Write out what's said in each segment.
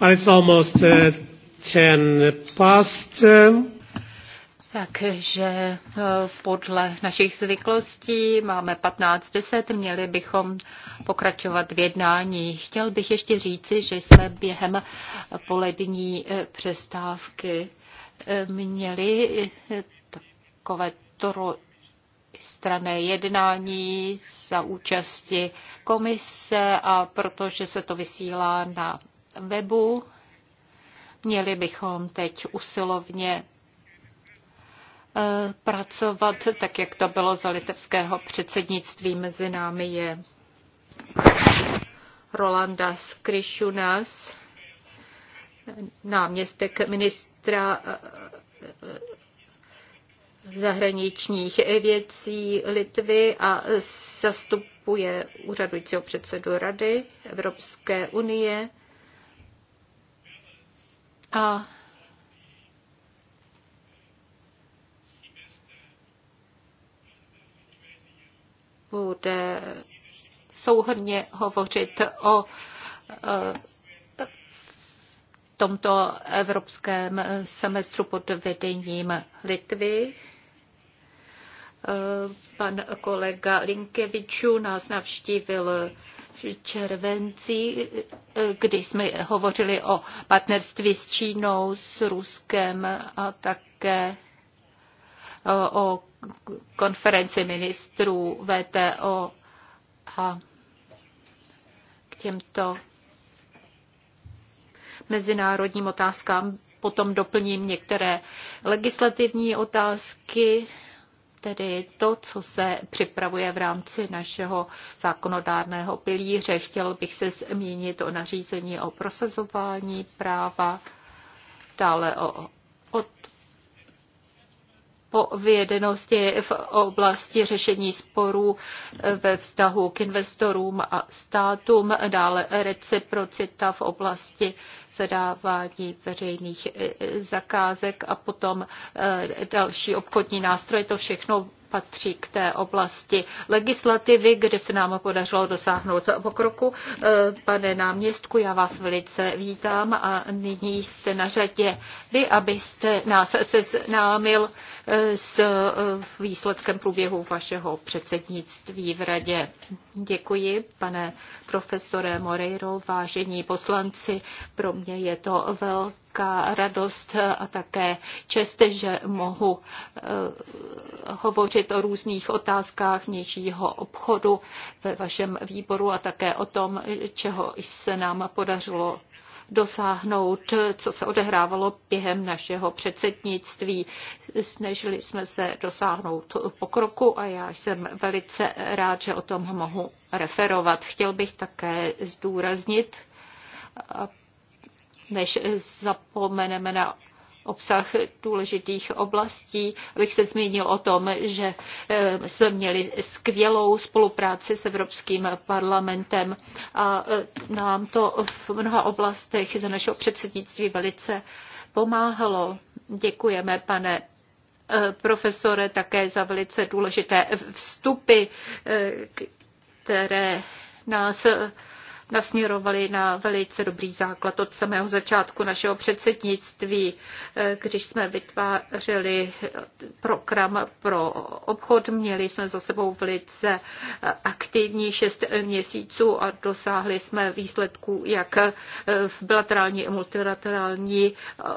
And it's almost uh, ten past. Eh. Takže eh, podle našich zvyklostí máme 15.10, měli bychom pokračovat v jednání. Chtěl bych ještě říci, že jsme během polední přestávky měli takové toro strané jednání za účasti komise a protože se to vysílá na webu. Měli bychom teď usilovně eh, pracovat, tak jak to bylo za litevského předsednictví. Mezi námi je Rolanda Skrišunas, náměstek ministra eh, zahraničních věcí Litvy a zastupuje úřadujícího předsedu Rady Evropské unie. A bude souhrně hovořit o e, tomto evropském semestru pod vedením Litvy. E, pan kolega Linkevičů nás navštívil červenci, kdy jsme hovořili o partnerství s Čínou, s Ruskem a také o konferenci ministrů VTO a k těmto mezinárodním otázkám. Potom doplním některé legislativní otázky tedy to, co se připravuje v rámci našeho zákonodárného pilíře. Chtěl bych se zmínit o nařízení o prosazování práva, dále o od odpovědnosti v oblasti řešení sporů ve vztahu k investorům a státům, dále reciprocita v oblasti zadávání veřejných zakázek a potom eh, další obchodní nástroje. To všechno patří k té oblasti legislativy, kde se nám podařilo dosáhnout pokroku. E, pane náměstku, já vás velice vítám a nyní jste na řadě vy, abyste nás seznámil e, s e, výsledkem průběhu vašeho předsednictví v radě. Děkuji, pane profesore Moreiro, vážení poslanci. Pro mě je to velké velká radost a také čest, že mohu eh, hovořit o různých otázkách nějšího obchodu ve vašem výboru a také o tom, čeho se nám podařilo dosáhnout, co se odehrávalo během našeho předsednictví. Snažili jsme se dosáhnout pokroku a já jsem velice rád, že o tom mohu referovat. Chtěl bych také zdůraznit, než zapomeneme na obsah důležitých oblastí. Abych se zmínil o tom, že eh, jsme měli skvělou spolupráci s Evropským parlamentem a eh, nám to v mnoha oblastech za našeho předsednictví velice pomáhalo. Děkujeme, pane eh, profesore, také za velice důležité vstupy, které nás nasměrovali na velice dobrý základ od samého začátku našeho předsednictví, eh, když jsme vytvářeli eh, program pro obchod. Měli jsme za sebou velice eh, aktivní šest měsíců a dosáhli jsme výsledků jak v bilaterální i multilaterální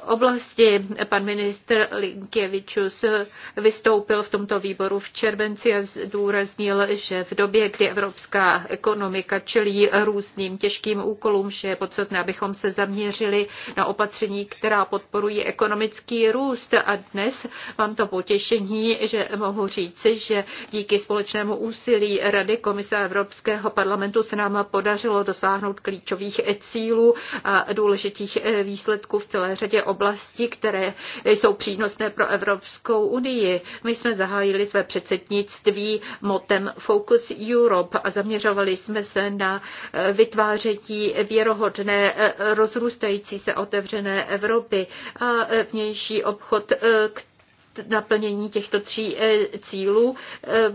oblasti. Pan minister Linkěvičus vystoupil v tomto výboru v červenci a zdůraznil, že v době, kdy evropská ekonomika čelí růst současným těžkým úkolům, že je podstatné, abychom se zaměřili na opatření, která podporují ekonomický růst. A dnes mám to potěšení, že mohu říci, že díky společnému úsilí Rady Komise Evropského parlamentu se nám podařilo dosáhnout klíčových cílů a důležitých výsledků v celé řadě oblastí, které jsou přínosné pro Evropskou unii. My jsme zahájili své předsednictví motem Focus Europe a zaměřovali jsme se na vytvoření vytváření věrohodné eh, rozrůstající se otevřené Evropy a eh, vnější obchod, eh, naplnění těchto tří cílů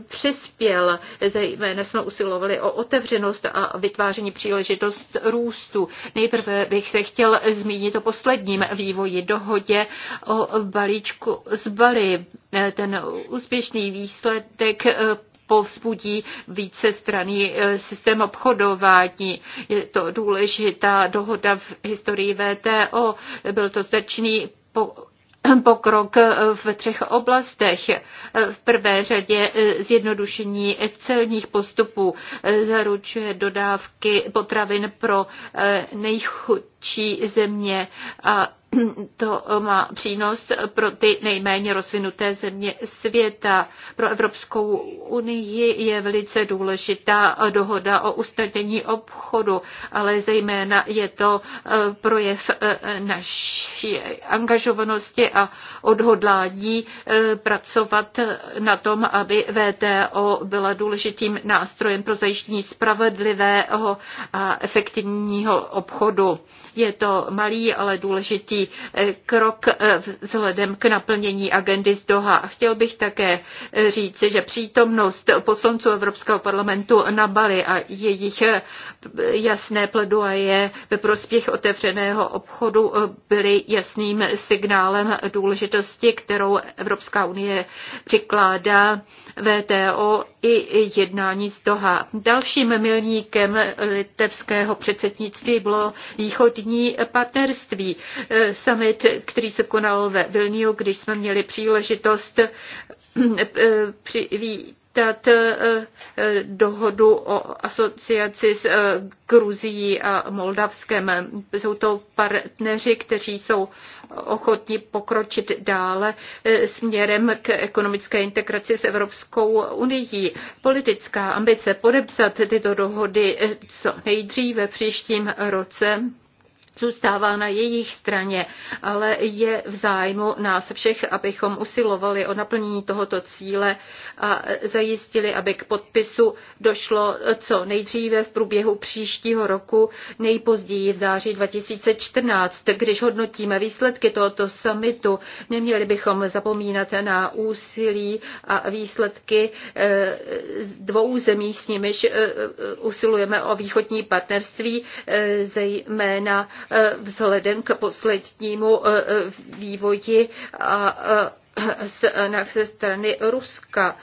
přispěl. Zejména jsme usilovali o otevřenost a vytváření příležitost růstu. Nejprve bych se chtěl zmínit o posledním vývoji dohodě o balíčku z Bali. Ten úspěšný výsledek povzbudí strany eh, systém obchodování. Je to důležitá dohoda v historii VTO. Byl to začný po pokrok eh, v třech oblastech. Eh, v prvé řadě zjednodušení celních postupů zaručuje dodávky potravin pro nejchudší země a to eh, má přínos pro ty nejméně rozvinuté země světa. Pro Evropskou unii je velice důležitá eh, dohoda o usnadnění obchodu, ale zejména je to eh, projev naší angažovanosti a odhodlání pracovat na tom, aby VTO byla důležitým nástrojem pro zajištění spravedlivého a efektivního obchodu. Je to malý, ale důležitý eh, krok eh, vzhledem k naplnění agendy z Doha. Chtěl bych také eh, říci, že přítomnost poslanců Evropského parlamentu na Bali a jejich jasné pledoaje ve prospěch otevřeného obchodu byly jasným signálem důležitosti, kterou Evropská unie přikládá VTO i jednání z Doha. Dalším milníkem litevského předsednictví bylo východní partnerství. Summit, který se konal ve Vilniu, když jsme měli příležitost eh, eh, vítat eh, eh, dohodu o asociaci s eh, Gruzií a Moldavskem. Jsou to partneři, kteří jsou ochotni pokročit dále směrem k ekonomické integraci s Evropskou unii. Politická ambice podepsat tyto dohody co nejdříve příštím roce zůstává na jejich straně, ale je v zájmu nás všech, abychom usilovali o naplnění tohoto cíle a zajistili, aby k podpisu došlo co nejdříve v průběhu příštího roku, nejpozději v září 2014. Když hodnotíme výsledky tohoto summitu, neměli bychom zapomínat na úsilí a výsledky eh, dvou zemí, s nimiž eh, eh, usilujeme o východní partnerství, zejména E, vzhledem k poslednímu e, e, vývoji a snah ze strany Ruska.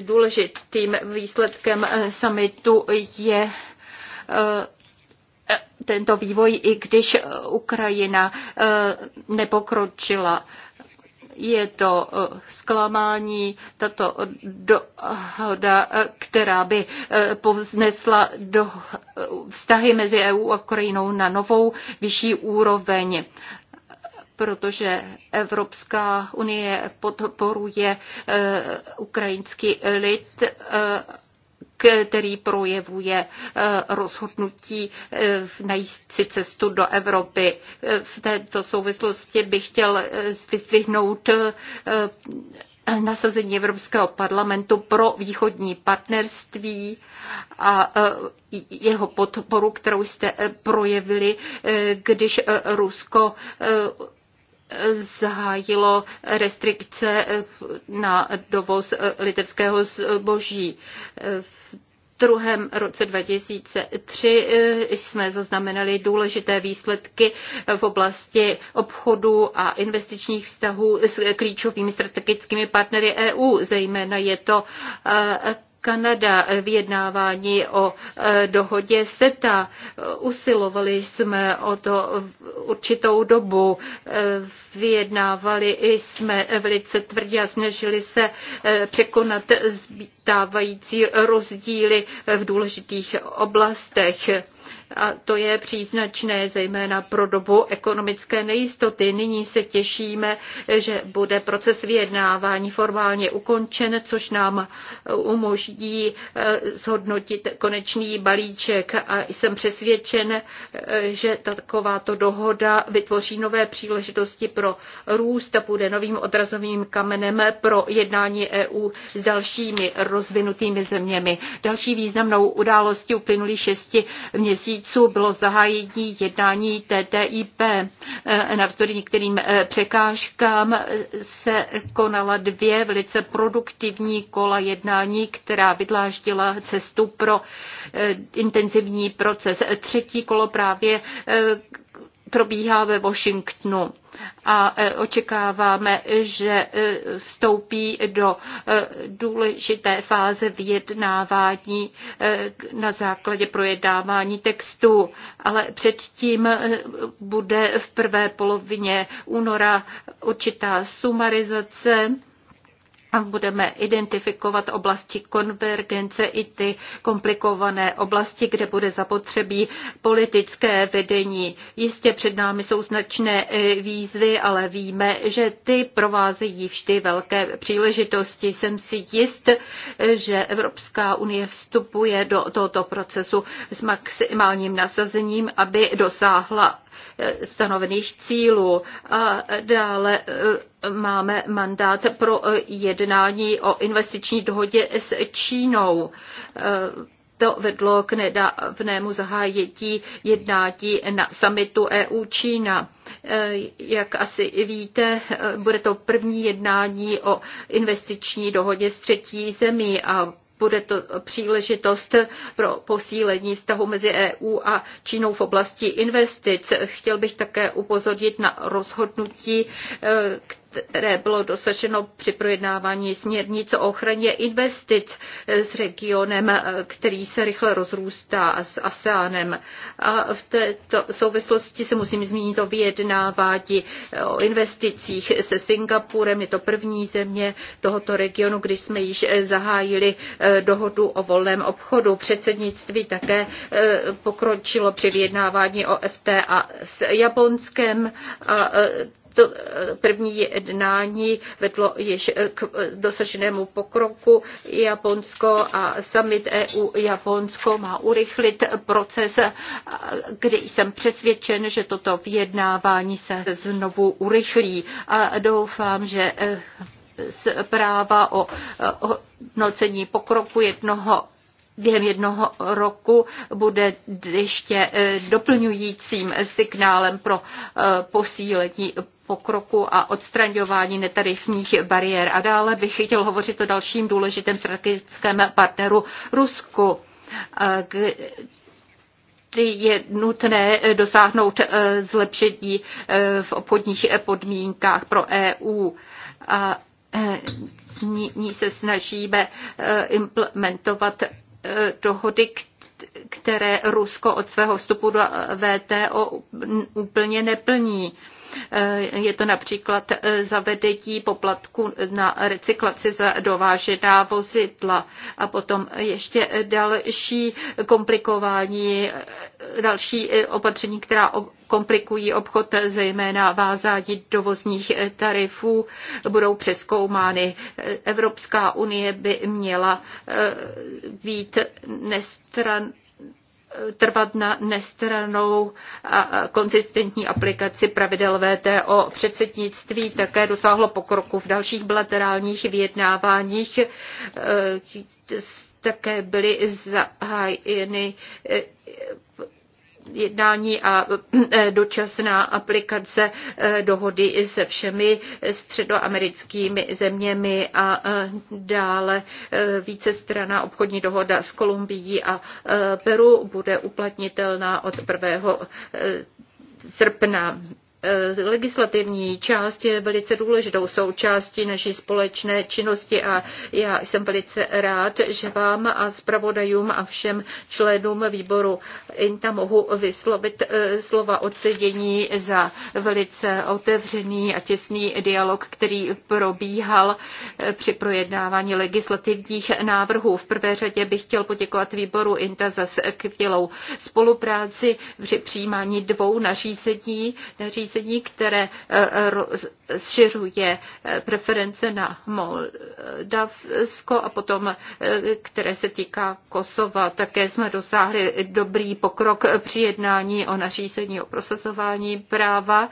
Důležitým výsledkem summitu je tento vývoj, i když Ukrajina nepokročila je to eh, zklamání, tato dohoda, eh, která by eh, povznesla do vztahy mezi EU a Ukrajinou na novou vyšší úroveň protože Evropská unie podporuje ukrajinský lid který projevuje eh, rozhodnutí eh, najít si cestu do Evropy. Eh, v této souvislosti bych chtěl vyzdvihnout nasazení Evropského parlamentu pro východní partnerství a jeho podporu, kterou jste projevili, když Rusko zahájilo restrikce eh, na dovoz eh, litevského zboží. Eh, v druhém roce 2003 jsme zaznamenali důležité výsledky v oblasti obchodu a investičních vztahů s klíčovými strategickými partnery EU. Zejména je to Kanada eh, vyjednávání o eh, dohodě SETA. Eh, usilovali jsme o to určitou dobu, vyjednávali jsme velice tvrdě a snažili se překonat zbytávající rozdíly v důležitých oblastech a to je příznačné zejména pro dobu ekonomické nejistoty. Nyní se těšíme, že bude proces vyjednávání formálně ukončen, což nám umožní eh, zhodnotit konečný balíček. A jsem přesvědčen, eh, že takováto dohoda vytvoří nové příležitosti pro růst a bude novým odrazovým kamenem pro jednání EU s dalšími rozvinutými zeměmi. Další významnou událostí uplynulých šesti měsíců měsíců bylo zahájení jednání TTIP. E, navzdory některým e, překážkám se konala dvě velice produktivní kola jednání, která vydláždila cestu pro e, intenzivní proces. Třetí kolo právě probíhá ve Washingtonu a e, očekáváme, že e, vstoupí do e, důležité fáze vyjednávání na základě projednávání textu, ale předtím bude v prvé polovině února určitá sumarizace a budeme identifikovat oblasti konvergence i ty komplikované oblasti, kde bude zapotřebí politické vedení. Jistě před námi jsou značné e, výzvy, ale víme, že ty provázejí vždy velké příležitosti. Jsem si jist, že Evropská unie vstupuje do tohoto procesu s maximálním nasazením, aby dosáhla Eh, stanovených cílů. A dále eh, máme mandát pro eh, jednání o investiční dohodě s Čínou. To vedlo k nedávnému zahájetí jednání na samitu EU Čína. Jak asi víte, bude to první jednání o investiční dohodě s třetí zemí a bude to příležitost pro posílení vztahu mezi EU a Čínou v oblasti investic. Chtěl bych také upozornit na rozhodnutí, které eh, které bylo dosaženo při projednávání směrnice o ochraně investic s regionem, který se rychle rozrůstá a s ASEANem. A v této souvislosti se musím zmínit o vyjednávání o investicích se Singapurem. Je to první země tohoto regionu, kdy jsme již eh, zahájili eh, dohodu o volném obchodu. Předsednictví také eh, pokročilo při vyjednávání o FTA s Japonskem a to eh, první jednání vedlo již eh, k eh, dosaženému pokroku. Japonsko a summit EU Japonsko má urychlit proces, kdy jsem přesvědčen, že toto vyjednávání se znovu urychlí a doufám, že zpráva o hodnocení pokroku jednoho během jednoho roku bude ještě doplňujícím signálem pro posílení pokroku a odstraňování netarifních bariér. A dále bych chtěl hovořit o dalším důležitém strategickém partneru Rusku, je nutné dosáhnout eh, zlepšení eh, v obchodních podmínkách pro EU. A eh, ní se snažíme implementovat dohody, které Rusko od svého vstupu do VTO úplně neplní. Je to například eh, zavedení poplatku na recyklaci za dovážená vozidla a potom ještě další komplikování, eh, další eh, opatření, která komplikují obchod, zejména vázání dovozních tarifů, budou přeskoumány. Evropská unie by měla být nestranná trvat na nestranou a konzistentní aplikaci pravidel VTO. Předsednictví také dosáhlo pokroku v dalších bilaterálních vyjednáváních. E, také byly zahájeny e, jednání a eh, dočasná aplikace eh, dohody se všemi středoamerickými zeměmi a eh, dále strana obchodní dohoda s Kolumbií a Peru bude uplatnitelná od 1. srpna Eh, legislativní část je velice důležitou součástí naší společné činnosti a já jsem velice rád, že vám a zpravodajům a všem členům výboru INTA mohu vyslovit eh, slova ocenění za velice otevřený a těsný dialog, který probíhal eh, při projednávání legislativních návrhů. V prvé řadě bych chtěl poděkovat výboru INTA za skvělou spolupráci při přijímání dvou nařízení, nařízení usnesení, které eh, rozšiřuje eh, preference na Moldavsko a potom, eh, které se týká Kosova. Také jsme dosáhli dobrý pokrok při jednání o nařízení o prosazování práva.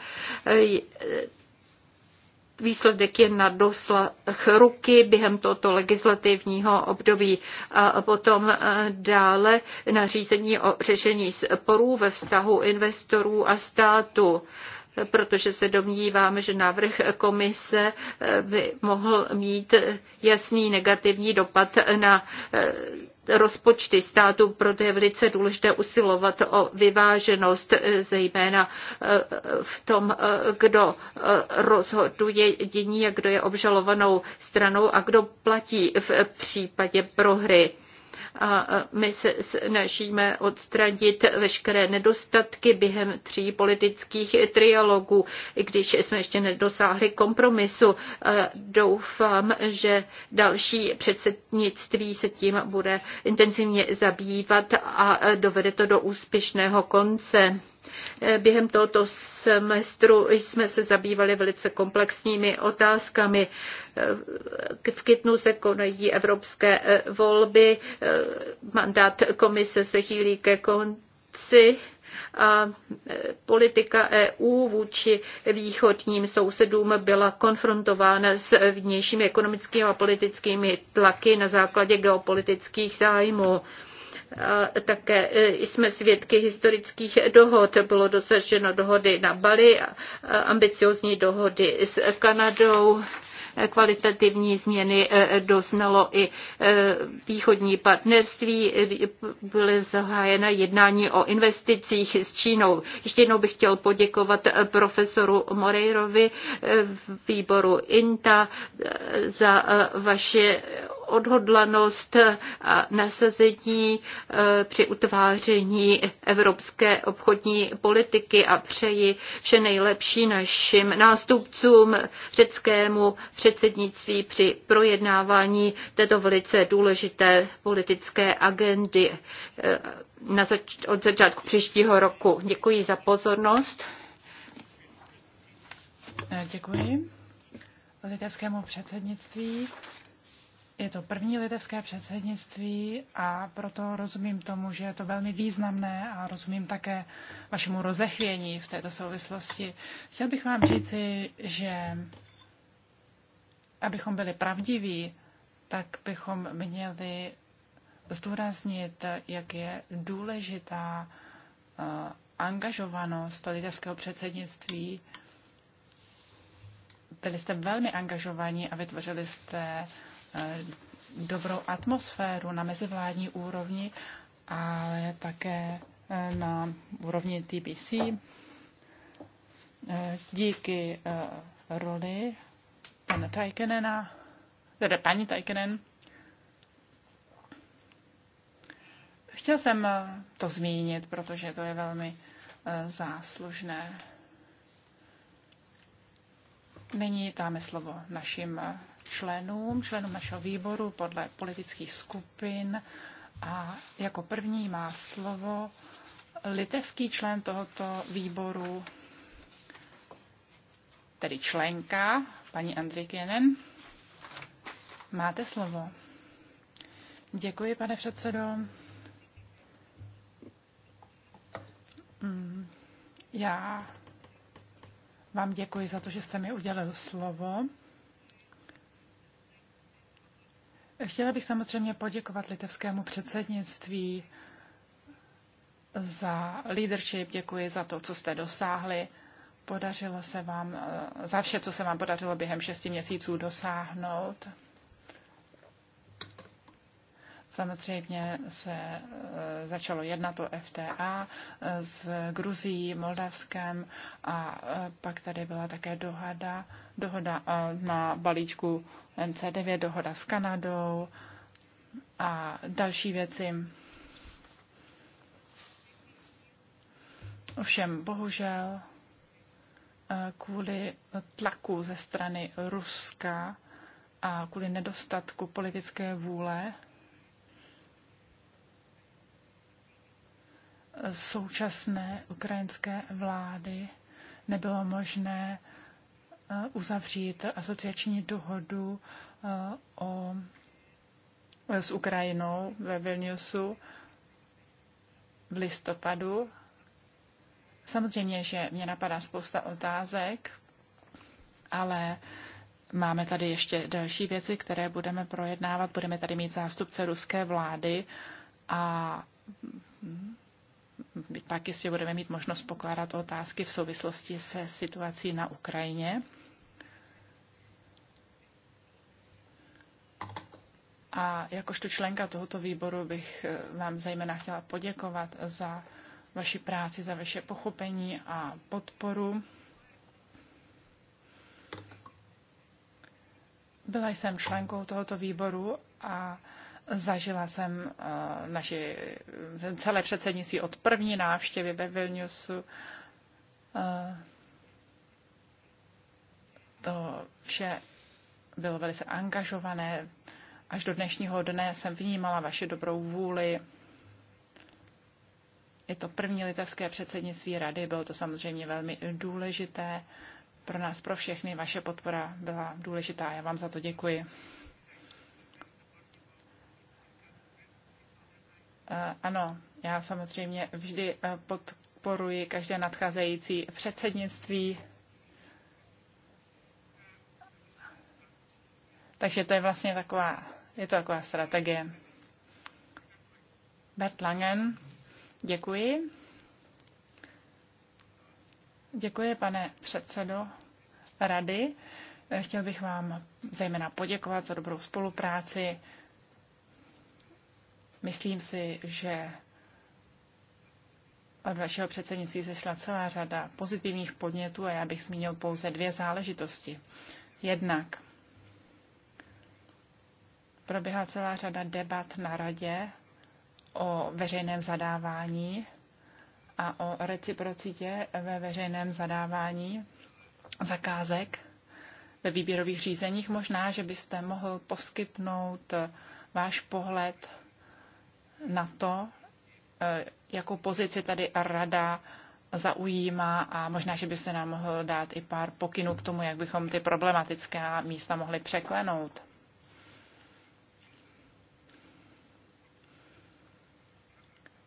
Výsledek je na doslach ruky během tohoto legislativního období a potom dále nařízení o řešení sporů ve vztahu investorů a státu protože se domníváme, že návrh komise eh, by mohl mít jasný negativní dopad na eh, rozpočty států, proto je velice důležité usilovat o vyváženost, eh, zejména v tom, kdo rozhoduje dění a kdo je obžalovanou stranou a kdo platí v případě prohry a my se snažíme odstranit veškeré nedostatky během tří politických trialogů, když jsme ještě nedosáhli kompromisu. Doufám, že další předsednictví se tím bude intenzivně zabývat a dovede to do úspěšného konce. Eh, během tohoto semestru jsme se zabývali velice komplexními otázkami. Eh, v Kytnu se konají evropské eh, volby, mandát komise se chýlí ke konci a politika EU vůči východním sousedům byla konfrontována s vnějšími ekonomickými a politickými tlaky na základě geopolitických zájmů. A také e, jsme svědky historických dohod. Bylo dosaženo dohody na Bali, ambiciozní dohody s Kanadou. E, kvalitativní změny e, doznalo i východní partnerství. Byly zahájena jednání o investicích s Čínou. Ještě jednou bych chtěl poděkovat profesoru Moreirovi výboru INTA za vaše odhodlanost a nasazení eh, při utváření evropské obchodní politiky a přeji vše nejlepší našim nástupcům řeckému předsednictví při projednávání této velice důležité politické agendy eh, na zač- od začátku příštího roku. Děkuji za pozornost. Eh, děkuji litevskému předsednictví je to první litevské předsednictví a proto rozumím tomu, že je to velmi významné a rozumím také vašemu rozechvění v této souvislosti. Chtěl bych vám říci, že abychom byli pravdiví, tak bychom měli zdůraznit, jak je důležitá eh, angažovanost litevského předsednictví. Byli jste velmi angažovaní a vytvořili jste uh, Eh, dobrou atmosféru na mezivládní úrovni, ale také eh, na úrovni TBC eh, díky roli pana Taikenena, tedy paní Taikenen, Chtěl jsem to zmínit, protože to je velmi záslužné. Nyní dáme slovo našim členům, členům našeho výboru podle politických skupin. A jako první má slovo litevský člen tohoto výboru, tedy členka, paní Andrikinen. Máte slovo. Děkuji, pane předsedo. Mm, já vám děkuji za to, že jste mi udělil slovo. Chtěla bych samozřejmě poděkovat litevskému předsednictví za leadership, děkuji za to, co jste dosáhli. Podařilo se vám, eh, za vše, co se vám podařilo během šesti měsíců dosáhnout. Samozřejmě se eh, začalo jednat o FTA eh, s Gruzií, Moldavskem a eh, pak tady byla také dohoda, dohoda na balíčku MC9, dohoda s Kanadou a další věci. Ovšem, bohužel, kvůli tlaku ze strany Ruska a kvůli nedostatku politické vůle současné ukrajinské vlády nebylo možné eh, uzavřít asociační dohodu eh, o, s Ukrajinou ve Vilniusu v listopadu. Samozřejmě, že mě napadá spousta otázek, ale máme tady ještě další věci, které budeme projednávat. Budeme tady mít zástupce ruské vlády a pak jistě budeme mít možnost pokládat otázky v souvislosti se situací na Ukrajině. A jakožto členka tohoto výboru bych eh, vám zejména chtěla poděkovat za vaši práci, za vaše pochopení a podporu. Byla jsem členkou tohoto výboru a Zažila jsem eh, naši, celé předsednictví od první návštěvy ve Vilniusu. Eh, to vše bylo velice angažované. Až do dnešního dne jsem vnímala vaši dobrou vůli. Je to první litevské předsednictví rady, bylo to samozřejmě velmi důležité. Pro nás, pro všechny, vaše podpora byla důležitá. Já vám za to děkuji. Eh, ano, já samozřejmě vždy eh, podporuji každé nadcházející předsednictví. Takže to je vlastně taková, je to taková strategie. Bert Langen, děkuji. Děkuji, pane předsedo rady. Eh, chtěl bych vám zejména poděkovat za dobrou spolupráci. Myslím si, že od vašeho předsednictví sešla celá řada pozitivních podnětů a já bych zmínil pouze dvě záležitosti. Jednak proběhla celá řada debat na radě o veřejném zadávání a o reciprocitě ve veřejném zadávání zakázek ve výběrových řízeních. Možná, že byste mohl poskytnout váš pohled na to, eh, jakou pozici tady rada zaujímá a možná, že by se nám mohl dát i pár pokynů k tomu, jak bychom ty problematická místa mohli překlenout.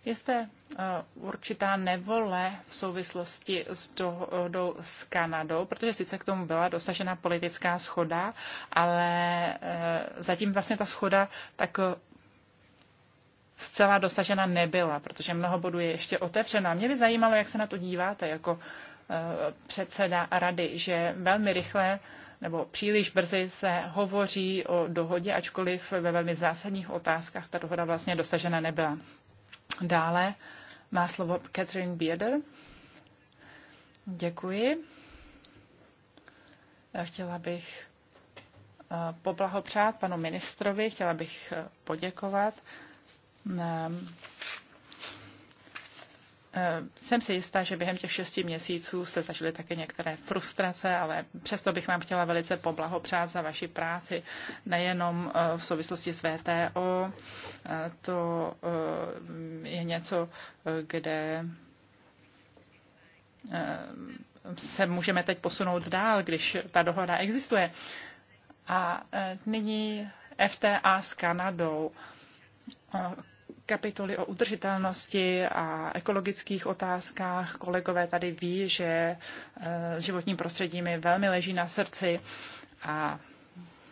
Je zde eh, určitá nevole v souvislosti s dohodou s Kanadou, protože sice k tomu byla dosažena politická schoda, ale eh, zatím vlastně ta schoda tak zcela dosažena nebyla, protože mnoho bodů je ještě otevřená. Mě by zajímalo, jak se na to díváte jako eh, předseda rady, že velmi rychle nebo příliš brzy se hovoří o dohodě, ačkoliv ve velmi zásadních otázkách ta dohoda vlastně dosažena nebyla. Dále má slovo Catherine Bieder. Děkuji. Chtěla bych eh, poblahopřát panu ministrovi, chtěla bych eh, poděkovat Ehm, ehm, jsem si jistá, že během těch šesti měsíců jste zažili také některé frustrace, ale přesto bych vám chtěla velice poblahopřát za vaši práci, nejenom eh, v souvislosti s VTO. Eh, to eh, je něco, kde ehm, se můžeme teď posunout dál, když ta dohoda existuje. A nyní FTA s Kanadou kapitoly o udržitelnosti a ekologických otázkách. Kolegové tady ví, že eh, životní prostředí mi velmi leží na srdci a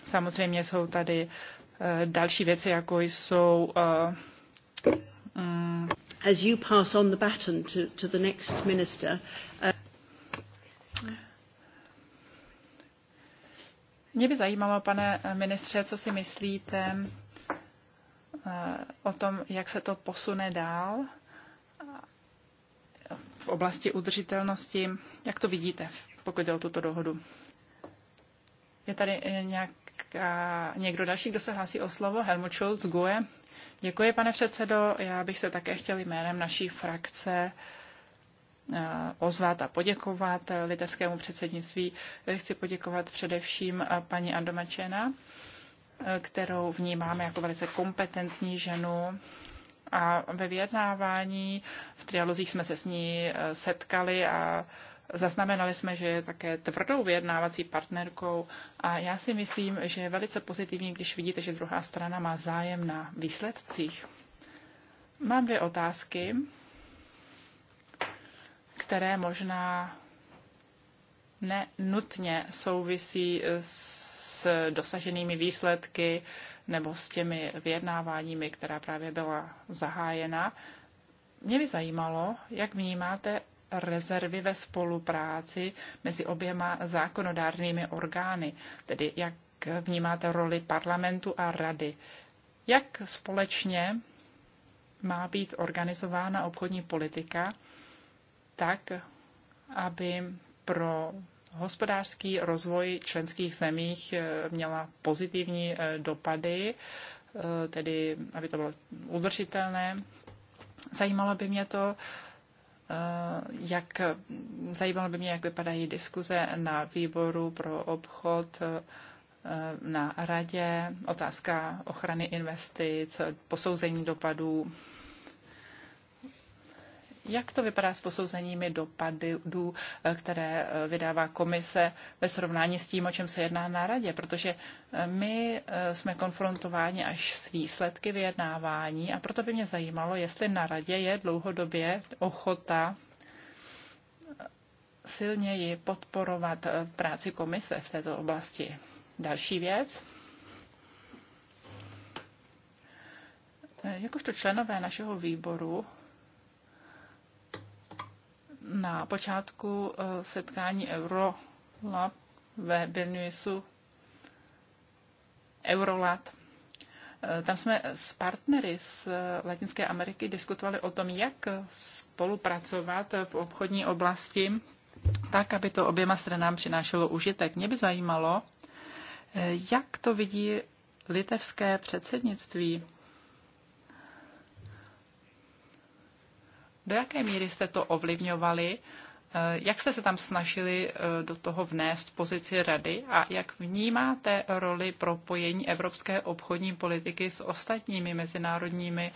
samozřejmě jsou tady eh, další věci, jako jsou eh, mm, As you pass on the baton to, to the next minister, uh... Mě by zajímalo, pane ministře, co si myslíte o tom, jak se to posune dál v oblasti udržitelnosti. Jak to vidíte, pokud jde o tuto dohodu? Je tady eh, nějaká, někdo další, kdo se hlásí o slovo? Helmut Schulz, GUE. Děkuji, pane předsedo. Já bych se také chtěl jménem naší frakce eh, ozvat a poděkovat eh, litevskému předsednictví. Chci poděkovat především paní Andomačena kterou vnímáme jako velice kompetentní ženu. A ve vyjednávání v trialozích jsme se s ní eh, setkali a Zaznamenali jsme, že je také tvrdou vyjednávací partnerkou a já si myslím, že je velice pozitivní, když vidíte, že druhá strana má zájem na výsledcích. Mám dvě otázky, které možná nenutně souvisí s dosaženými výsledky nebo s těmi vyjednáváními, která právě byla zahájena. Mě by zajímalo, jak vnímáte rezervy ve spolupráci mezi oběma zákonodárnými orgány, tedy jak vnímáte roli parlamentu a rady. Jak společně má být organizována obchodní politika tak, aby pro hospodářský rozvoj členských zemích eh, měla pozitivní eh, dopady, eh, tedy aby to bylo udržitelné. Zajímalo by mě to, jak, zajímalo by mě, jak vypadají diskuze na výboru pro obchod, na radě, otázka ochrany investic, posouzení dopadů jak to vypadá s posouzeními dopadů, eh, které eh, vydává komise ve srovnání s tím, o čem se jedná na radě? Protože eh, my jsme konfrontováni až s výsledky vyjednávání a proto by mě zajímalo, jestli na radě je dlouhodobě ochota silněji podporovat práci komise v této oblasti. Další věc. Jakožto členové našeho výboru na počátku eh, setkání Eurolab ve Vilniusu Eurolat. Eh, tam jsme s partnery z eh, Latinské Ameriky diskutovali o tom, jak spolupracovat v obchodní oblasti, tak, aby to oběma stranám přinášelo užitek. Mě by zajímalo, jak to vidí litevské předsednictví Do jaké míry jste to ovlivňovali? Eh, jak jste se tam snažili eh, do toho vnést pozici rady a jak vnímáte roli propojení evropské obchodní politiky s ostatními mezinárodními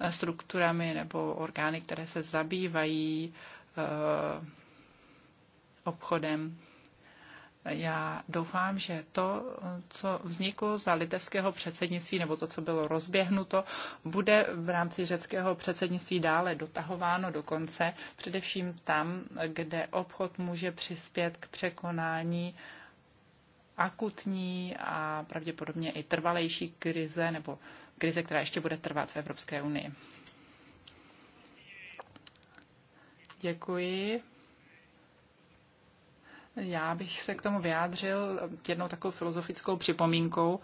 eh, strukturami nebo orgány, které se zabývají obchodem? Já doufám, že to, co vzniklo za litevského předsednictví, nebo to, co bylo rozběhnuto, bude v rámci řeckého předsednictví dále dotahováno do konce, především tam, kde obchod může přispět k překonání akutní a pravděpodobně i trvalejší krize, nebo krize, která ještě bude trvat v Evropské unii. Děkuji. Já bych se k tomu vyjádřil jednou takovou filozofickou připomínkou.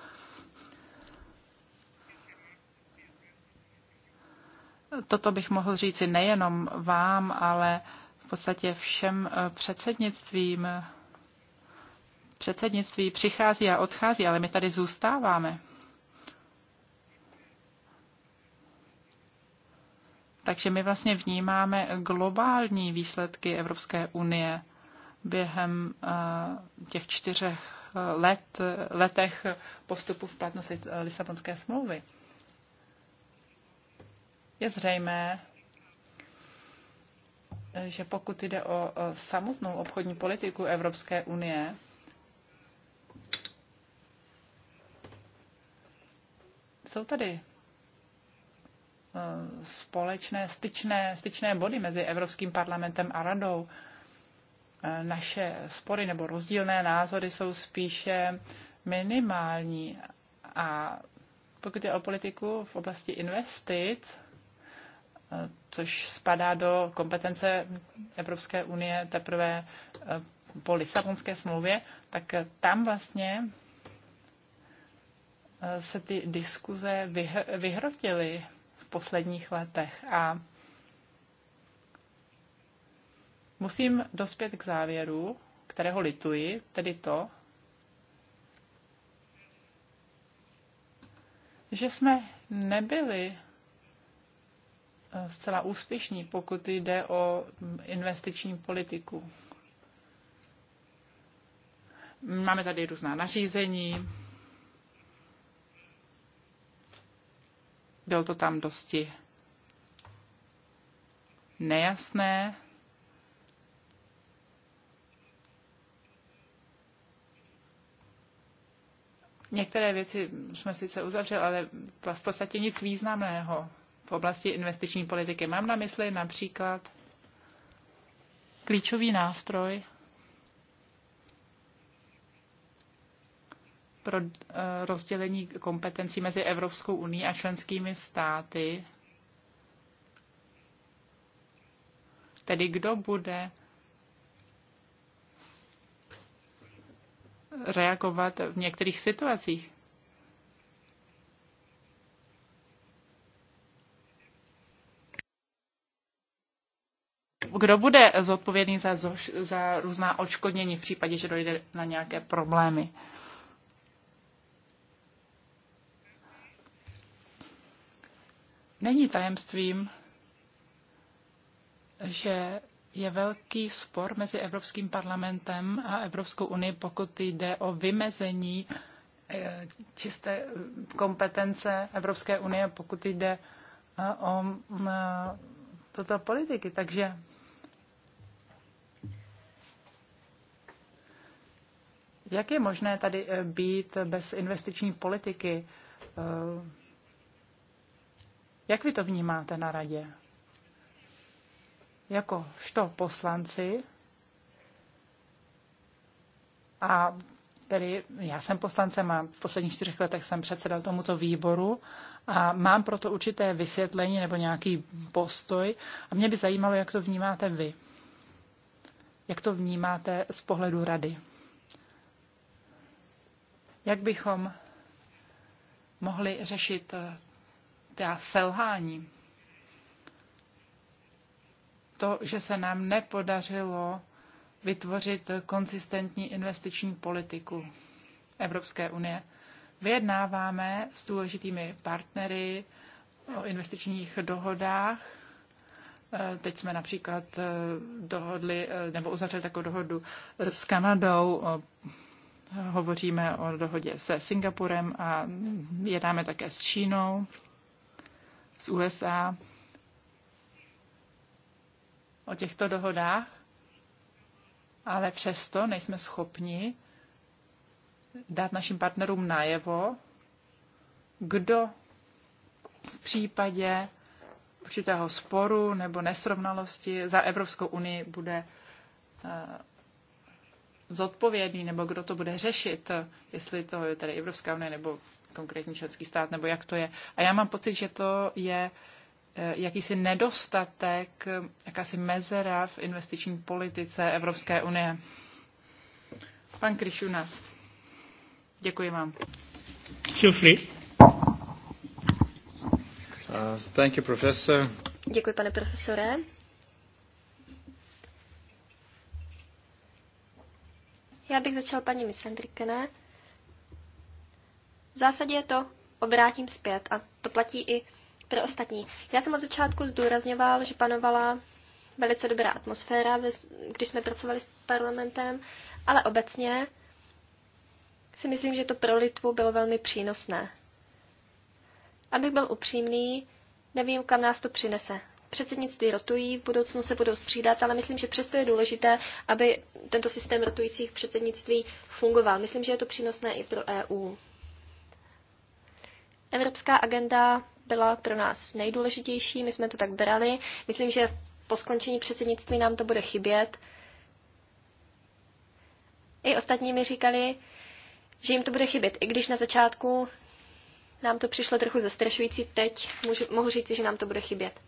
Toto bych mohl říci nejenom vám, ale v podstatě všem eh, předsednictvím. Předsednictví přichází a odchází, ale my tady zůstáváme. Takže my vlastně vnímáme globální výsledky Evropské unie během eh, těch čtyřech eh, let, letech postupu v platnosti eh, Lisabonské smlouvy. Je zřejmé, že pokud jde o samotnou obchodní politiku Evropské unie, jsou tady společné styčné, styčné body mezi Evropským parlamentem a radou. Eh, naše spory nebo rozdílné názory jsou spíše minimální. A pokud je o politiku v oblasti investic, eh, což spadá do kompetence Evropské unie teprve eh, po Lisabonské smlouvě, tak tam vlastně se ty diskuze vyhrotily v posledních letech. A Musím dospět k závěru, kterého lituji, tedy to, že jsme nebyli eh, zcela úspěšní, pokud jde o mm, investiční politiku. Máme tady různá nařízení. Bylo to tam dosti nejasné. Některé věci jsme sice uzavřeli, ale v podstatě nic významného v oblasti investiční politiky. Mám na mysli například klíčový nástroj pro eh, rozdělení kompetencí mezi Evropskou unii a členskými státy. Tedy kdo bude reagovat v některých situacích. Kdo bude zodpovědný za, za různá očkodnění v případě, že dojde na nějaké problémy? Není tajemstvím, že je velký spor mezi Evropským parlamentem a Evropskou unii, pokud jde o vymezení eh, čisté eh, kompetence Evropské unie, pokud jde eh, o toto politiky. Takže jak je možné tady být bez investiční politiky? Jak vy to vnímáte na radě? jako što poslanci a tedy já jsem poslancem a v posledních čtyřech letech jsem předsedal tomuto výboru a mám proto určité vysvětlení nebo nějaký postoj a mě by zajímalo, jak to vnímáte vy. Jak to vnímáte z pohledu rady. Jak bychom mohli řešit ta selhání to, že se nám nepodařilo vytvořit konsistentní investiční politiku Evropské unie. Vyjednáváme s důležitými partnery o investičních dohodách. Eh, teď jsme například eh, dohodli, eh, nebo uzavřeli takovou dohodu s Kanadou. Hovoříme o dohodě se Singapurem a mm, jednáme také s Čínou, s USA o těchto dohodách, ale přesto nejsme schopni dát našim partnerům najevo, kdo v případě určitého sporu nebo nesrovnalosti za Evropskou unii bude eh, zodpovědný, nebo kdo to bude řešit, jestli to je tedy Evropská unie nebo konkrétní členský stát, nebo jak to je. A já mám pocit, že to je uh, Eh, jakýsi nedostatek, jakási mezera v investiční politice Evropské unie. Pan Krišunas, děkuji vám. Feel free. Uh, thank you, professor. Děkuji, pane profesore. Já bych začal paní Misandrikene. V zásadě je to obrátím zpět a to platí i pro ostatní. Já jsem od začátku zdůrazňoval, že panovala velice dobrá atmosféra, když jsme pracovali s parlamentem, ale obecně si myslím, že to pro Litvu bylo velmi přínosné. Abych byl upřímný, nevím, kam nás to přinese. Předsednictví rotují, v budoucnu se budou střídat, ale myslím, že přesto je důležité, aby tento systém rotujících předsednictví fungoval. Myslím, že je to přínosné i pro EU. Evropská agenda byla pro nás nejdůležitější, my jsme to tak brali. Myslím, že po skončení předsednictví nám to bude chybět. I ostatní mi říkali, že jim to bude chybět, i když na začátku nám to přišlo trochu zastrašující, teď můžu, mohu říct, že nám to bude chybět.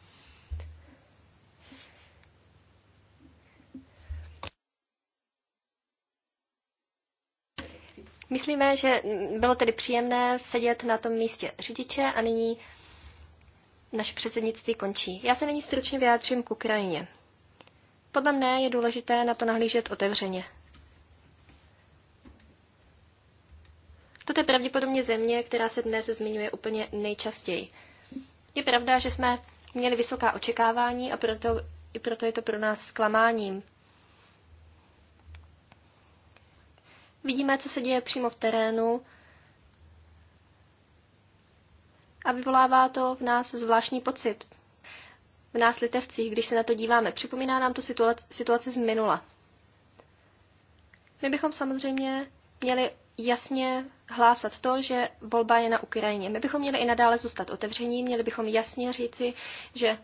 Myslíme, že bylo tedy příjemné sedět na tom místě řidiče a nyní naše předsednictví končí. Já se nyní stručně vyjádřím k Ukrajině. Podle mne je důležité na to nahlížet otevřeně. Toto je pravděpodobně země, která se dnes zmiňuje úplně nejčastěji. Je pravda, že jsme měli vysoká očekávání a proto, i proto je to pro nás zklamáním. Vidíme, co se děje přímo v terénu a vyvolává to v nás zvláštní pocit. V nás litevcích, když se na to díváme, připomíná nám to situaci, z minula. My bychom samozřejmě měli jasně hlásat to, že volba je na Ukrajině. My bychom měli i nadále zůstat otevření, měli bychom jasně říci, že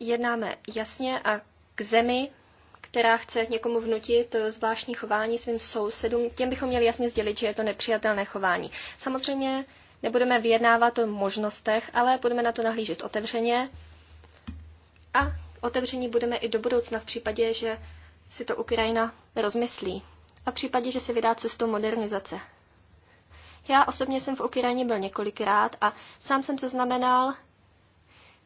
jednáme jasně a k zemi, která chce někomu vnutit eh, zvláštní chování svým sousedům, těm bychom měli jasně sdělit, že je to nepřijatelné chování. Samozřejmě nebudeme vyjednávat o možnostech, ale budeme na to nahlížet otevřeně a otevření budeme i do budoucna v případě, že si to Ukrajina rozmyslí a v případě, že se vydá cestou modernizace. Já osobně jsem v Ukrajině byl několikrát a sám jsem se znamenal,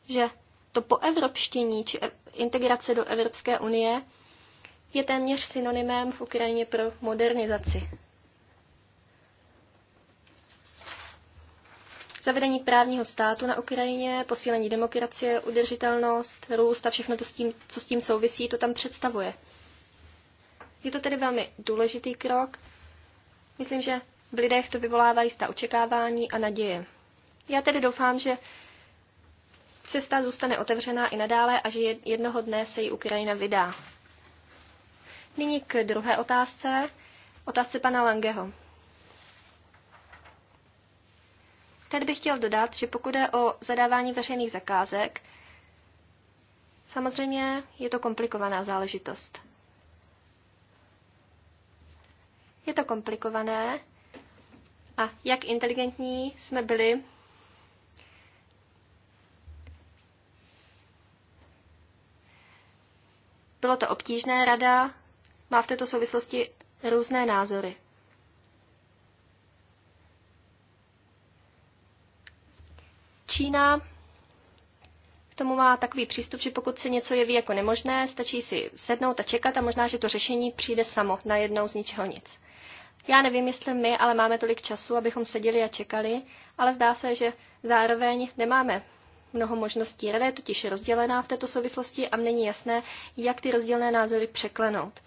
že to po evropštění či e- integrace do Evropské unie je téměř synonymem v Ukrajině pro modernizaci. Zavedení právního státu na Ukrajině, posílení demokracie, udržitelnost, růst a všechno, to s tím, co s tím souvisí, to tam představuje. Je to tedy velmi důležitý krok. Myslím, že v lidech to vyvolává jistá očekávání a naděje. Já tedy doufám, že cesta zůstane otevřená i nadále a že jednoho dne se jí Ukrajina vydá. Nyní k druhé otázce, otázce pana Langeho. Tady bych chtěl dodat, že pokud je o zadávání veřejných zakázek, samozřejmě je to komplikovaná záležitost. Je to komplikované a jak inteligentní jsme byli, bylo to obtížné rada má v této souvislosti různé názory. Čína k tomu má takový přístup, že pokud se něco jeví jako nemožné, stačí si sednout a čekat a možná, že to řešení přijde samo, najednou z ničeho nic. Já nevím, jestli my, ale máme tolik času, abychom seděli a čekali, ale zdá se, že zároveň nemáme mnoho možností. Rada je totiž rozdělená v této souvislosti a není jasné, jak ty rozdílné názory překlenout.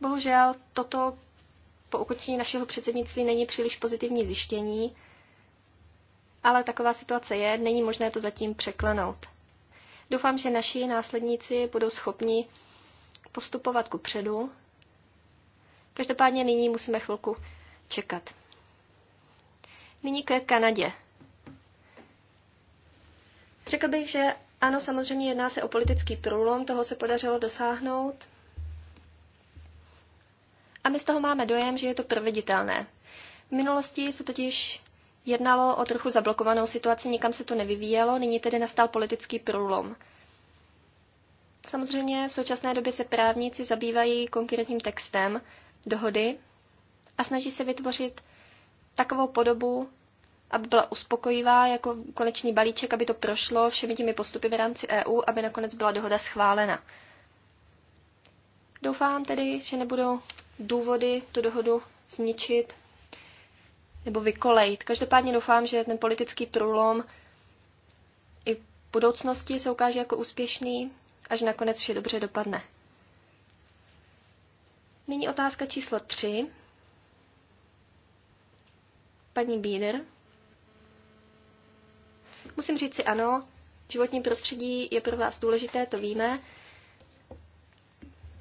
Bohužel toto po ukončení našeho předsednictví není příliš pozitivní zjištění, ale taková situace je, není možné to zatím překlenout. Doufám, že naši následníci budou schopni postupovat ku předu. Každopádně nyní musíme chvilku čekat. Nyní ke Kanadě. Řekl bych, že ano, samozřejmě jedná se o politický průlom, toho se podařilo dosáhnout a my z toho máme dojem, že je to proveditelné. V minulosti se totiž jednalo o trochu zablokovanou situaci, nikam se to nevyvíjelo, nyní tedy nastal politický průlom. Samozřejmě v současné době se právníci zabývají konkrétním textem dohody a snaží se vytvořit takovou podobu, aby byla uspokojivá jako konečný balíček, aby to prošlo všemi těmi postupy v rámci EU, aby nakonec byla dohoda schválena. Doufám tedy, že nebudou důvody tu dohodu zničit nebo vykolejit. Každopádně doufám, že ten politický průlom i v budoucnosti se ukáže jako úspěšný až nakonec vše dobře dopadne. Nyní otázka číslo 3. Paní Bíder. Musím říct si ano, životní prostředí je pro vás důležité, to víme.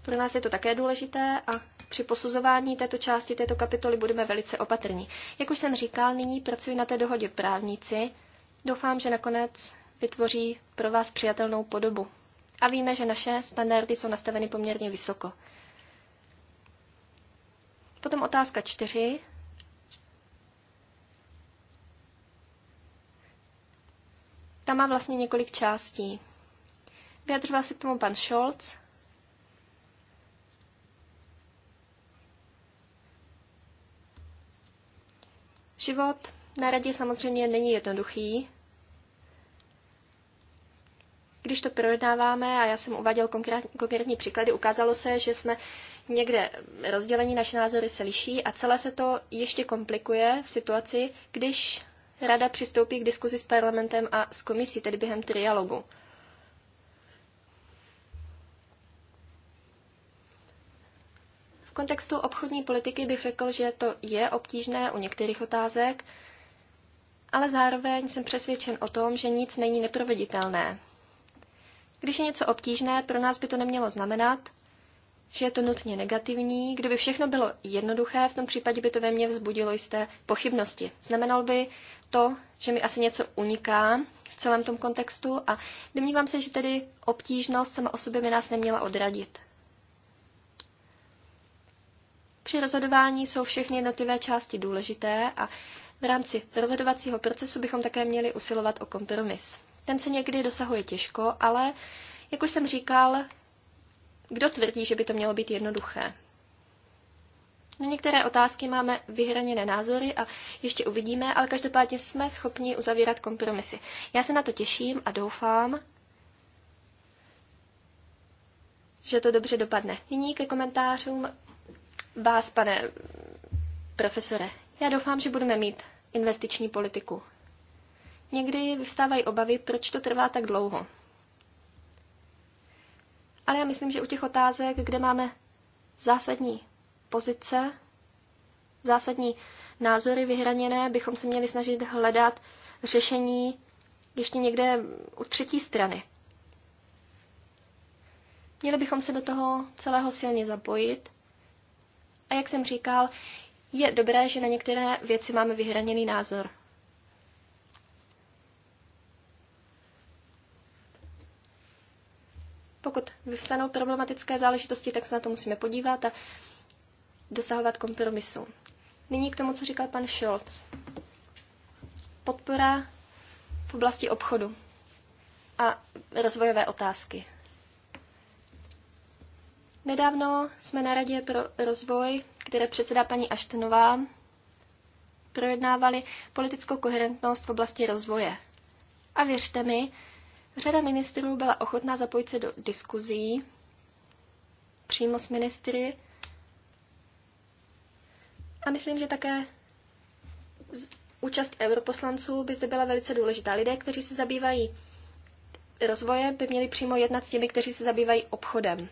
Pro nás je to také důležité a při posuzování této části této kapitoly budeme velice opatrní. Jak už jsem říkal, nyní pracují na té dohodě právníci. Doufám, že nakonec vytvoří pro vás přijatelnou podobu. A víme, že naše standardy jsou nastaveny poměrně vysoko. Potom otázka čtyři. Ta má vlastně několik částí. Vyjadřoval se k tomu pan Scholz. Život na radě samozřejmě není jednoduchý. Když to projednáváme, a já jsem uváděl konkrétní příklady, ukázalo se, že jsme někde rozdělení, naše názory se liší a celé se to ještě komplikuje v situaci, když rada přistoupí k diskuzi s parlamentem a s komisí, tedy během trialogu. kontextu obchodní politiky bych řekl, že to je obtížné u některých otázek, ale zároveň jsem přesvědčen o tom, že nic není neproveditelné. Když je něco obtížné, pro nás by to nemělo znamenat, že je to nutně negativní. Kdyby všechno bylo jednoduché, v tom případě by to ve mně vzbudilo jisté pochybnosti. Znamenalo by to, že mi asi něco uniká v celém tom kontextu a domnívám se, že tedy obtížnost sama o sobě by nás neměla odradit. Při rozhodování jsou všechny jednotlivé části důležité a v rámci rozhodovacího procesu bychom také měli usilovat o kompromis. Ten se někdy dosahuje těžko, ale, jak už jsem říkal, kdo tvrdí, že by to mělo být jednoduché? Na některé otázky máme vyhraněné názory a ještě uvidíme, ale každopádně jsme schopni uzavírat kompromisy. Já se na to těším a doufám, že to dobře dopadne. Nyní ke komentářům vás, pane profesore. Já doufám, že budeme mít investiční politiku. Někdy vyvstávají obavy, proč to trvá tak dlouho. Ale já myslím, že u těch otázek, kde máme zásadní pozice, zásadní názory vyhraněné, bychom se měli snažit hledat řešení ještě někde u třetí strany. Měli bychom se do toho celého silně zapojit a jak jsem říkal, je dobré, že na některé věci máme vyhraněný názor. Pokud vyvstanou problematické záležitosti, tak se na to musíme podívat a dosahovat kompromisu. Nyní k tomu, co říkal pan Scholz. Podpora v oblasti obchodu a rozvojové otázky. Nedávno jsme na Radě pro rozvoj, které předsedá paní Aštenová, projednávali politickou koherentnost v oblasti rozvoje. A věřte mi, řada ministrů byla ochotná zapojit se do diskuzí přímo s ministry. A myslím, že také účast europoslanců by zde byla velice důležitá. Lidé, kteří se zabývají rozvojem, by měli přímo jednat s těmi, kteří se zabývají obchodem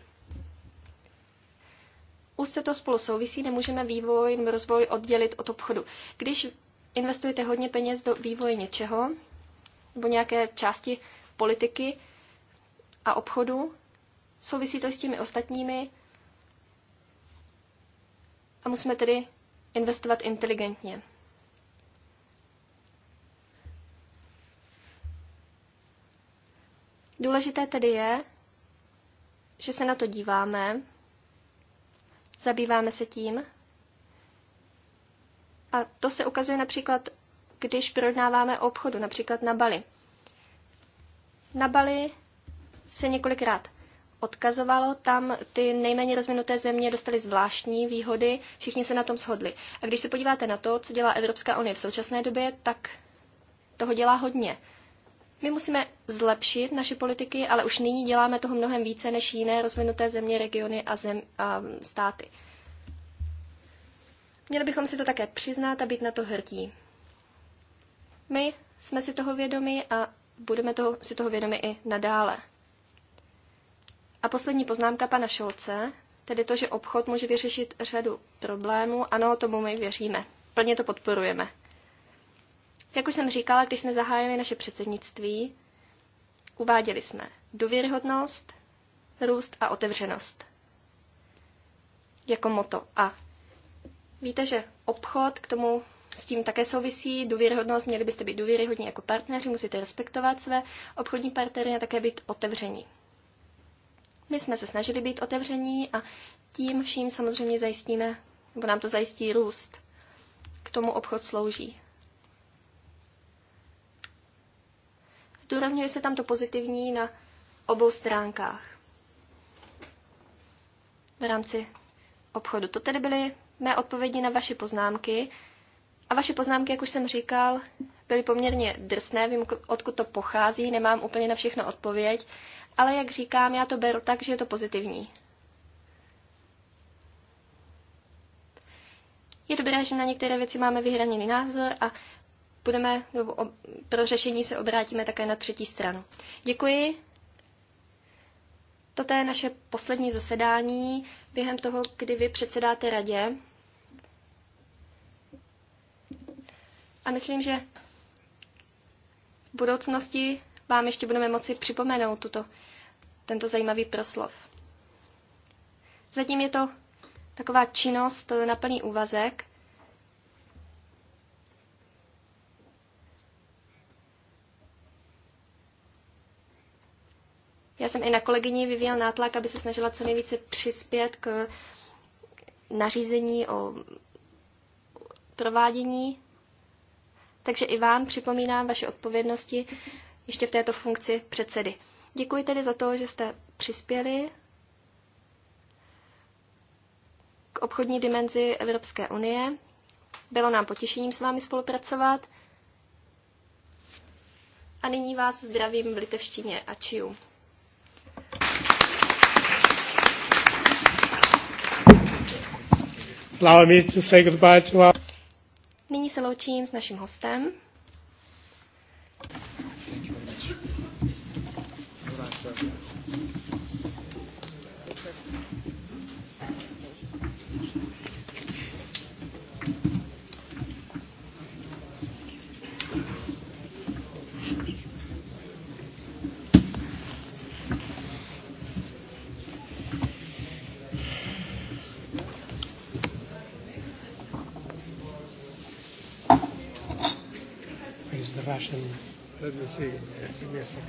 už se to spolu souvisí, nemůžeme vývoj rozvoj oddělit od obchodu. Když investujete hodně peněz do vývoje něčeho nebo nějaké části politiky a obchodu, souvisí to s těmi ostatními a musíme tedy investovat inteligentně. Důležité tedy je, že se na to díváme Zabýváme se tím. A to se ukazuje například, když projednáváme obchodu, například na Bali. Na Bali se několikrát odkazovalo, tam ty nejméně rozvinuté země dostaly zvláštní výhody, všichni se na tom shodli. A když se podíváte na to, co dělá Evropská unie v současné době, tak toho dělá hodně. My musíme zlepšit naše politiky, ale už nyní děláme toho mnohem více než jiné rozvinuté země, regiony a, zem, a státy. Měli bychom si to také přiznat a být na to hrdí. My jsme si toho vědomi a budeme toho, si toho vědomi i nadále. A poslední poznámka pana Šolce, tedy to, že obchod může vyřešit řadu problémů. Ano, tomu my věříme. Plně to podporujeme. Jak už jsem říkala, když jsme zahájili naše předsednictví, uváděli jsme důvěryhodnost, růst a otevřenost jako moto. A víte, že obchod k tomu s tím také souvisí důvěryhodnost. Měli byste být důvěryhodní jako partneři, musíte respektovat své obchodní partnery a také být otevření. My jsme se snažili být otevření a tím vším samozřejmě zajistíme, nebo nám to zajistí růst. K tomu obchod slouží. Zdůrazňuje se tam to pozitivní na obou stránkách v rámci obchodu. To tedy byly mé odpovědi na vaše poznámky. A vaše poznámky, jak už jsem říkal, byly poměrně drsné, vím, odkud to pochází, nemám úplně na všechno odpověď, ale jak říkám, já to beru tak, že je to pozitivní. Je dobré, že na některé věci máme vyhraněný názor a budeme, nebo pro řešení se obrátíme také na třetí stranu. Děkuji. Toto je naše poslední zasedání během toho, kdy vy předsedáte radě. A myslím, že v budoucnosti vám ještě budeme moci připomenout tuto, tento zajímavý proslov. Zatím je to taková činnost na plný úvazek. Já jsem i na kolegyni vyvíjel nátlak, aby se snažila co nejvíce přispět k nařízení o provádění. Takže i vám připomínám vaše odpovědnosti ještě v této funkci předsedy. Děkuji tedy za to, že jste přispěli k obchodní dimenzi Evropské unie. Bylo nám potěšením s vámi spolupracovat. A nyní vás zdravím v litevštině a čiju. Allow me to say goodbye to our... Nyní se loučím s naším hostem. discussion. Let me see. Give me a second.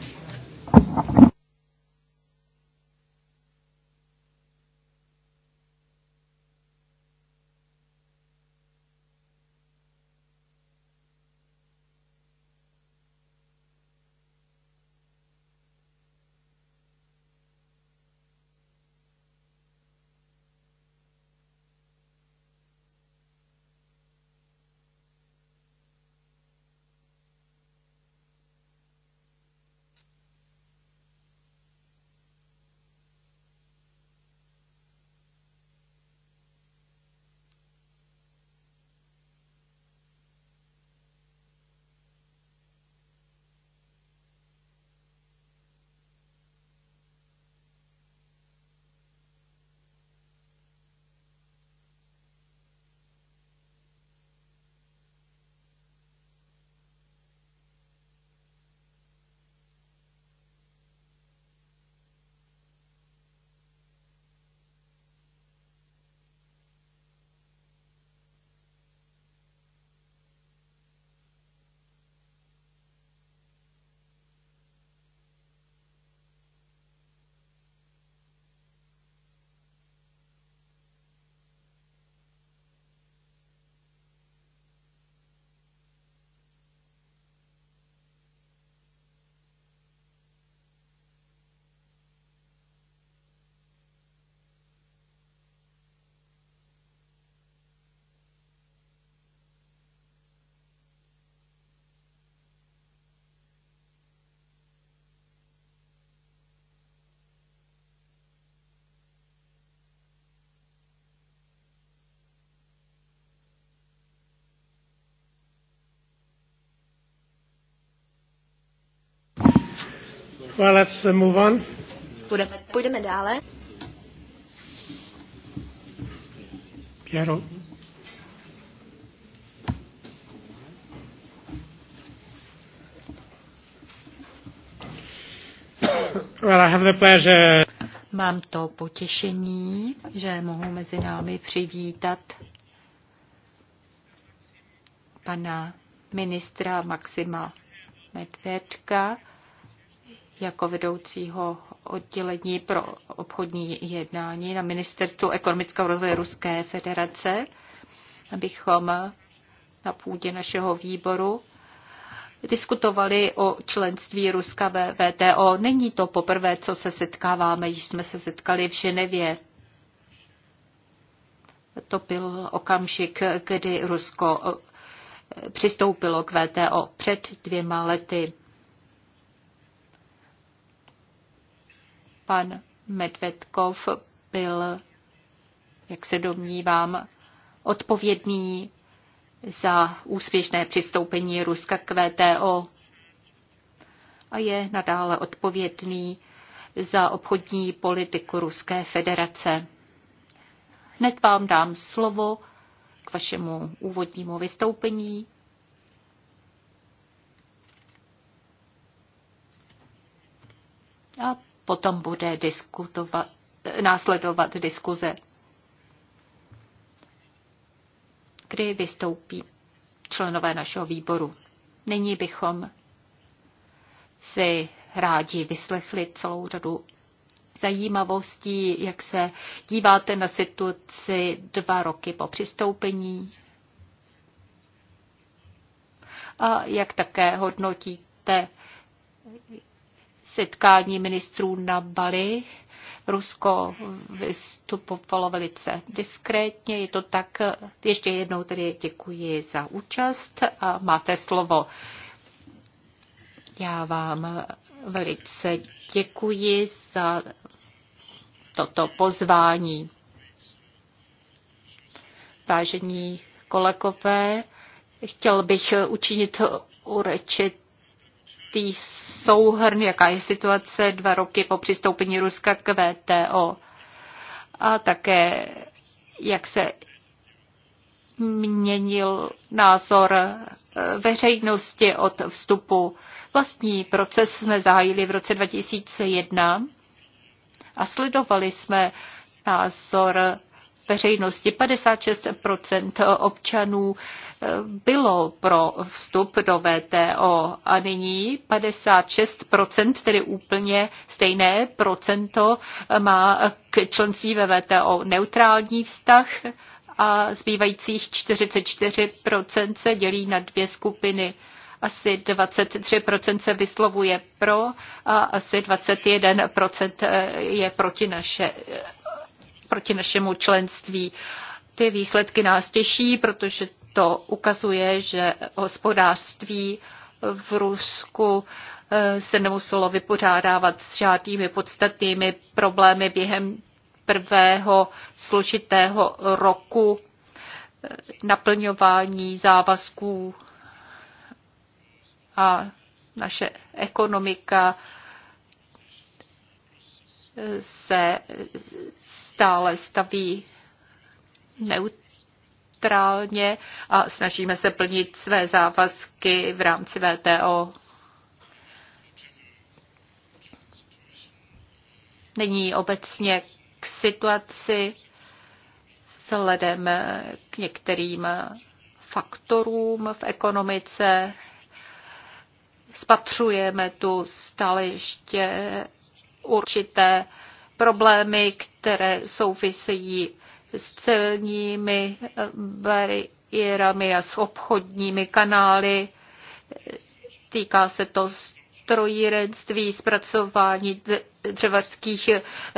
Well, let's uh, move on. Půjdeme, půjdeme dále. Piero. Well, I have the pleasure. Mám to potěšení, že mohu mezi námi přivítat pana ministra Maxima Medvedka, jako vedoucího oddělení pro obchodní jednání na Ministerstvu ekonomického rozvoje Ruské federace, abychom na půdě našeho výboru diskutovali o členství Ruska ve VTO. Není to poprvé, co se setkáváme, již jsme se setkali v Ženevě. To byl okamžik, kdy Rusko přistoupilo k VTO před dvěma lety. Pan Medvedkov byl, jak se domnívám, odpovědný za úspěšné přistoupení Ruska k VTO a je nadále odpovědný za obchodní politiku Ruské federace. Hned vám dám slovo k vašemu úvodnímu vystoupení. A potom bude diskutovat, následovat diskuze, kdy vystoupí členové našeho výboru. Nyní bychom si rádi vyslechli celou řadu zajímavostí, jak se díváte na situaci dva roky po přistoupení a jak také hodnotíte setkání ministrů na Bali. Rusko vystupovalo velice diskrétně, je to tak. Ještě jednou tedy děkuji za účast a máte slovo. Já vám velice děkuji za toto pozvání. Vážení kolegové, chtěl bych učinit určit tý souhrn, jaká je situace dva roky po přistoupení Ruska k VTO a také jak se měnil názor eh, veřejnosti od vstupu. Vlastní proces jsme zahájili v roce 2001 a sledovali jsme názor veřejnosti. 56% občanů eh, bylo pro vstup do VTO a nyní 56%, tedy úplně stejné procento, má k členství ve VTO neutrální vztah a zbývajících 44% se dělí na dvě skupiny asi 23% se vyslovuje pro a asi 21% eh, je proti naše proti našemu členství. Ty výsledky nás těší, protože to ukazuje, že hospodářství v Rusku eh, se nemuselo vypořádávat s žádnými podstatnými problémy během prvého složitého roku eh, naplňování závazků a naše ekonomika eh, se stále staví neutrálně a snažíme se plnit své závazky v rámci VTO. Není obecně k situaci vzhledem k některým faktorům v ekonomice. Spatřujeme tu stále ještě určité problémy, které souvisejí s celními eh, bariérami a s obchodními kanály. Týká se to strojírenství, zpracování dřevařských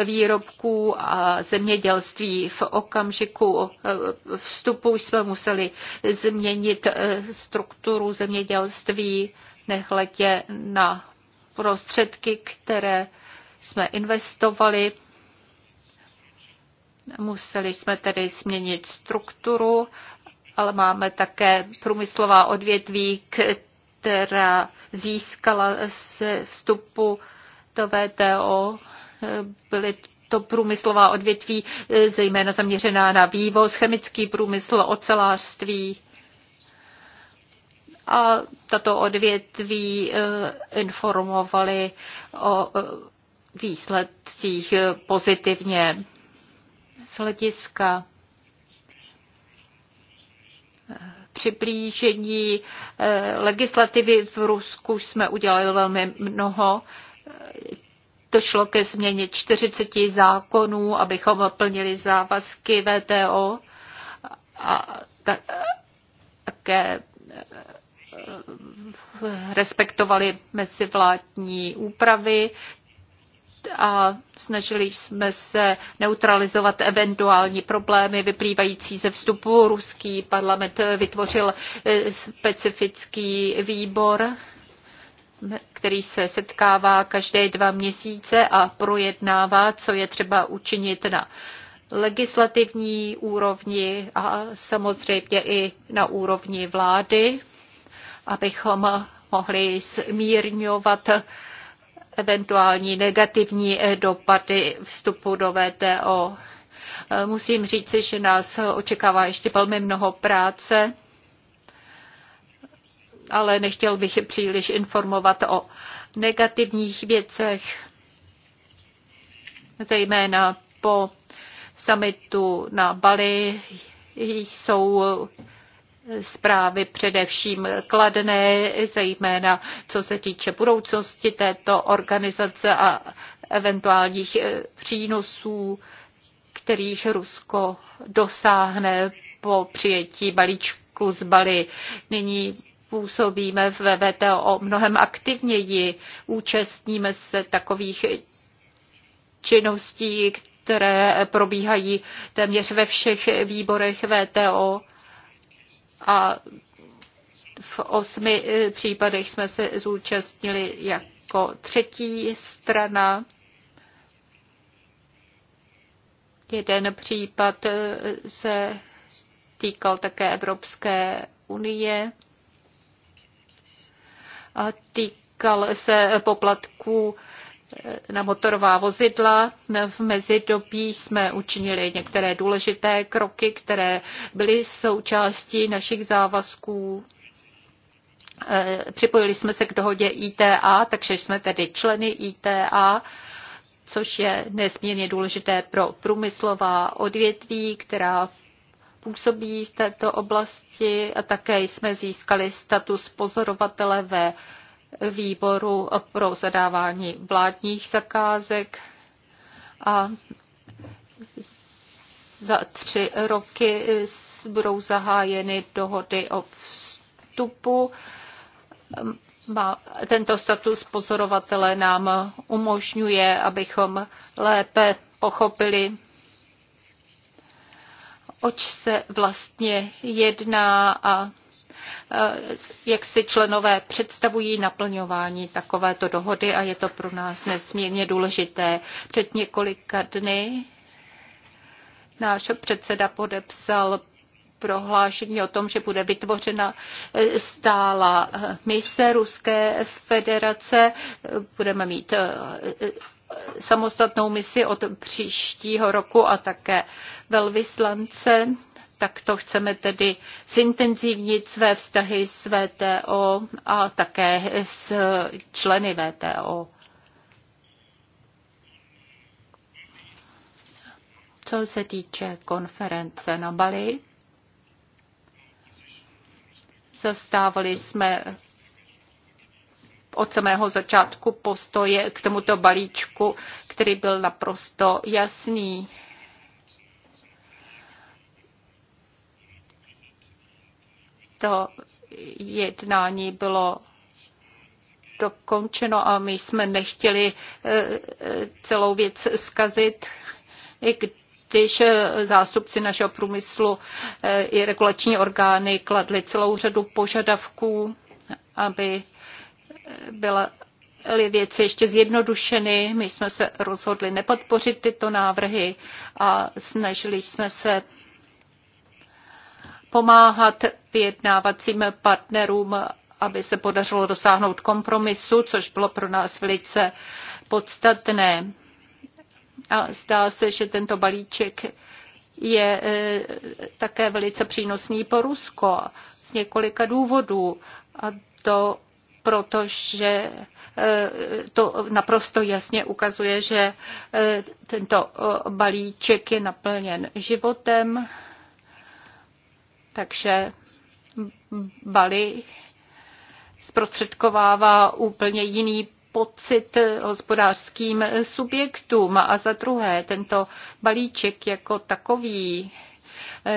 výrobků a zemědělství. V okamžiku eh, vstupu jsme museli změnit eh, strukturu zemědělství, nehledě na prostředky, které jsme investovali. Museli jsme tedy změnit strukturu, ale máme také průmyslová odvětví, která získala se vstupu do VTO. Byly to průmyslová odvětví, zejména zaměřená na vývoz, chemický průmysl, ocelářství. A tato odvětví eh, informovali o výsledcích pozitivně z hlediska přiblížení eh, legislativy v Rusku jsme udělali velmi mnoho. Došlo ke změně 40 zákonů, abychom plnili závazky VTO a také eh, respektovali mezivládní úpravy a snažili jsme se neutralizovat eventuální problémy vyplývající ze vstupu. Ruský parlament vytvořil eh, specifický výbor, který se setkává každé dva měsíce a projednává, co je třeba učinit na legislativní úrovni a samozřejmě i na úrovni vlády, abychom mohli smírňovat eventuální negativní eh, dopady vstupu do VTO. Eh, musím říci, že nás očekává ještě velmi mnoho práce, ale nechtěl bych příliš informovat o negativních věcech, zejména po summitu na Bali jsou zprávy především kladné, zejména co se týče budoucnosti této organizace a eventuálních eh, přínosů, kterých Rusko dosáhne po přijetí balíčku z Bali. Nyní působíme v VTO mnohem aktivněji, účastníme se takových činností, které probíhají téměř ve všech výborech VTO a v osmi eh, případech jsme se zúčastnili jako třetí strana. Jeden případ eh, se týkal také Evropské unie a týkal se poplatků na motorová vozidla. V mezidobí jsme učinili některé důležité kroky, které byly součástí našich závazků. Eh, připojili jsme se k dohodě ITA, takže jsme tedy členy ITA což je nesmírně důležité pro průmyslová odvětví, která působí v této oblasti a také jsme získali status pozorovatele ve výboru pro zadávání vládních zakázek a za tři roky budou zahájeny dohody o vstupu. Tento status pozorovatele nám umožňuje, abychom lépe pochopili, oč se vlastně jedná a Eh, jak si členové představují naplňování takovéto dohody a je to pro nás nesmírně důležité. Před několika dny náš předseda podepsal prohlášení o tom, že bude vytvořena eh, stála eh, mise Ruské federace. Budeme mít samostatnou misi od příštího roku a také velvyslance takto chceme tedy zintenzivnit své vztahy s VTO a také s členy VTO. Co se týče konference na Bali, zastávali jsme od samého začátku postoje k tomuto balíčku, který byl naprosto jasný. to jednání bylo dokončeno a my jsme nechtěli eh, eh, celou věc zkazit, i když eh, zástupci našeho průmyslu i regulační orgány kladli celou řadu požadavků, aby byla věci ještě zjednodušeny. My jsme se rozhodli nepodpořit tyto návrhy a snažili jsme se pomáhat vyjednávacím partnerům, aby se podařilo dosáhnout kompromisu, což bylo pro nás velice podstatné. A zdá se, že tento balíček je e, také velice přínosný pro Rusko z několika důvodů. A to protože e, to naprosto jasně ukazuje, že e, tento balíček je naplněn životem, takže Bali zprostředkovává úplně jiný pocit hospodářským subjektům. A za druhé, tento balíček jako takový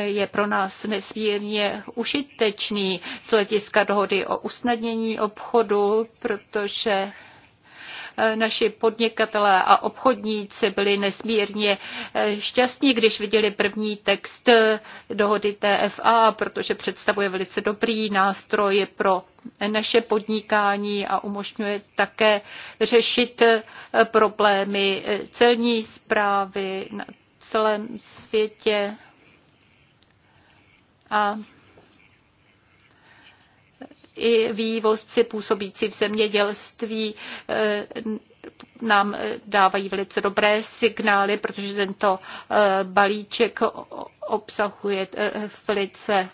je pro nás nesmírně užitečný z hlediska dohody o usnadnění obchodu, protože Eh, naši podnikatelé a obchodníci byli nesmírně eh, šťastní, když viděli první text eh, dohody TFA, protože představuje velice dobrý nástroj pro naše podnikání a umožňuje také řešit problémy celní zprávy na celém světě. A i vývozci působící v zemědělství eh, nám dávají velice dobré signály, protože tento eh, balíček obsahuje eh, velice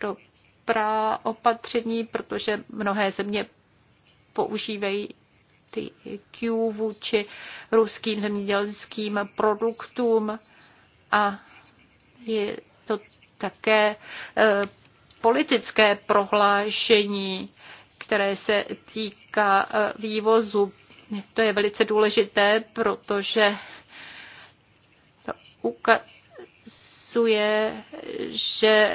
dobrá opatření, protože mnohé země používají ty Q vůči ruským zemědělským produktům a je to také politické prohlášení, které se týká eh, vývozu. To je velice důležité, protože to ukazuje, že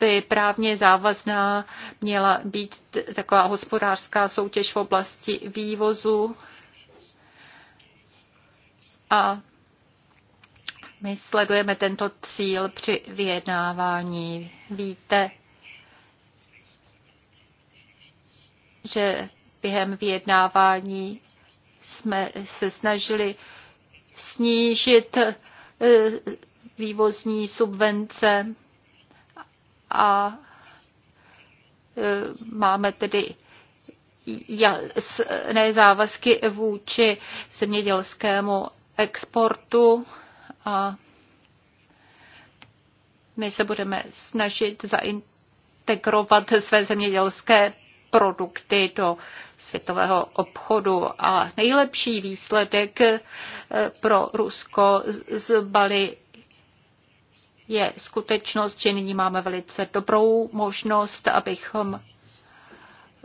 by právně závazná měla být taková hospodářská soutěž v oblasti vývozu a my sledujeme tento cíl při vyjednávání. Víte, že během vyjednávání jsme se snažili snížit eh, vývozní subvence a eh, máme tedy nezávazky vůči zemědělskému exportu a my se budeme snažit zaintegrovat své zemědělské produkty do světového obchodu a nejlepší výsledek eh, pro Rusko z Bali je skutečnost, že nyní máme velice dobrou možnost, abychom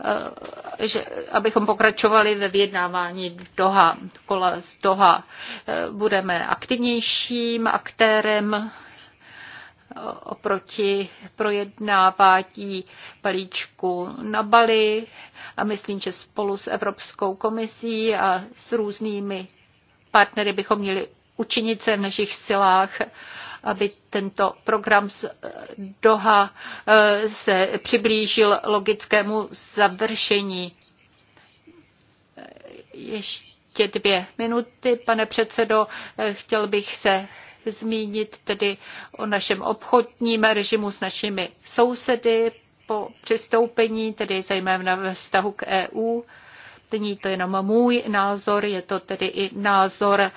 Eh, že, abychom pokračovali ve vyjednávání Doha, kola z Doha. Eh, budeme aktivnějším aktérem eh, oproti projednávání palíčku na Bali a myslím, že spolu s Evropskou komisí a s různými partnery bychom měli učinit se v našich silách, aby tento program z eh, Doha eh, se přiblížil logickému završení. Eh, ještě dvě minuty, pane předsedo. Chtěl bych se zmínit tedy o našem obchodním režimu s našimi sousedy po přistoupení, tedy zejména ve vztahu k EU. Není to jenom můj názor, je to tedy i názor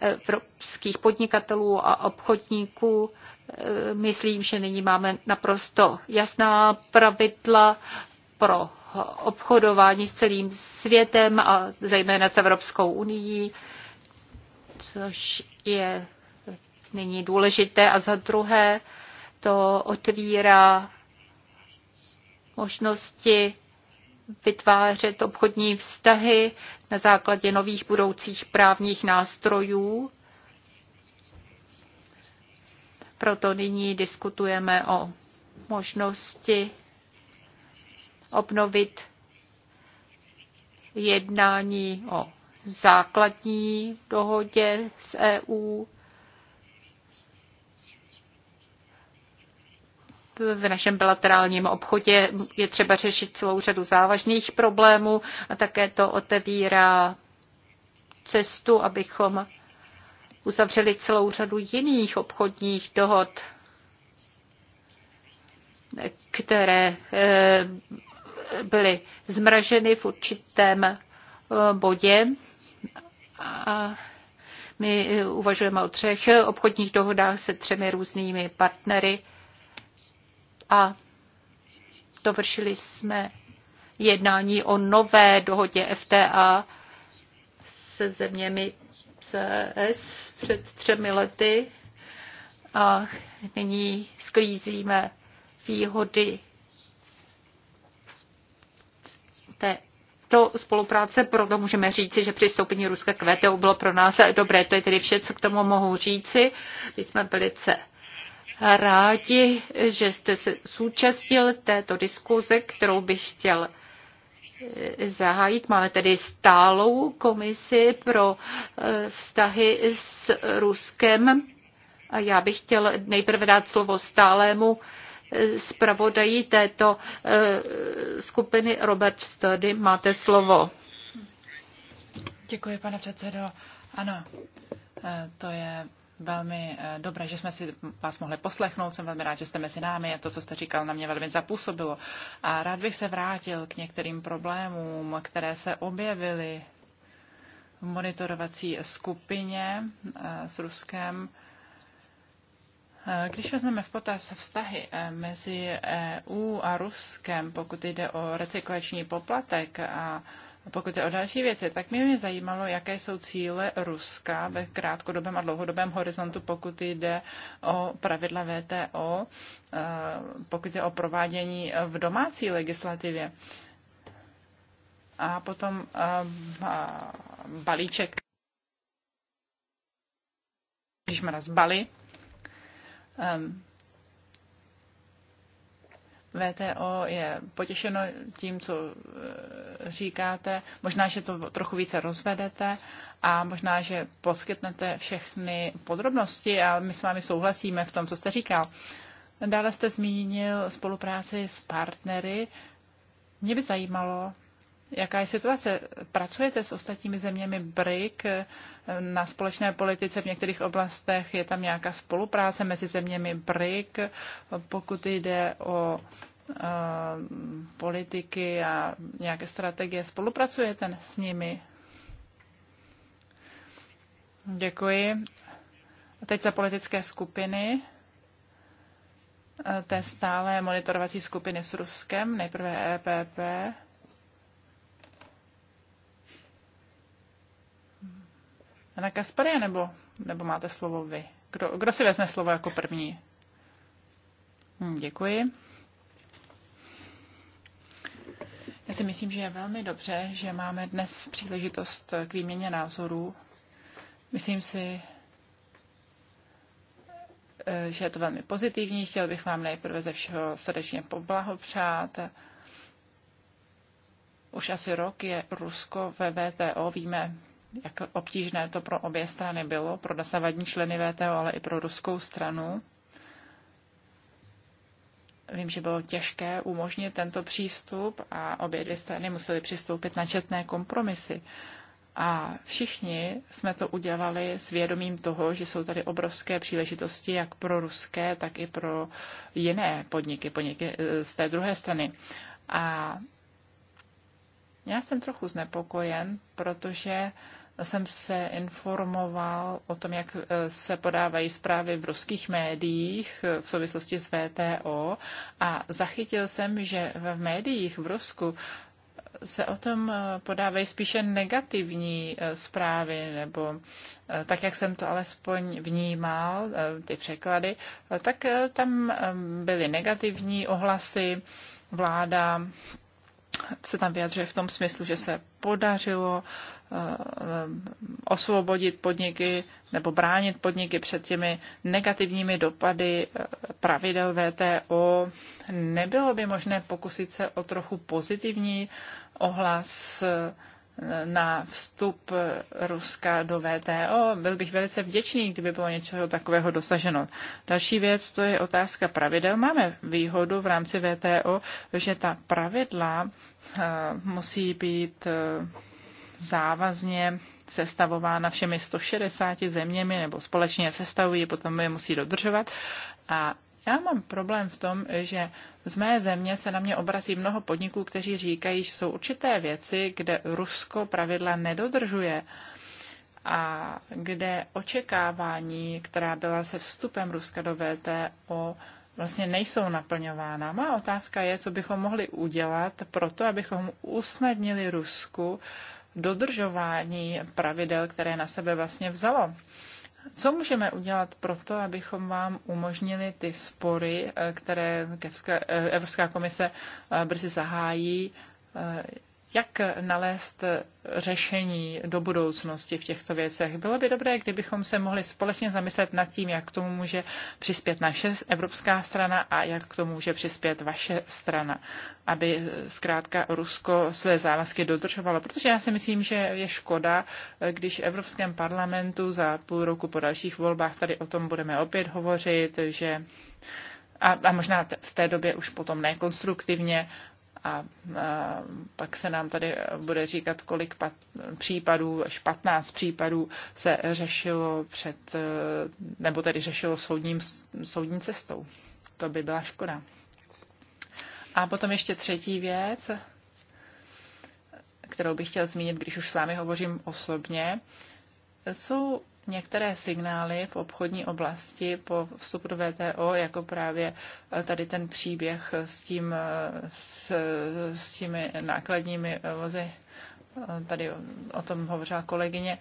evropských podnikatelů a obchodníků. Myslím, že nyní máme naprosto jasná pravidla pro obchodování s celým světem a zejména s Evropskou unii, což je nyní důležité. A za druhé, to otvírá možnosti vytvářet obchodní vztahy na základě nových budoucích právních nástrojů. Proto nyní diskutujeme o možnosti obnovit jednání o základní dohodě s EU v našem bilaterálním obchodě je třeba řešit celou řadu závažných problémů a také to otevírá cestu, abychom uzavřeli celou řadu jiných obchodních dohod, které eh, byly zmraženy v určitém eh, bodě. A my eh, uvažujeme o třech obchodních dohodách se třemi různými partnery a dovršili jsme jednání o nové dohodě FTA se zeměmi CS před třemi lety a nyní sklízíme výhody té to spolupráce, proto můžeme říci, že přistoupení Ruska k VTO bylo pro nás dobré. To je tedy vše, co k tomu mohu říci. My jsme velice rádi, že jste se zúčastnil této diskuze, kterou bych chtěl eh, zahájit. Máme tedy stálou komisi pro eh, vztahy s Ruskem. A já bych chtěl nejprve dát slovo stálému eh, zpravodají této skupiny Robert Sturdy. Máte slovo. Děkuji, pane předsedo. Ano, to je velmi eh, dobré, že jsme si vás mohli poslechnout. Jsem velmi rád, že jste mezi námi a to, co jste říkal, na mě velmi zapůsobilo. A rád bych se vrátil k některým problémům, které se objevily v monitorovací skupině eh, s Ruskem. Eh, když vezmeme v potaz vztahy mezi EU a Ruskem, pokud jde o recyklační poplatek a pokud je o další věci, tak mě, mě zajímalo, jaké jsou cíle Ruska ve krátkodobém a dlouhodobém horizontu, pokud jde o pravidla VTO, eh, pokud je o provádění eh, v domácí legislativě. A potom eh, balíček když z Bali. VTO je potěšeno tím, co e, říkáte. Možná, že to trochu více rozvedete a možná, že poskytnete všechny podrobnosti a my s vámi souhlasíme v tom, co jste říkal. Dále jste zmínil spolupráci s partnery. Mě by zajímalo, Jaká je situace? Pracujete s ostatními zeměmi BRIC na společné politice v některých oblastech? Je tam nějaká spolupráce mezi zeměmi BRIC, pokud jde o eh, politiky a nějaké strategie. Spolupracujete s nimi? Děkuji. A teď za politické skupiny eh, té stále monitorovací skupiny s Ruskem, nejprve EPP. Na Kasparia, nebo, nebo máte slovo vy? Kdo, kdo si vezme slovo jako první? Hm, děkuji. Já si myslím, že je velmi dobře, že máme dnes příležitost k výměně názorů. Myslím si, eh, že je to velmi pozitivní. Chtěl bych vám nejprve ze všeho srdečně poblahopřát. Už asi rok je Rusko ve VTO. Víme, jak obtížné to pro obě strany bylo, pro dosavadní členy VTO, ale i pro ruskou stranu. Vím, že bylo těžké umožnit tento přístup a obě dvě strany musely přistoupit na četné kompromisy. A všichni jsme to udělali s vědomím toho, že jsou tady obrovské příležitosti jak pro ruské, tak i pro jiné podniky, podniky eh, z té druhé strany. A já jsem trochu znepokojen, protože uh, jsem se informoval o tom, jak eh, se podávají zprávy v ruských médiích eh, v souvislosti s VTO a zachytil jsem, že v médiích v Rusku eh, se o tom podávají spíše negativní zprávy, nebo tak, jak jsem to alespoň vnímal, ty překlady, tak tam byly negativní ohlasy, vláda se tam vyjadřuje v tom smyslu, že se podařilo Eh, osvobodit podniky nebo bránit podniky před těmi negativními dopady eh, pravidel VTO. Nebylo by možné pokusit se o trochu pozitivní ohlas eh, na vstup Ruska do VTO. Byl bych velice vděčný, kdyby bylo něčeho takového dosaženo. Další věc, to je otázka pravidel. Máme výhodu v rámci VTO, že ta pravidla musí být závazně sestavována všemi 160 zeměmi, nebo společně sestavují, potom je musí dodržovat. A já mám problém v tom, že z mé země se na mě obrací mnoho podniků, kteří říkají, že jsou určité věci, kde Rusko pravidla nedodržuje a kde očekávání, která byla se vstupem Ruska do VTO, vlastně nejsou naplňována. Má otázka je, co bychom mohli udělat pro to, abychom usnadnili Rusku dodržování pravidel, které na sebe vlastně vzalo. Co můžeme udělat pro to, abychom vám umožnili ty spory, eh, které eh, Evropská komise eh, brzy zahájí, jak nalézt řešení do budoucnosti v těchto věcech. Bylo by dobré, kdybychom se mohli společně zamyslet nad tím, jak k tomu může přispět naše evropská strana a jak k tomu může přispět vaše strana, aby zkrátka Rusko své závazky dodržovalo. Protože já si myslím, že je škoda, když v Evropském parlamentu za půl roku po dalších volbách tady o tom budeme opět hovořit, že a, a možná v té době už potom nekonstruktivně, a pak se nám tady bude říkat, kolik pat, případů, až 15 případů se řešilo před, nebo tedy řešilo soudním, soudní cestou. To by byla škoda. A potom ještě třetí věc, kterou bych chtěl zmínit, když už s vámi hovořím osobně, jsou některé signály v obchodní oblasti po vstupu do VTO, jako právě eh, tady ten příběh s, tím, eh, s, s těmi nákladními eh, vozy, tady o tom hovořila kolegyně,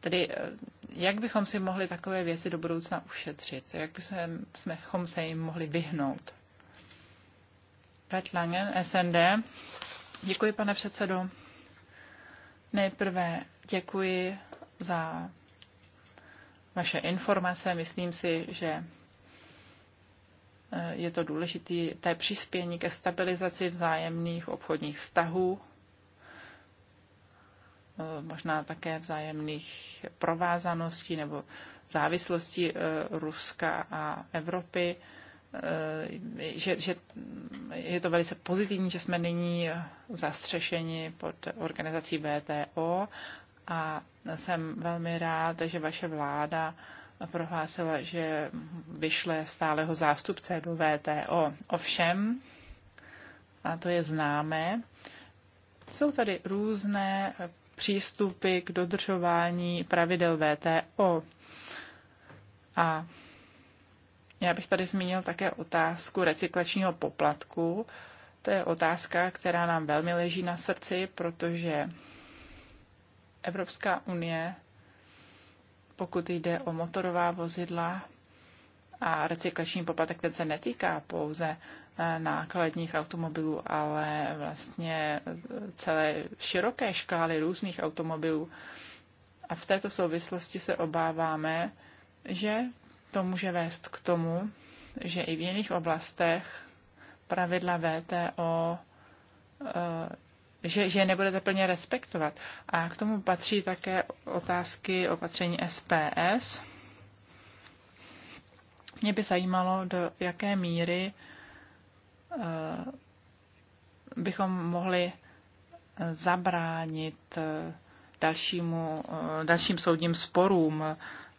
Tedy jak bychom si mohli takové věci do budoucna ušetřit? Jak bychom se jim mohli vyhnout? Pet Langen, SND. Děkuji, pane předsedo. Nejprve děkuji za vaše informace. Myslím si, že eh, je to důležité té přispění ke stabilizaci vzájemných obchodních vztahů, eh, možná také vzájemných provázaností nebo závislostí eh, Ruska a Evropy. Eh, že, že je to velice pozitivní, že jsme nyní zastřešeni pod organizací VTO a jsem velmi rád, že vaše vláda prohlásila, že vyšle stáleho zástupce do VTO. Ovšem, a to je známé, jsou tady různé přístupy k dodržování pravidel VTO. A já bych tady zmínil také otázku recyklačního poplatku. To je otázka, která nám velmi leží na srdci, protože Evropská unie, pokud jde o motorová vozidla, a recyklační poplatek ten se netýká pouze eh, nákladních automobilů, ale vlastně eh, celé široké škály různých automobilů. A v této souvislosti se obáváme, že to může vést k tomu, že i v jiných oblastech pravidla VTO eh, že, že je nebudete plně respektovat. A k tomu patří také otázky opatření SPS. Mě by zajímalo, do jaké míry eh, bychom mohli zabránit eh, dalšímu, dalším soudním sporům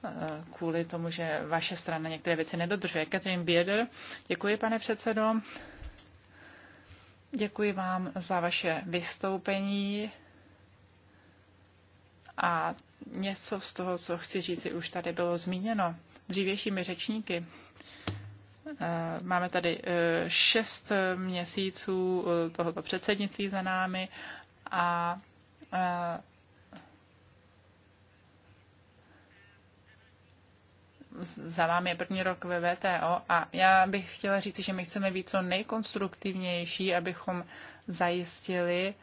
Eh, kvůli tomu, že vaše strana některé věci nedodržuje. Katrin Bieder, děkuji, pane předsedo. Děkuji vám za vaše vystoupení a něco z toho, co chci říci, už tady bylo zmíněno dřívějšími řečníky. Eh, máme tady eh, šest měsíců tohoto předsednictví za námi a za vámi je první rok ve VTO a já bych chtěla říct, že my chceme být co nejkonstruktivnější, abychom zajistili,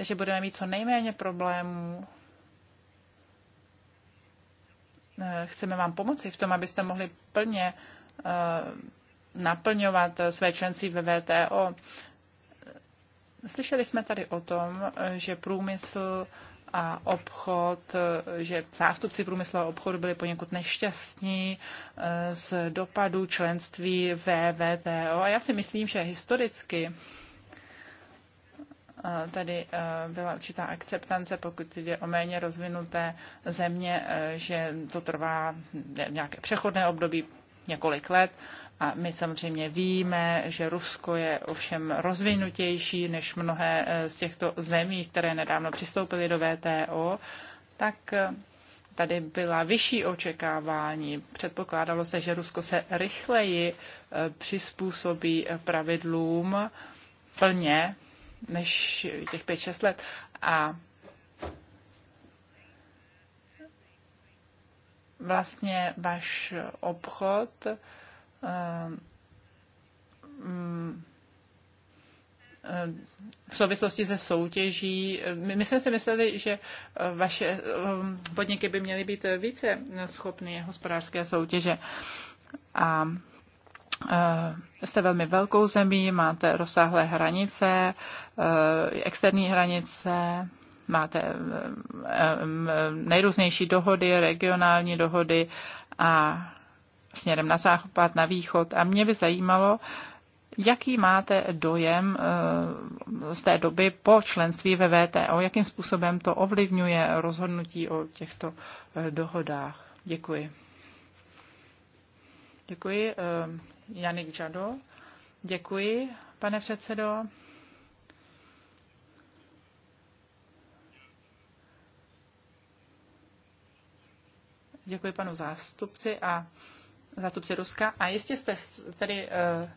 že budeme mít co nejméně problémů. Eh, chceme vám pomoci v tom, abyste mohli plně eh, naplňovat eh, své členství ve VTO. Slyšeli jsme tady o tom, že průmysl a obchod, že zástupci průmyslu a obchodu byli poněkud nešťastní eh, z dopadu členství VVTO. A já si myslím, že historicky eh, tady eh, byla určitá akceptance, pokud jde o méně rozvinuté země, že to trvá nějaké přechodné období, několik let. A my samozřejmě víme, že Rusko je ovšem rozvinutější než mnohé eh, z těchto zemí, které nedávno přistoupily do VTO, tak eh, tady byla vyšší očekávání. Předpokládalo se, že Rusko se rychleji eh, přizpůsobí pravidlům plně než těch 5-6 let. A vlastně váš obchod eh, mm, eh, v souvislosti se soutěží. My jsme si mysleli, že eh, vaše podniky by měly být více schopny hospodářské soutěže. A jste velmi velkou zemí, máte rozsáhlé hranice, externí hranice, máte eh, eh, nejrůznější dohody, regionální dohody a směrem na západ, na východ. A mě by zajímalo, jaký máte dojem eh, z té doby po členství ve VTO, jakým způsobem to ovlivňuje rozhodnutí o těchto dohodách. Děkuji. Děkuji. Janik Čado. Děkuji, pane předsedo. Děkuji panu zástupci a zástupci Ruska. A jistě jste tedy eh,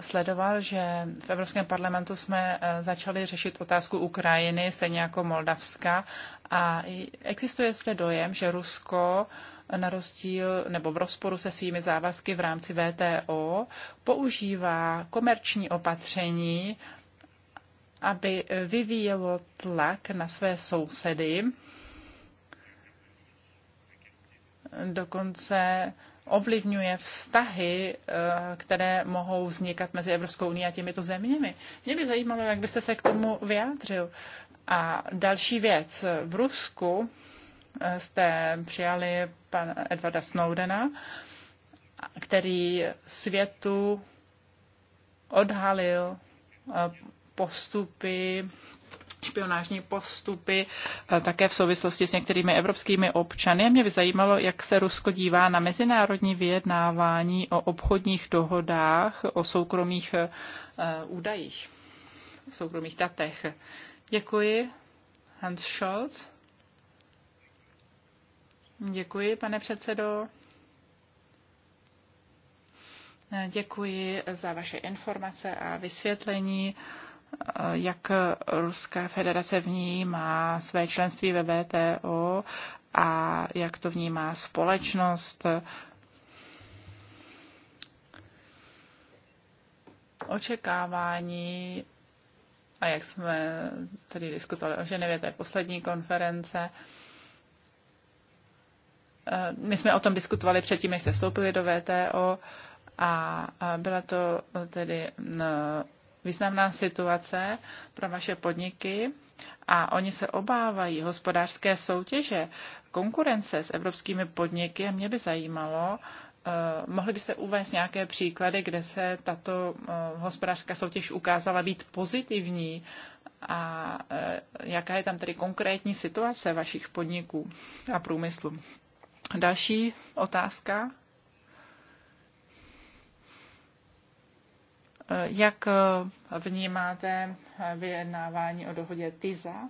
sledoval, že v Evropském parlamentu jsme eh, začali řešit otázku Ukrajiny, stejně jako Moldavska. A existuje zde dojem, že Rusko eh, na rozdíl nebo v rozporu se svými závazky v rámci VTO používá komerční opatření, aby vyvíjelo tlak na své sousedy dokonce ovlivňuje vztahy, eh, které mohou vznikat mezi Evropskou unii a těmito zeměmi. Mě by zajímalo, jak byste se k tomu vyjádřil. A další věc. V Rusku eh, jste přijali pana Edvarda Snowdena, který světu odhalil eh, postupy špionážní postupy eh, také v souvislosti s některými evropskými občany. A mě by zajímalo, jak se Rusko dívá na mezinárodní vyjednávání o obchodních dohodách, o soukromých eh, údajích, o soukromých datech. Děkuji. Hans Scholz. Děkuji, pane předsedo. Eh, děkuji za vaše informace a vysvětlení jak Ruská federace vnímá své členství ve VTO a jak to vnímá společnost. Očekávání a jak jsme tady diskutovali o Ženevě, té poslední konference, eh, my jsme o tom diskutovali předtím, než jste vstoupili do VTO a byla to tedy eh, významná situace pro vaše podniky a oni se obávají hospodářské soutěže, konkurence s evropskými podniky a mě by zajímalo, eh, mohli byste uvést nějaké příklady, kde se tato eh, hospodářská soutěž ukázala být pozitivní a eh, jaká je tam tedy konkrétní situace vašich podniků a průmyslu? Další otázka. Jak eh, vnímáte eh, vyjednávání o dohodě TISA?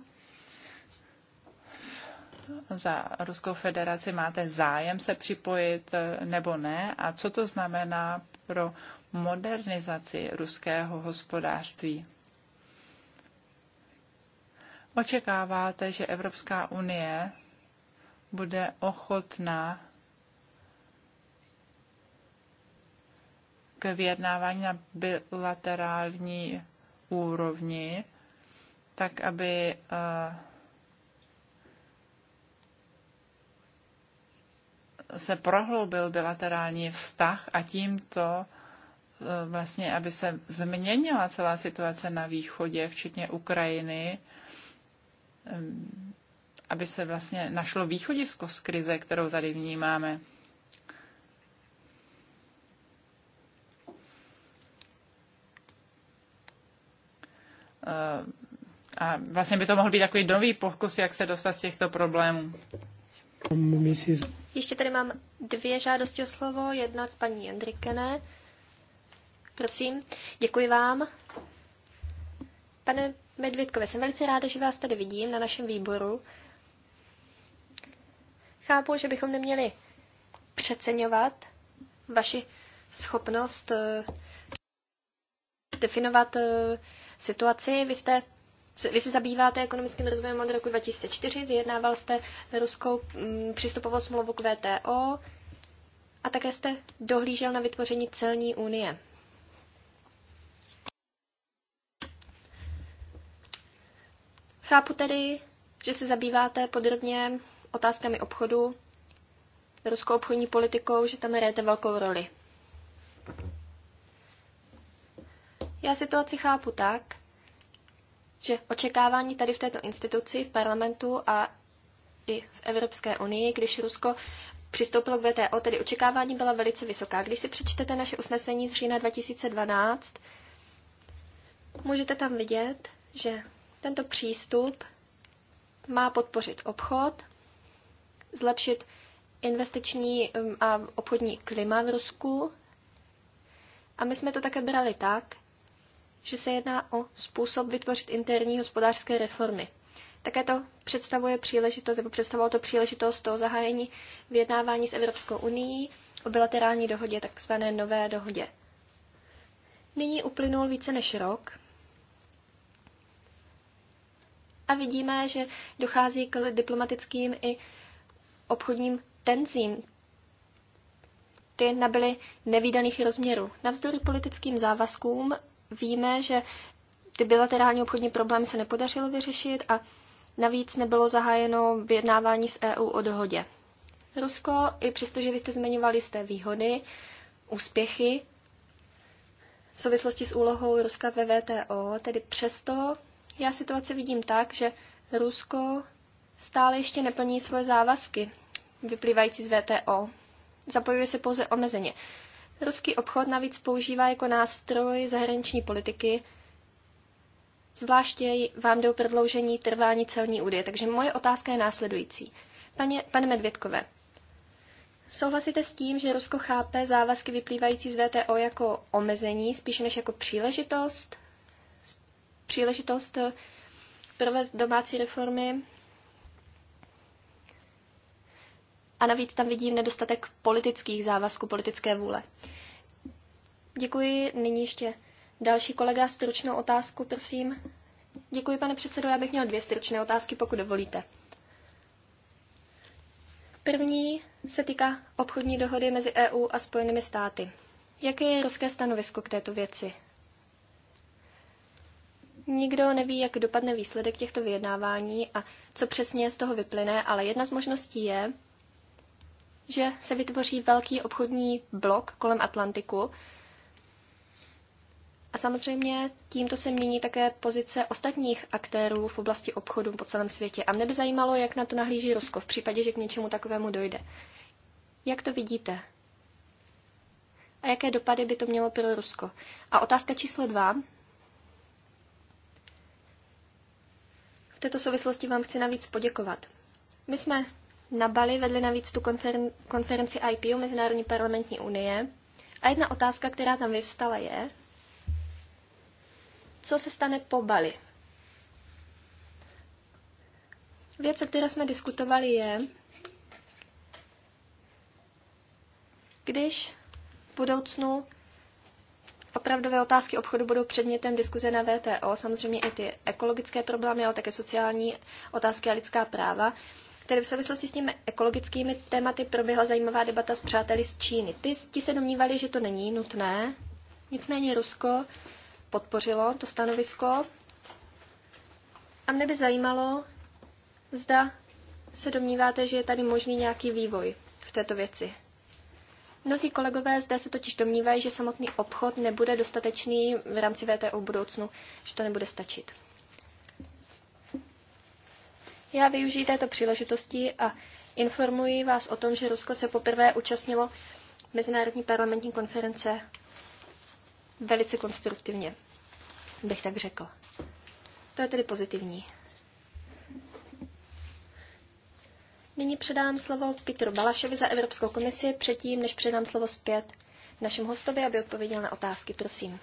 Za Ruskou federaci máte zájem se připojit eh, nebo ne? A co to znamená pro modernizaci ruského hospodářství? Očekáváte, že Evropská unie bude ochotná k vyjednávání na bilaterální úrovni, tak aby eh, se prohloubil bilaterální vztah a tímto eh, vlastně, aby se změnila celá situace na východě, včetně Ukrajiny, eh, aby se vlastně našlo východisko z krize, kterou tady vnímáme. Eh, a vlastně by to mohl být takový nový pokus, jak se dostat z těchto problémů. Ještě tady mám dvě žádosti o slovo. Jedna od paní Jendrikene. Prosím, děkuji vám. Pane Medvědkové, jsem velice ráda, že vás tady vidím na našem výboru. Chápu, že bychom neměli přeceňovat vaši schopnost eh, definovat eh, situaci. Vy, jste, vy se zabýváte ekonomickým rozvojem od roku 2004, vyjednával jste ruskou mm, přístupovou smlouvu k VTO a také jste dohlížel na vytvoření celní unie. Chápu tedy, že se zabýváte podrobně otázkami obchodu, ruskou obchodní politikou, že tam hrajete velkou roli. Já situaci chápu tak, že očekávání tady v této instituci, v parlamentu a i v Evropské unii, když Rusko přistoupilo k VTO, tedy očekávání byla velice vysoká. Když si přečtete naše usnesení z října 2012, můžete tam vidět, že tento přístup má podpořit obchod, zlepšit investiční um, a obchodní klima v Rusku. A my jsme to také brali tak, že se jedná o způsob vytvořit interní hospodářské reformy. Také to představuje příležitost, nebo představovalo to příležitost toho zahájení vyjednávání s Evropskou unii o bilaterální dohodě, takzvané nové dohodě. Nyní uplynul více než rok a vidíme, že dochází k diplomatickým i obchodním tenzím. Ty nabyly nevýdaných rozměrů. Navzdory politickým závazkům víme, že ty bilaterální obchodní problémy se nepodařilo vyřešit a navíc nebylo zahájeno vyjednávání s EU o dohodě. Rusko, i přestože vy jste zmiňovali té výhody, úspěchy v souvislosti s úlohou Ruska ve VTO, tedy přesto já situaci vidím tak, že Rusko stále ještě neplní svoje závazky vyplývající z VTO. Zapojuje se pouze omezeně. Ruský obchod navíc používá jako nástroj zahraniční politiky, zvláště vám jde o prodloužení trvání celní údy. Takže moje otázka je následující. Pane, pane Medvědkové, souhlasíte s tím, že Rusko chápe závazky vyplývající z VTO jako omezení, spíše než jako příležitost? Příležitost provést domácí reformy a navíc tam vidím nedostatek politických závazků, politické vůle. Děkuji. Nyní ještě další kolega, stručnou otázku, prosím. Děkuji, pane předsedo, já bych měl dvě stručné otázky, pokud dovolíte. První se týká obchodní dohody mezi EU a Spojenými státy. Jaké je ruské stanovisko k této věci? Nikdo neví, jak dopadne výsledek těchto vyjednávání a co přesně z toho vyplyne, ale jedna z možností je, že se vytvoří velký obchodní blok kolem Atlantiku. A samozřejmě tímto se mění také pozice ostatních aktérů v oblasti obchodu po celém světě. A mě by zajímalo, jak na to nahlíží Rusko v případě, že k něčemu takovému dojde. Jak to vidíte? A jaké dopady by to mělo pro Rusko? A otázka číslo dva. V této souvislosti vám chci navíc poděkovat. My jsme na Bali vedli navíc tu konferen- konferenci IPU Mezinárodní parlamentní unie. A jedna otázka, která tam vyvstala, je, co se stane po Bali. Věc, o které jsme diskutovali, je, když v budoucnu opravdové otázky obchodu budou předmětem diskuze na VTO, samozřejmě i ty ekologické problémy, ale také sociální otázky a lidská práva, které v souvislosti s těmi ekologickými tématy proběhla zajímavá debata s přáteli z Číny. Ty, ti se domnívali, že to není nutné, nicméně Rusko podpořilo to stanovisko. A mne by zajímalo, zda se domníváte, že je tady možný nějaký vývoj v této věci. Mnozí kolegové zde se totiž domnívají, že samotný obchod nebude dostatečný v rámci VTO v budoucnu, že to nebude stačit. Já využiji této příležitosti a informuji vás o tom, že Rusko se poprvé účastnilo Mezinárodní parlamentní konference velice konstruktivně, bych tak řekl. To je tedy pozitivní. Nyní předám slovo Petru Balašovi za Evropskou komisi, předtím, než předám slovo zpět našem hostovi, aby odpověděl na otázky. Prosím.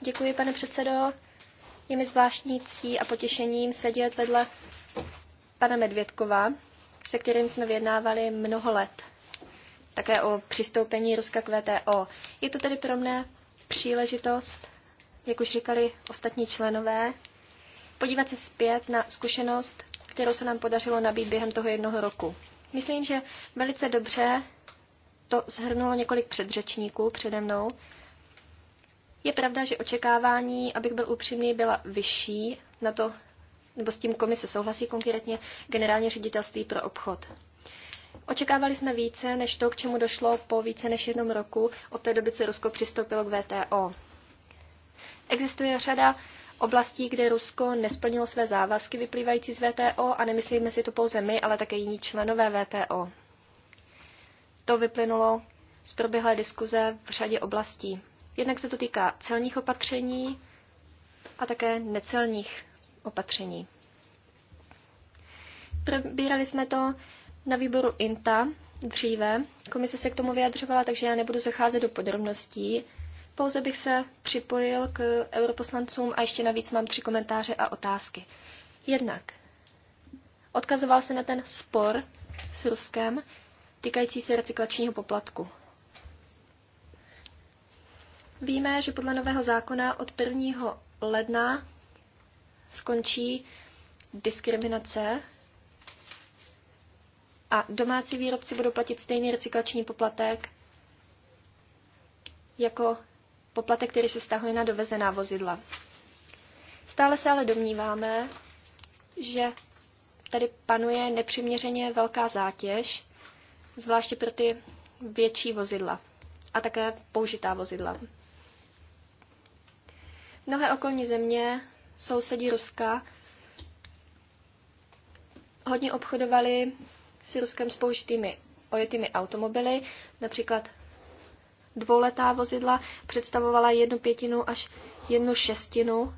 Děkuji, pane předsedo. Je mi zvláštní ctí a potěšením sedět vedle pana Medvědkova, se kterým jsme vyjednávali mnoho let. Také o přistoupení Ruska k VTO. Je to tedy pro mne příležitost, jak už říkali ostatní členové, podívat se zpět na zkušenost, kterou se nám podařilo nabít během toho jednoho roku. Myslím, že velice dobře to zhrnulo několik předřečníků přede mnou. Je pravda, že očekávání, abych byl upřímný, byla vyšší na to, nebo s tím komise souhlasí konkrétně generálně ředitelství pro obchod. Očekávali jsme více než to, k čemu došlo po více než jednom roku od té doby, co Rusko přistoupilo k VTO. Existuje řada oblastí, kde Rusko nesplnilo své závazky vyplývající z VTO a nemyslíme si to pouze my, ale také jiní členové VTO. To vyplynulo z proběhlé diskuze v řadě oblastí. Jednak se to týká celních opatření a také necelních opatření. Probírali jsme to na výboru INTA dříve. Komise se k tomu vyjadřovala, takže já nebudu zacházet do podrobností. Pouze bych se připojil k europoslancům a ještě navíc mám tři komentáře a otázky. Jednak odkazoval se na ten spor s Ruskem týkající se recyklačního poplatku. Víme, že podle nového zákona od 1. ledna skončí diskriminace a domácí výrobci budou platit stejný recyklační poplatek jako poplatek, který se vztahuje na dovezená vozidla. Stále se ale domníváme, že tady panuje nepřiměřeně velká zátěž, zvláště pro ty větší vozidla a také použitá vozidla. Mnohé okolní země, sousedí Ruska, hodně obchodovali s Ruskem s použitými ojetými automobily, například dvouletá vozidla představovala jednu pětinu až jednu šestinu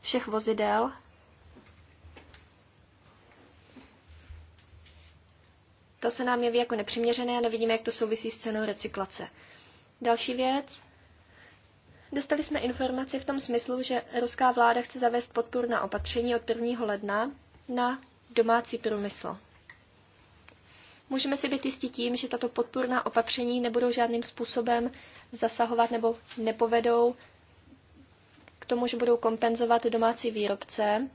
všech vozidel. To se nám jeví jako nepřiměřené a nevidíme, jak to souvisí s cenou recyklace. Další věc. Dostali jsme informaci v tom smyslu, že ruská vláda chce zavést podpůrná opatření od 1. ledna na domácí průmysl. Můžeme si být jistí tím, že tato podpůrná opatření nebudou žádným způsobem zasahovat nebo nepovedou k tomu, že budou kompenzovat domácí výrobce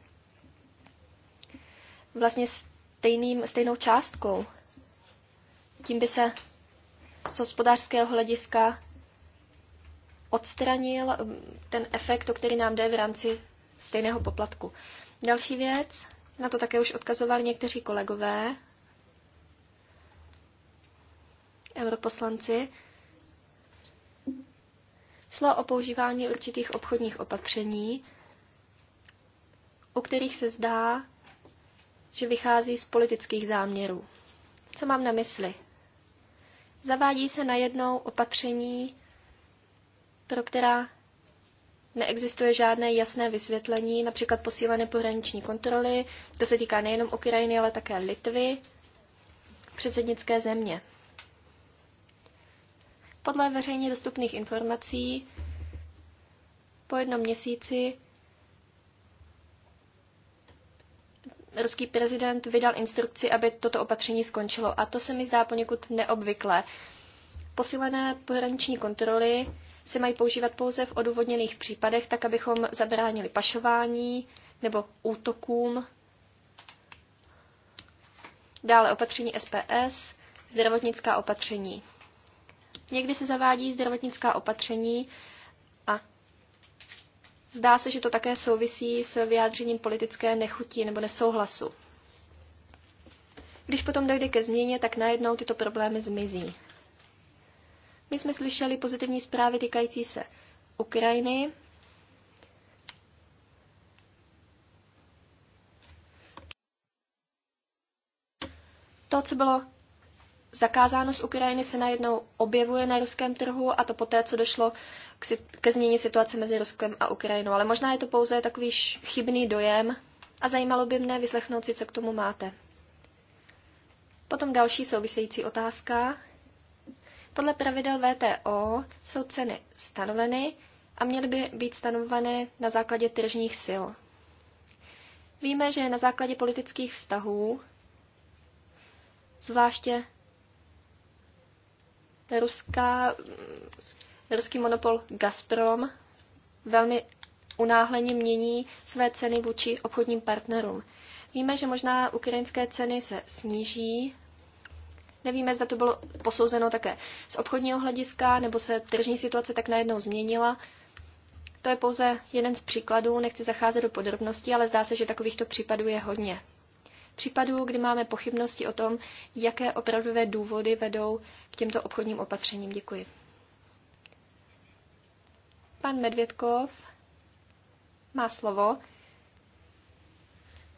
vlastně stejným, stejnou částkou. Tím by se z hospodářského hlediska odstranil um, ten efekt, o který nám jde v rámci stejného poplatku. Další věc, na to také už odkazovali někteří kolegové, europoslanci, šlo o používání určitých obchodních opatření, u kterých se zdá, že vychází z politických záměrů. Co mám na mysli? Zavádí se najednou opatření, pro která neexistuje žádné jasné vysvětlení, například posílené pohraniční kontroly. To se týká nejenom Ukrajiny, ale také Litvy, předsednické země. Podle veřejně dostupných informací po jednom měsíci ruský prezident vydal instrukci, aby toto opatření skončilo. A to se mi zdá poněkud neobvyklé. Posílené pohraniční kontroly se mají používat pouze v odůvodněných případech, tak abychom zabránili pašování nebo útokům. Dále opatření SPS, zdravotnická opatření. Někdy se zavádí zdravotnická opatření a zdá se, že to také souvisí s vyjádřením politické nechutí nebo nesouhlasu. Když potom dojde ke změně, tak najednou tyto problémy zmizí. My jsme slyšeli pozitivní zprávy týkající se Ukrajiny. To, co bylo zakázáno z Ukrajiny, se najednou objevuje na ruském trhu a to poté, co došlo k si- ke změně situace mezi Ruskem a Ukrajinou. Ale možná je to pouze takový chybný dojem a zajímalo by mne vyslechnout si, co k tomu máte. Potom další související otázka. Podle pravidel VTO jsou ceny stanoveny a měly by být stanovované na základě tržních sil. Víme, že na základě politických vztahů, zvláště ruská, ruský monopol Gazprom velmi unáhleně mění své ceny vůči obchodním partnerům. Víme, že možná ukrajinské ceny se sníží Nevíme, zda to bylo posouzeno také z obchodního hlediska, nebo se tržní situace tak najednou změnila. To je pouze jeden z příkladů, nechci zacházet do podrobností, ale zdá se, že takovýchto případů je hodně. Případů, kdy máme pochybnosti o tom, jaké opravdové důvody vedou k těmto obchodním opatřením. Děkuji. Pan Medvědkov má slovo.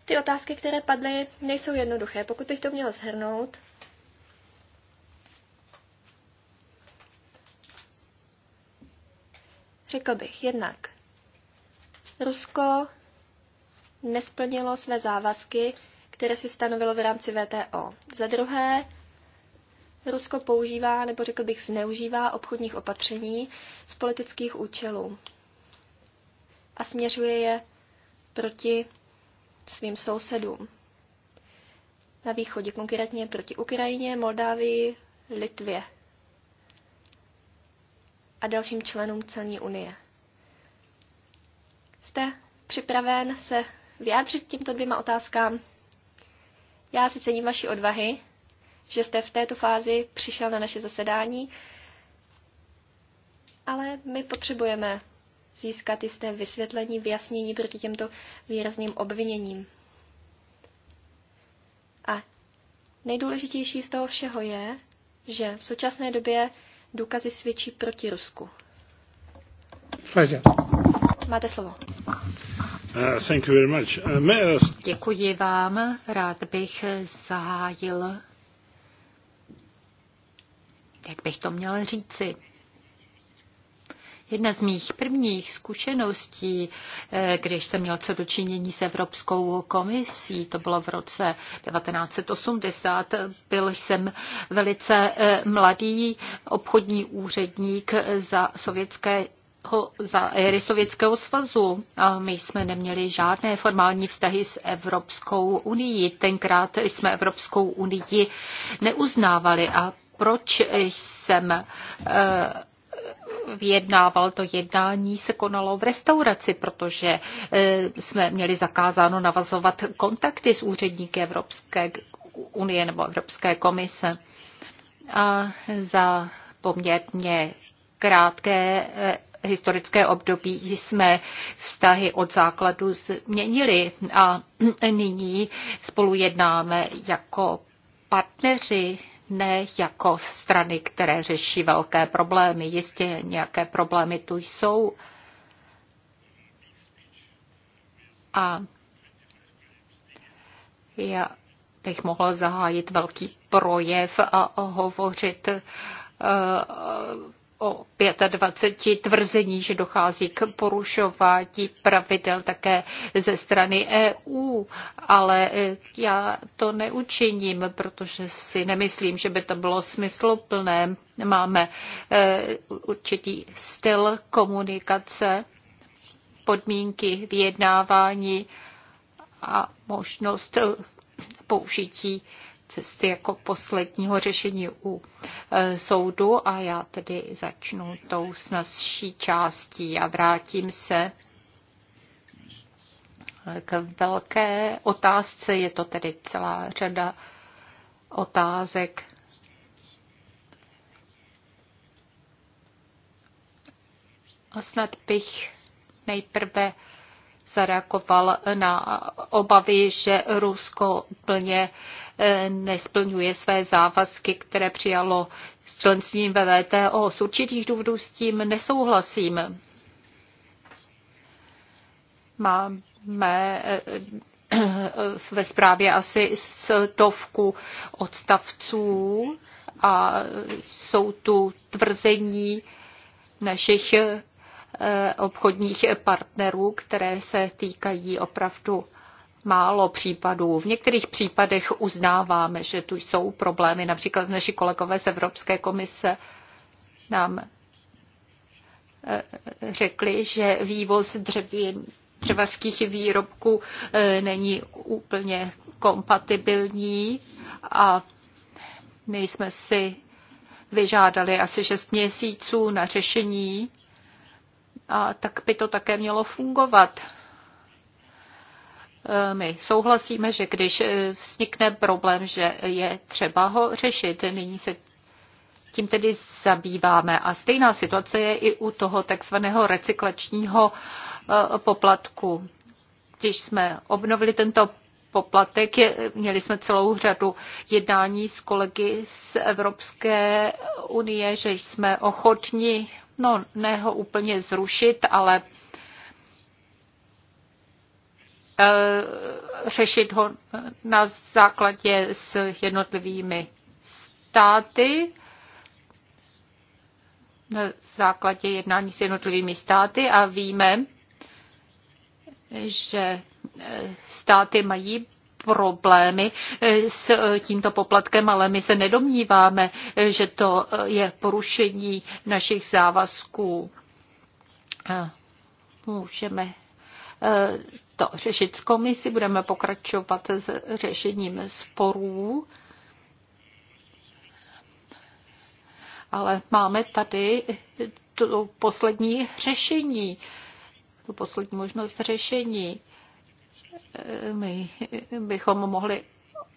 Ty otázky, které padly, nejsou jednoduché. Pokud bych to měl zhrnout, Řekl bych jednak, Rusko nesplnilo své závazky, které si stanovilo v rámci VTO. Za druhé, Rusko používá, nebo řekl bych zneužívá obchodních opatření z politických účelů a směřuje je proti svým sousedům. Na východě, konkrétně proti Ukrajině, Moldávii, Litvě a dalším členům celní unie. Jste připraven se vyjádřit těmto dvěma otázkám? Já si cením vaší odvahy, že jste v této fázi přišel na naše zasedání, ale my potřebujeme získat jisté vysvětlení, vyjasnění proti těmto výrazným obviněním. A nejdůležitější z toho všeho je, že v současné době důkazy svědčí proti Rusku. Pleasure. Máte slovo. Uh, thank you very much. Uh, Děkuji vám. Rád bych zahájil, jak bych to měl říci, Jedna z mých prvních zkušeností, eh, když jsem měl co dočinění s Evropskou komisí, to bylo v roce 1980, byl jsem velice eh, mladý obchodní úředník za sovětské za éry Sovětského svazu. A my jsme neměli žádné formální vztahy s Evropskou unii. Tenkrát jsme Evropskou unii neuznávali a proč jsem eh, vyjednával. To jednání se konalo v restauraci, protože e, jsme měli zakázáno navazovat kontakty s úředníky Evropské unie nebo Evropské komise. A za poměrně krátké e, historické období jsme vztahy od základu změnili a nyní spolu jednáme jako partneři ne jako strany, které řeší velké problémy. Jistě nějaké problémy tu jsou. A já bych mohla zahájit velký projev a hovořit eh, o 25 tvrzení, že dochází k porušování pravidel také ze strany EU, ale e, já to neučiním, protože si nemyslím, že by to bylo smysluplné. Máme e, určitý styl komunikace, podmínky vyjednávání a možnost použití cesty jako posledního řešení u e, soudu a já tedy začnu tou snazší částí a vrátím se k velké otázce. Je to tedy celá řada otázek. A snad bych nejprve zareagoval na obavy, že Rusko plně Eh, nesplňuje své závazky, které přijalo s členstvím ve VTO. Z určitých důvodů s tím nesouhlasím. Máme eh, ve zprávě asi stovku odstavců a jsou tu tvrzení našich eh, obchodních partnerů, které se týkají opravdu málo případů. V některých případech uznáváme, že tu jsou problémy. Například naši kolegové z Evropské komise nám eh, eh, řekli, že vývoz dřevin dřevařských výrobků eh, není úplně kompatibilní a my jsme si vyžádali asi 6 měsíců na řešení a tak by to také mělo fungovat. My souhlasíme, že když eh, vznikne problém, že je třeba ho řešit. Nyní se tím tedy zabýváme. A stejná situace je i u toho takzvaného recyklačního eh, poplatku. Když jsme obnovili tento poplatek, měli jsme celou řadu jednání s kolegy z Evropské unie, že jsme ochotni, no ne ho úplně zrušit, ale Eh, řešit ho na základě s jednotlivými státy, na základě jednání s jednotlivými státy a víme, že eh, státy mají problémy eh, s tímto poplatkem, ale my se nedomníváme, že to je porušení našich závazků. Můžeme to řešit s komisí, budeme pokračovat s řešením sporů. Ale máme tady to poslední řešení, tu poslední možnost řešení. My bychom mohli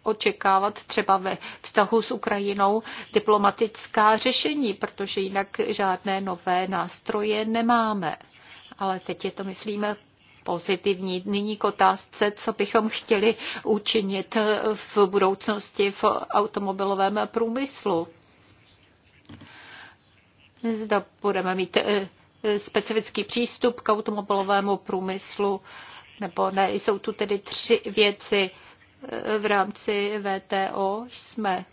očekávat třeba ve vztahu s Ukrajinou diplomatická řešení, protože jinak žádné nové nástroje nemáme. Ale teď je to, myslíme, pozitivní. Nyní k otázce, co bychom chtěli učinit v budoucnosti v automobilovém průmyslu. Zda budeme mít eh, specifický přístup k automobilovému průmyslu, nebo ne. Jsou tu tedy tři věci eh, v rámci VTO. Jsme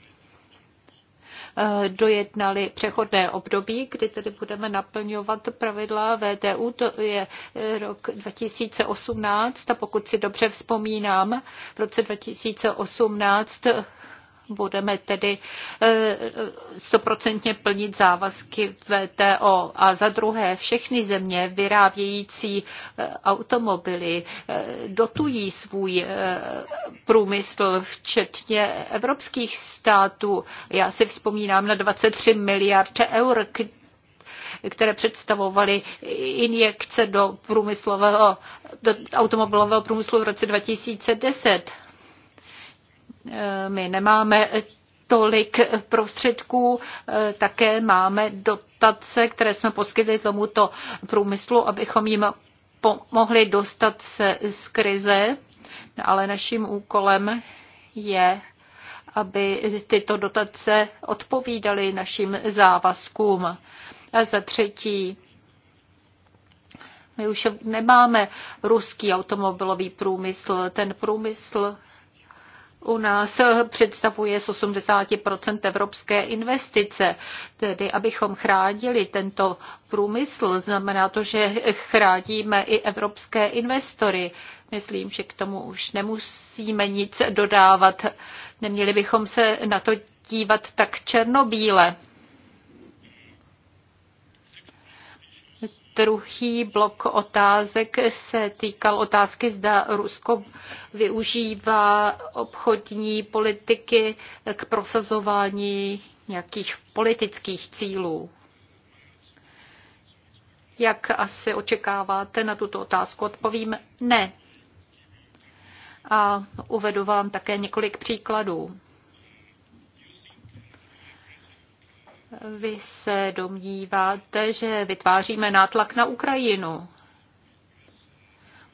Eh, dojednali přechodné období, kdy tedy budeme naplňovat pravidla VTU, to je eh, rok 2018 a pokud si dobře vzpomínám, v roce 2018 budeme tedy eh, stoprocentně plnit závazky VTO. A za druhé, všechny země vyrábějící eh, automobily eh, dotují svůj průmysl, včetně evropských států. Já si vzpomínám na 23 miliard eur, které představovaly injekce do průmyslového, do automobilového průmyslu v roce 2010 my nemáme tolik prostředků, také máme dotace, které jsme poskytli tomuto průmyslu, abychom jim pomohli dostat se z krize, ale naším úkolem je, aby tyto dotace odpovídaly našim závazkům. A za třetí, my už nemáme ruský automobilový průmysl. Ten průmysl u nás představuje z 80 evropské investice. Tedy, abychom chránili tento průmysl, znamená to, že chráníme i evropské investory. Myslím, že k tomu už nemusíme nic dodávat. Neměli bychom se na to dívat tak černobíle. Druhý blok otázek se týkal otázky, zda Rusko využívá obchodní politiky k prosazování nějakých politických cílů. Jak asi očekáváte, na tuto otázku odpovím ne. A uvedu vám také několik příkladů. Vy se domníváte, že vytváříme nátlak na Ukrajinu.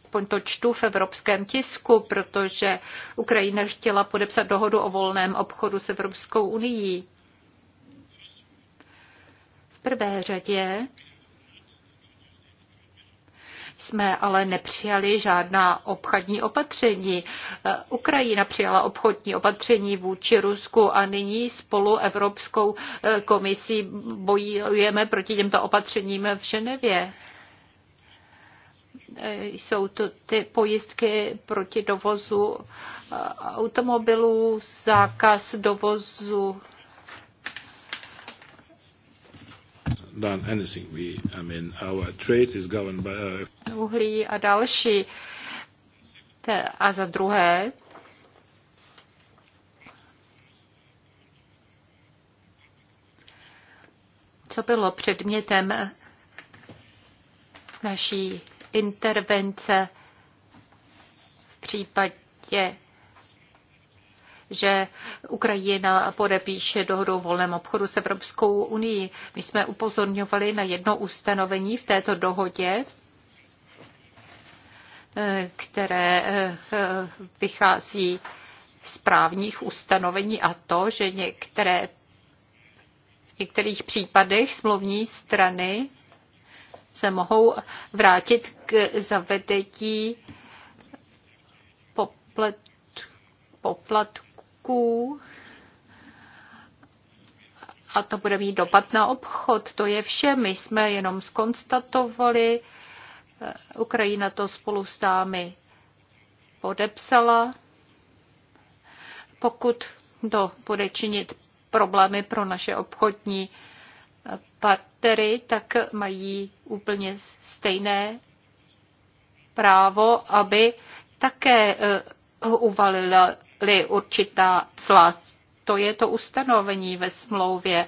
Poň to čtu v evropském tisku, protože Ukrajina chtěla podepsat dohodu o volném obchodu s Evropskou unii. V prvé řadě jsme ale nepřijali žádná obchodní opatření. Eh, Ukrajina přijala obchodní opatření vůči Rusku a nyní spolu Evropskou eh, komisí bojujeme proti těmto opatřením v Ženevě eh, jsou to ty pojistky proti dovozu automobilů, zákaz dovozu done anything. We, I mean, our trade is governed by. Uh, uhlí a další. A za druhé, co bylo předmětem naší intervence v případě že Ukrajina podepíše dohodu o volném obchodu s Evropskou unii. My jsme upozorňovali na jedno ustanovení v této dohodě, eh, které eh, vychází z právních ustanovení a to, že některé, v některých případech smluvní strany se mohou vrátit k zavedení poplat, poplat, prvků a to bude mít dopad na obchod. To je vše. My jsme jenom skonstatovali, eh, Ukrajina to spolu s námi podepsala. Pokud to bude činit problémy pro naše obchodní eh, partnery, tak mají úplně stejné právo, aby také eh, uvalila byly určitá cla. To je to ustanovení ve smlouvě.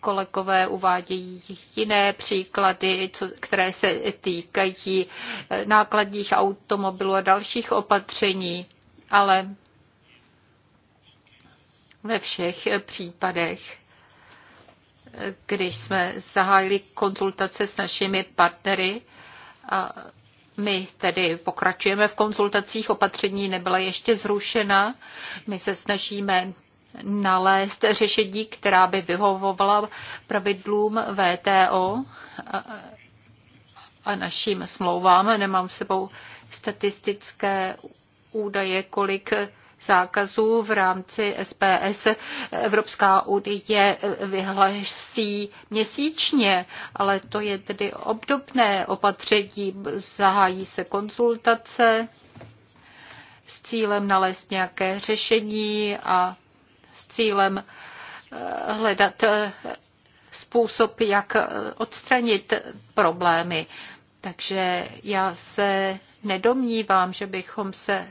Kolegové uvádějí jiné příklady, co, které se týkají eh, nákladních automobilů a dalších opatření, ale ve všech případech eh, když jsme zahájili konzultace s našimi partnery a my tedy pokračujeme v konzultacích, opatření nebyla ještě zrušena. My se snažíme nalézt řešení, která by vyhovovala pravidlům VTO a našim smlouvám. Nemám s sebou statistické údaje, kolik zákazů v rámci SPS Evropská unie vyhlásí měsíčně, ale to je tedy obdobné opatření. Zahájí se konzultace s cílem nalézt nějaké řešení a s cílem eh, hledat eh, způsob, jak eh, odstranit problémy. Takže já se nedomnívám, že bychom se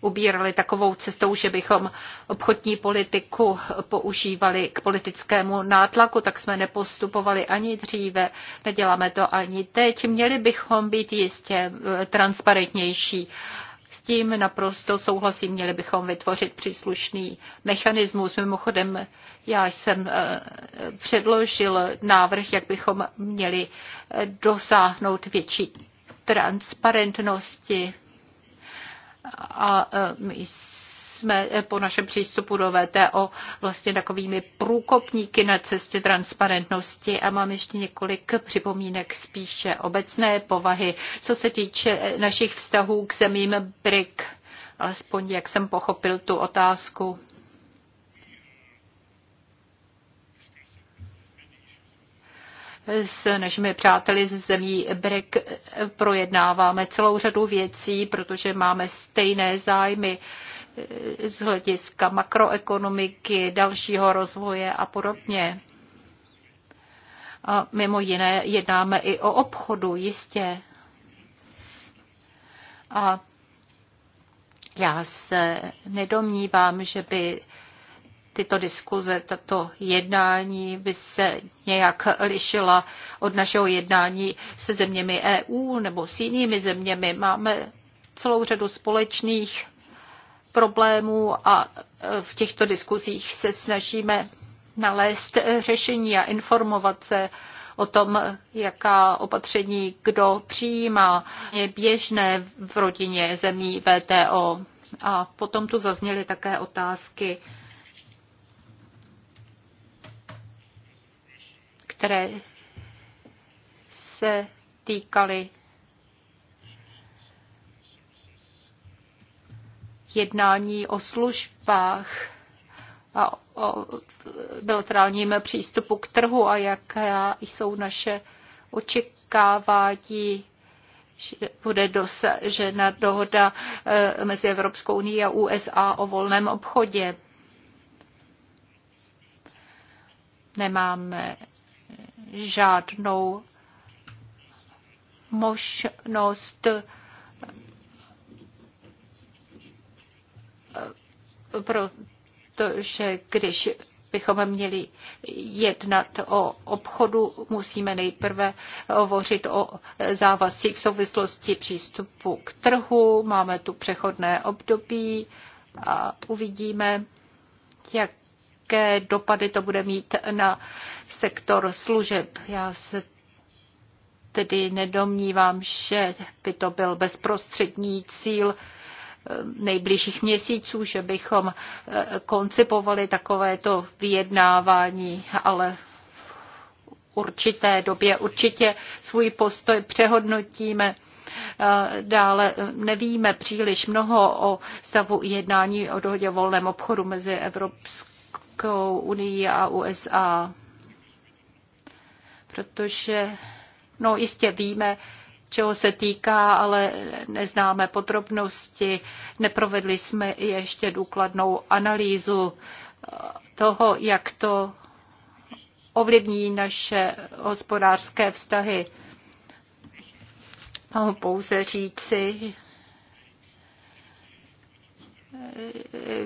ubírali takovou cestou, že bychom obchodní politiku používali k politickému nátlaku, tak jsme nepostupovali ani dříve, neděláme to ani teď. Měli bychom být jistě eh, transparentnější. S tím naprosto souhlasím, měli bychom vytvořit příslušný mechanismus. Mimochodem, já jsem eh, předložil návrh, jak bychom měli eh, dosáhnout větší transparentnosti a e, my jsme e, po našem přístupu do VTO vlastně takovými průkopníky na cestě transparentnosti a mám ještě několik připomínek spíše obecné povahy, co se týče e, našich vztahů k zemím BRIC alespoň jak jsem pochopil tu otázku. s našimi přáteli z zemí BRIC projednáváme celou řadu věcí, protože máme stejné zájmy eh, z hlediska makroekonomiky, dalšího rozvoje a podobně. A mimo jiné jednáme i o obchodu, jistě. A já se nedomnívám, že by tyto diskuze, tato jednání by se nějak lišila od našeho jednání se zeměmi EU nebo s jinými zeměmi. Máme celou řadu společných problémů a e, v těchto diskuzích se snažíme nalézt e, řešení a informovat se o tom, jaká opatření kdo přijímá. Je běžné v rodině zemí VTO. A potom tu zazněly také otázky které se týkaly jednání o službách a o bilaterálním přístupu k trhu a jak jsou naše očekávání, že bude dosažena dohoda eh, mezi Evropskou unii a USA o volném obchodě. Nemáme žádnou možnost protože když bychom měli jednat o obchodu, musíme nejprve hovořit o závazcích v souvislosti přístupu k trhu. Máme tu přechodné období a uvidíme, jak jaké dopady to bude mít na sektor služeb. Já se tedy nedomnívám, že by to byl bezprostřední cíl eh, nejbližších měsíců, že bychom eh, koncipovali takovéto vyjednávání, ale v určité době určitě svůj postoj přehodnotíme. Eh, dále nevíme příliš mnoho o stavu jednání o dohodě o volném obchodu mezi Evropskou Evropskou unii a USA. Protože, no jistě víme, čeho se týká, ale neznáme podrobnosti. Neprovedli jsme ještě důkladnou analýzu toho, jak to ovlivní naše hospodářské vztahy. Mohu pouze říci,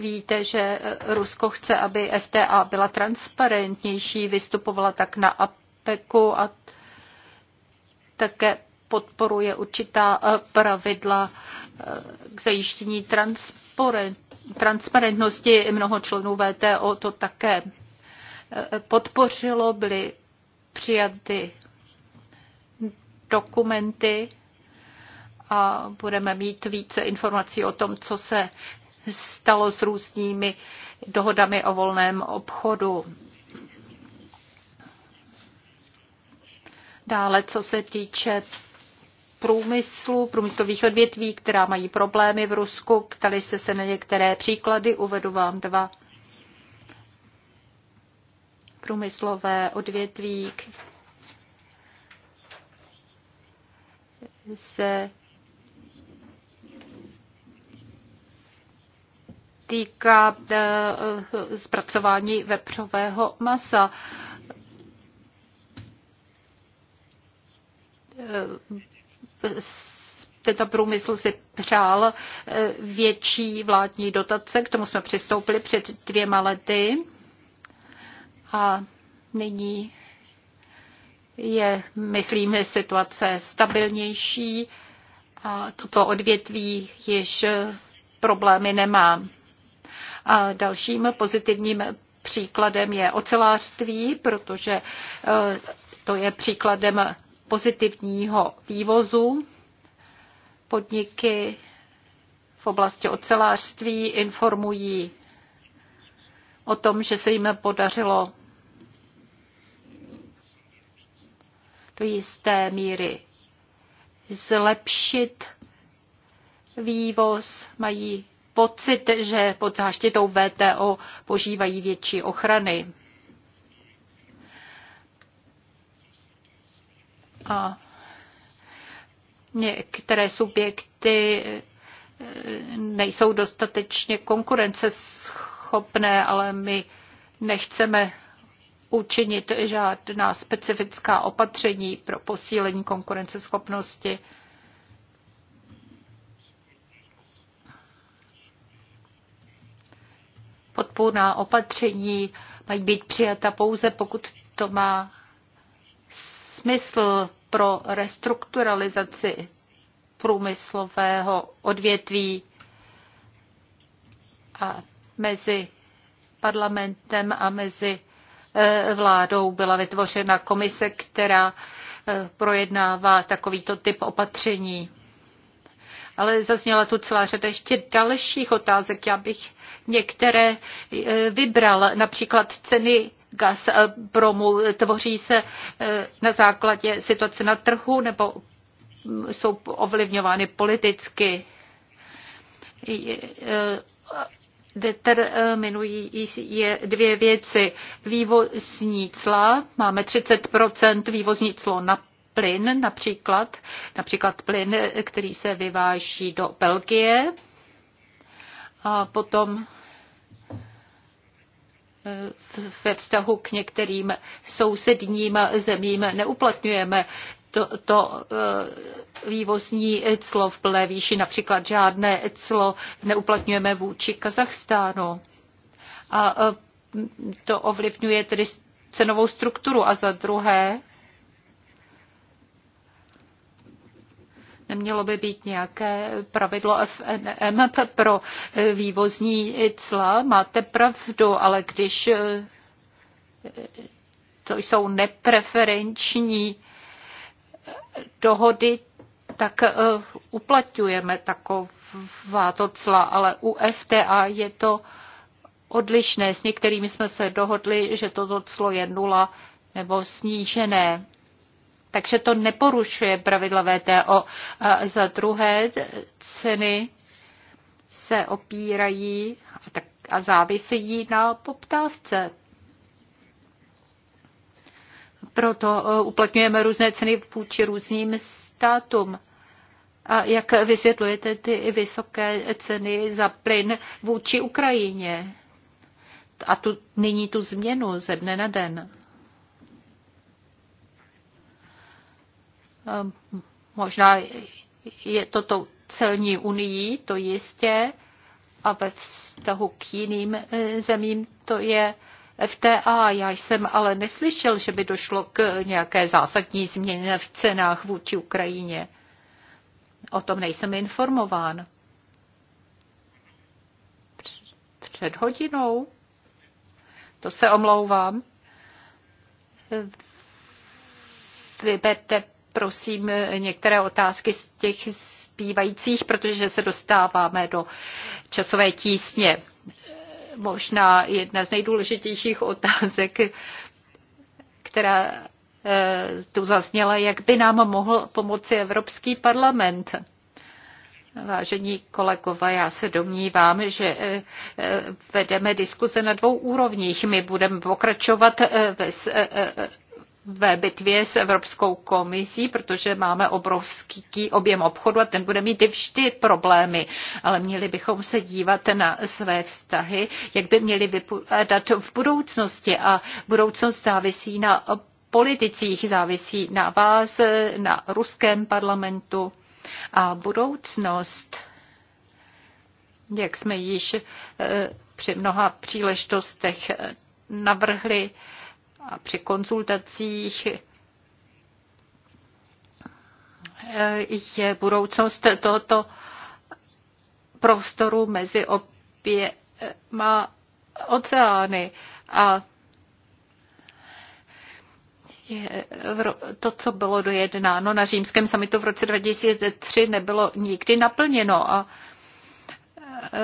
Víte, že Rusko chce, aby FTA byla transparentnější, vystupovala tak na APEKu a také podporuje určitá eh, pravidla eh, k zajištění transparentnosti. Mnoho členů VTO to také eh, podpořilo, byly přijaty dokumenty a budeme mít více informací o tom, co se stalo s různými dohodami o volném obchodu. Dále, co se týče průmyslu, průmyslových odvětví, která mají problémy v Rusku, ptali jste se na některé příklady, uvedu vám dva průmyslové odvětví se týká eh, eh, zpracování vepřového masa. Eh, tento průmysl si přál větší vládní dotace, k tomu jsme přistoupili před dvěma lety a nyní je, myslím, situace stabilnější a toto odvětví již problémy nemá. A dalším pozitivním příkladem je ocelářství, protože eh, to je příkladem pozitivního vývozu. Podniky v oblasti ocelářství informují o tom, že se jim podařilo do jisté míry zlepšit vývoz, mají pocit, že pod záštitou VTO požívají větší ochrany. A některé subjekty eh, nejsou dostatečně konkurenceschopné, ale my nechceme učinit žádná specifická opatření pro posílení konkurenceschopnosti. podpůrná opatření mají být přijata pouze, pokud to má smysl pro restrukturalizaci průmyslového odvětví a mezi parlamentem a mezi eh, vládou byla vytvořena komise, která eh, projednává takovýto typ opatření ale zazněla tu celá řada ještě dalších otázek. Já bych některé e, vybral, například ceny e, promu. tvoří se e, na základě situace na trhu nebo mm, jsou ovlivňovány politicky. Determinují je dvě věci. Vývozní cla, máme 30 vývozní clo na plyn například, například plyn, který se vyváží do Belgie a potom eh, ve vztahu k některým sousedním zemím neuplatňujeme to, to eh, vývozní clo v plné výši, například žádné clo neuplatňujeme vůči Kazachstánu. A eh, to ovlivňuje tedy cenovou strukturu. A za druhé, Nemělo by být nějaké pravidlo FNM pro vývozní cla. Máte pravdu, ale když eh, to jsou nepreferenční eh, dohody, tak eh, uplatňujeme taková to cla, ale u FTA je to odlišné. S některými jsme se dohodli, že toto clo je nula nebo snížené. Takže to neporušuje pravidla VTO. A za druhé, ceny se opírají a, tak, a závisejí na poptávce. Proto e, uplatňujeme různé ceny vůči různým státům. A jak vysvětlujete ty vysoké ceny za plyn vůči Ukrajině? A tu, nyní tu změnu ze dne na den. Ehm, možná je to tou celní unii, to jistě, a ve vztahu k jiným eh, zemím to je FTA. Já jsem ale neslyšel, že by došlo k nějaké zásadní změně v cenách vůči Ukrajině. O tom nejsem informován. Před hodinou? To se omlouvám. Vyberte prosím některé otázky z těch zpívajících, protože se dostáváme do časové tísně. Možná jedna z nejdůležitějších otázek, která eh, tu zazněla, jak by nám mohl pomoci Evropský parlament. Vážení kolegové, já se domnívám, že eh, eh, vedeme diskuze na dvou úrovních. My budeme pokračovat ve ve bitvě s Evropskou komisí, protože máme obrovský objem obchodu a ten bude mít i vždy problémy. Ale měli bychom se dívat na své vztahy, jak by měly vypadat v budoucnosti. A budoucnost závisí na politicích, závisí na vás, na ruském parlamentu. A budoucnost, jak jsme již eh, při mnoha příležitostech navrhli, a při konzultacích eh, je budoucnost tohoto prostoru mezi oběma oceány. A to, co bylo dojednáno na římském samitu v roce 2003, nebylo nikdy naplněno. A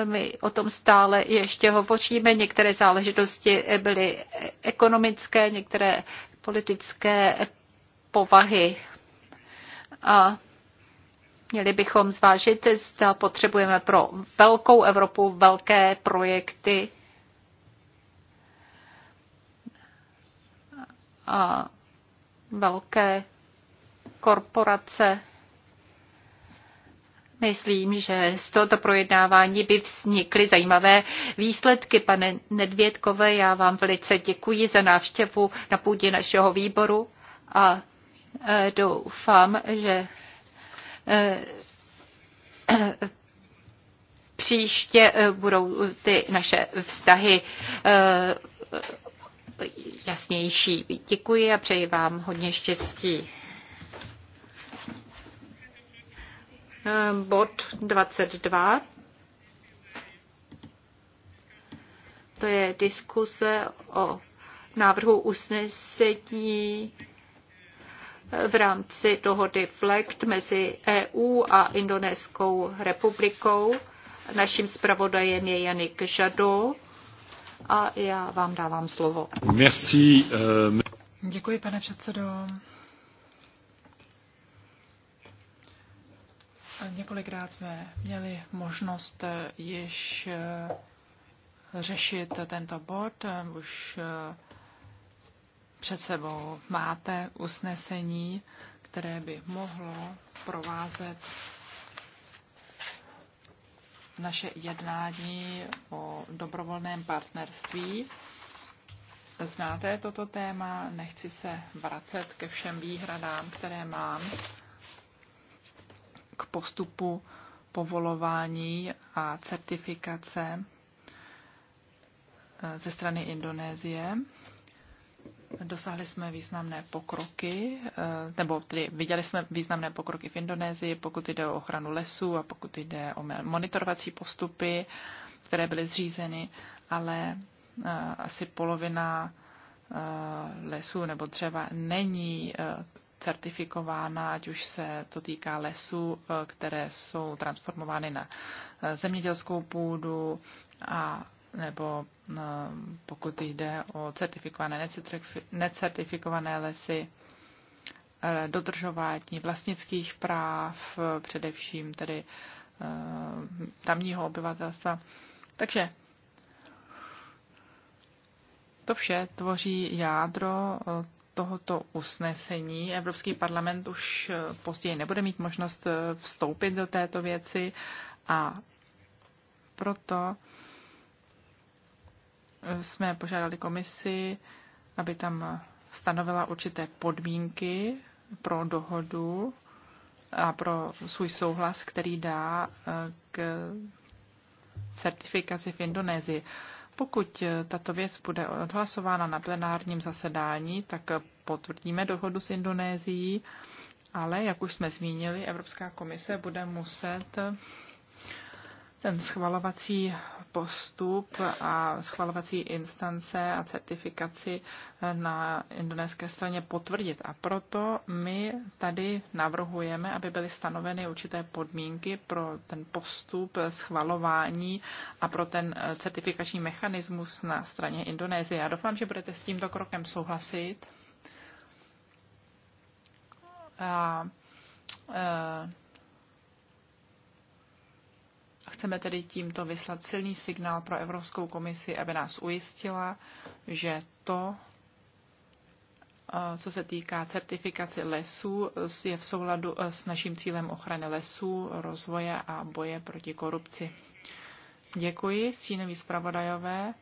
my o tom stále ještě hovoříme. Některé záležitosti byly ekonomické, některé politické povahy. A Měli bychom zvážit, zda potřebujeme pro velkou Evropu velké projekty. A velké korporace Myslím, že z tohoto projednávání by vznikly zajímavé výsledky. Pane Nedvědkové, já vám velice děkuji za návštěvu na půdě našeho výboru a e, doufám, že e, e, příště budou ty naše vztahy jasnější. Děkuji a přeji vám hodně štěstí. Eh, bod 22. To je diskuse o návrhu usnesení v rámci dohody FLECT mezi EU a Indonéskou republikou. Naším zpravodajem je Janik Žado a já vám dávám slovo. Merci, eh, Děkuji, pane předsedo. Několikrát jsme měli možnost eh, již eh, řešit tento bod. Eh, už před sebou máte usnesení, které by mohlo provázet naše jednání o dobrovolném partnerství. Znáte toto téma, nechci se vracet ke všem výhradám, které mám k postupu povolování a certifikace eh, ze strany Indonésie. Dosáhli jsme významné pokroky, eh, nebo tedy viděli jsme významné pokroky v Indonésii, pokud jde o ochranu lesů a pokud jde o monitorovací postupy, které byly zřízeny, ale eh, asi polovina lesů nebo dřeva není certifikována, ať už se to týká lesů, eh, které jsou transformovány na eh, zemědělskou půdu a nebo eh, pokud jde o certifikované, necertifikované lesy, dodržování vlastnických práv, především tedy tamního obyvatelstva. Takže to vše tvoří jádro tohoto usnesení. Evropský parlament už eh, později nebude mít možnost eh, vstoupit do této věci a proto eh, jsme požádali komisi, aby tam stanovila určité podmínky pro dohodu a pro svůj souhlas, který dá k certifikaci v Indonésii. Pokud eh, tato věc bude odhlasována na plenárním zasedání, tak eh, potvrdíme dohodu s Indonésií, ale, jak už jsme zmínili, Evropská komise bude muset eh, ten schvalovací postup a schvalovací instance a certifikaci na indonéské straně potvrdit. A proto my tady navrhujeme, aby byly stanoveny určité podmínky pro ten postup schvalování a pro ten certifikační mechanismus na straně Indonésie. Já doufám, že budete s tímto krokem souhlasit. A, a, e, Chceme tedy tímto vyslat silný signál pro Evropskou komisi, aby nás ujistila, že to, eh, co se týká certifikace lesů, je v souladu eh, s naším cílem ochrany lesů, rozvoje a boje proti korupci. Děkuji, stínový zpravodajové,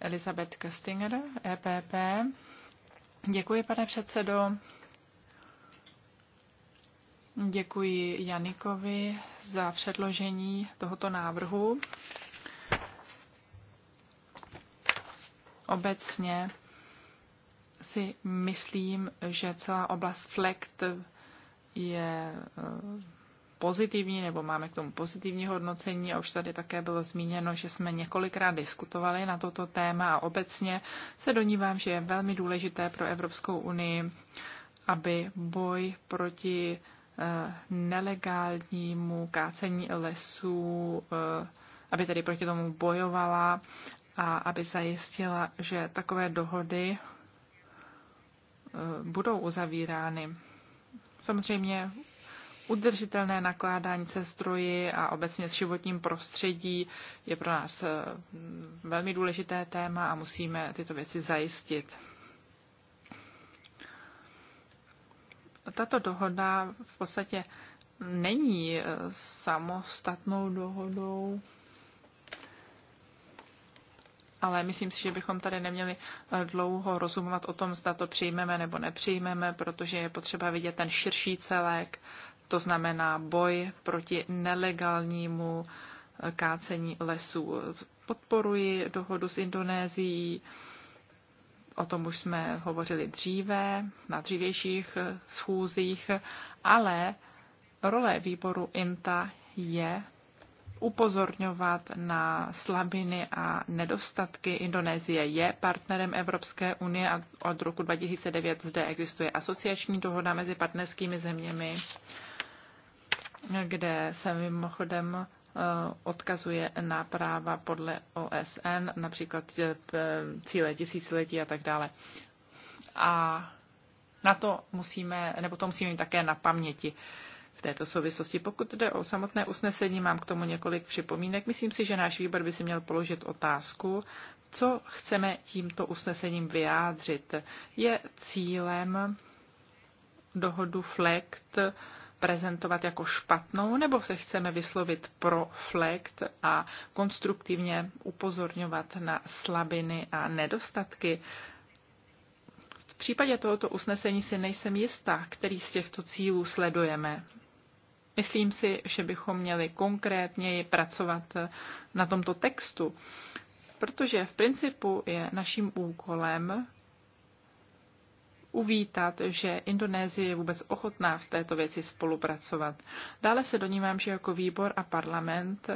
Elizabeth Köstinger, EPP. Děkuji, pane předsedo. Děkuji Janikovi za předložení tohoto návrhu. Obecně si myslím, že celá oblast FLECT je eh, pozitivní, nebo máme k tomu pozitivní hodnocení a už tady také bylo zmíněno, že jsme několikrát diskutovali na toto téma a obecně se donívám, že je velmi důležité pro Evropskou unii, aby boj proti Eh, nelegálnímu kácení lesů, eh, aby tedy proti tomu bojovala a aby zajistila, že takové dohody eh, budou uzavírány. Samozřejmě udržitelné nakládání se stroji a obecně s životním prostředí je pro nás velmi důležité téma a musíme tyto věci zajistit. tato dohoda v podstatě není eh, samostatnou dohodou, ale myslím si, že bychom tady neměli eh, dlouho rozumovat o tom, zda to přijmeme nebo nepřijmeme, protože je potřeba vidět ten širší celek, to znamená boj proti nelegálnímu eh, kácení lesů. Podporuji dohodu s Indonésií, o tom už jsme hovořili dříve, na dřívějších eh, schůzích, ale role výboru INTA je upozorňovat na slabiny a nedostatky. Indonésie je partnerem Evropské unie a od roku 2009 zde existuje asociační dohoda mezi partnerskými zeměmi, kde se mimochodem Eh, odkazuje na práva podle OSN, například eh, cíle tisíciletí a tak dále. A na to musíme, nebo to musíme mít také na paměti v této souvislosti. Pokud jde o samotné usnesení, mám k tomu několik připomínek. Myslím si, že náš výbor by si měl položit otázku, co chceme tímto usnesením vyjádřit. Je cílem dohodu FLECT prezentovat jako špatnou, nebo se chceme vyslovit pro flekt a konstruktivně upozorňovat na slabiny a nedostatky? V případě tohoto usnesení si nejsem jistá, který z těchto cílů sledujeme. Myslím si, že bychom měli konkrétněji pracovat na tomto textu, protože v principu je naším úkolem uvítat, že Indonésie je vůbec ochotná v této věci spolupracovat. Dále se donímám, že jako výbor a parlament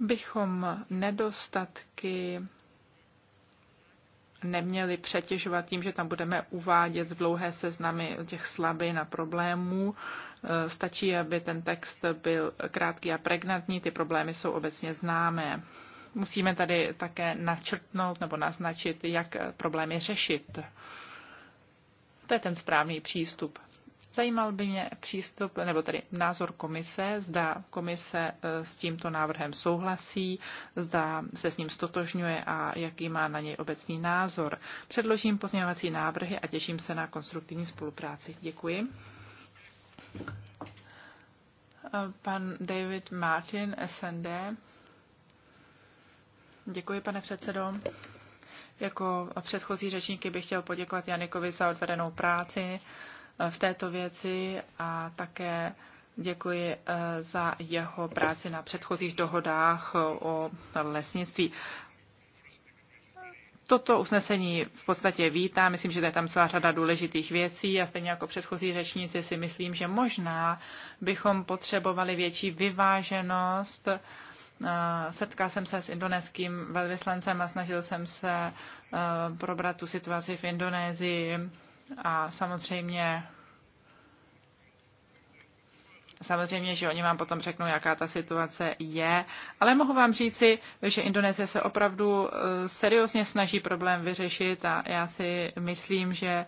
bychom nedostatky neměli přetěžovat tím, že tam budeme uvádět dlouhé seznamy těch slabin a problémů. Eh, stačí, aby ten text byl krátký a pregnantní, ty problémy jsou obecně známé. Musíme tady také načrtnout nebo naznačit, jak problémy řešit. To je ten správný přístup. Zajímal by mě přístup, nebo tedy názor komise, zda komise e, s tímto návrhem souhlasí, zda se s ním stotožňuje a jaký má na něj obecný názor. Předložím pozměňovací návrhy a těším se na konstruktivní spolupráci. Děkuji. E, pan David Martin, SND. Děkuji, pane předsedo. Jako předchozí řečníky bych chtěl poděkovat Janikovi za odvedenou práci eh, v této věci a také Děkuji eh, za jeho práci na předchozích dohodách eh, o lesnictví. Toto usnesení v podstatě vítá. Myslím, že je tam celá řada důležitých věcí a stejně jako předchozí řečníci si myslím, že možná bychom potřebovali větší vyváženost Eh, setkal jsem se s indonéským velvyslancem a snažil jsem se eh, probrat tu situaci v Indonésii a samozřejmě Samozřejmě, že oni vám potom řeknou, jaká ta situace je, ale mohu vám říci, že Indonésie se opravdu eh, seriózně snaží problém vyřešit a já si myslím, že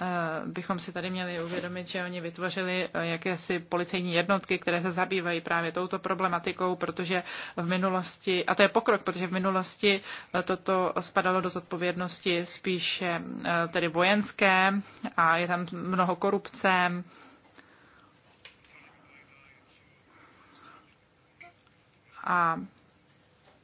Eh, bychom si tady měli uvědomit, že oni vytvořili eh, jakési policejní jednotky, které se zabývají právě touto problematikou, protože v minulosti, a to je pokrok, protože v minulosti eh, toto spadalo do zodpovědnosti spíše tedy vojenské a je tam mnoho korupce, a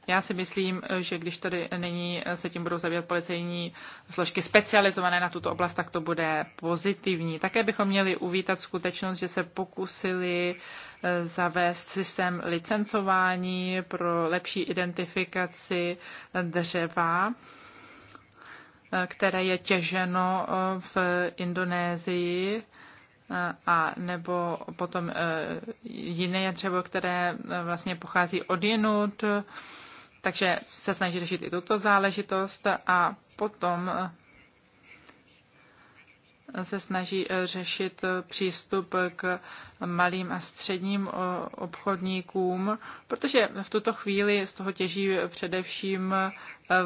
já si myslím, že když tady nyní se tím budou zabývat policejní složky specializované na tuto oblast, tak to bude pozitivní. Také bychom měli uvítat skutečnost, že se pokusili eh, zavést systém licencování pro lepší identifikaci dřeva eh, které je těženo eh, v Indonésii a nebo potom jiné dřevo, které vlastně pochází od jinut. Takže se snaží řešit i tuto záležitost a potom eh, se snaží eh, řešit eh, přístup k malým a středním obchodníkům, protože v tuto chvíli z toho těží především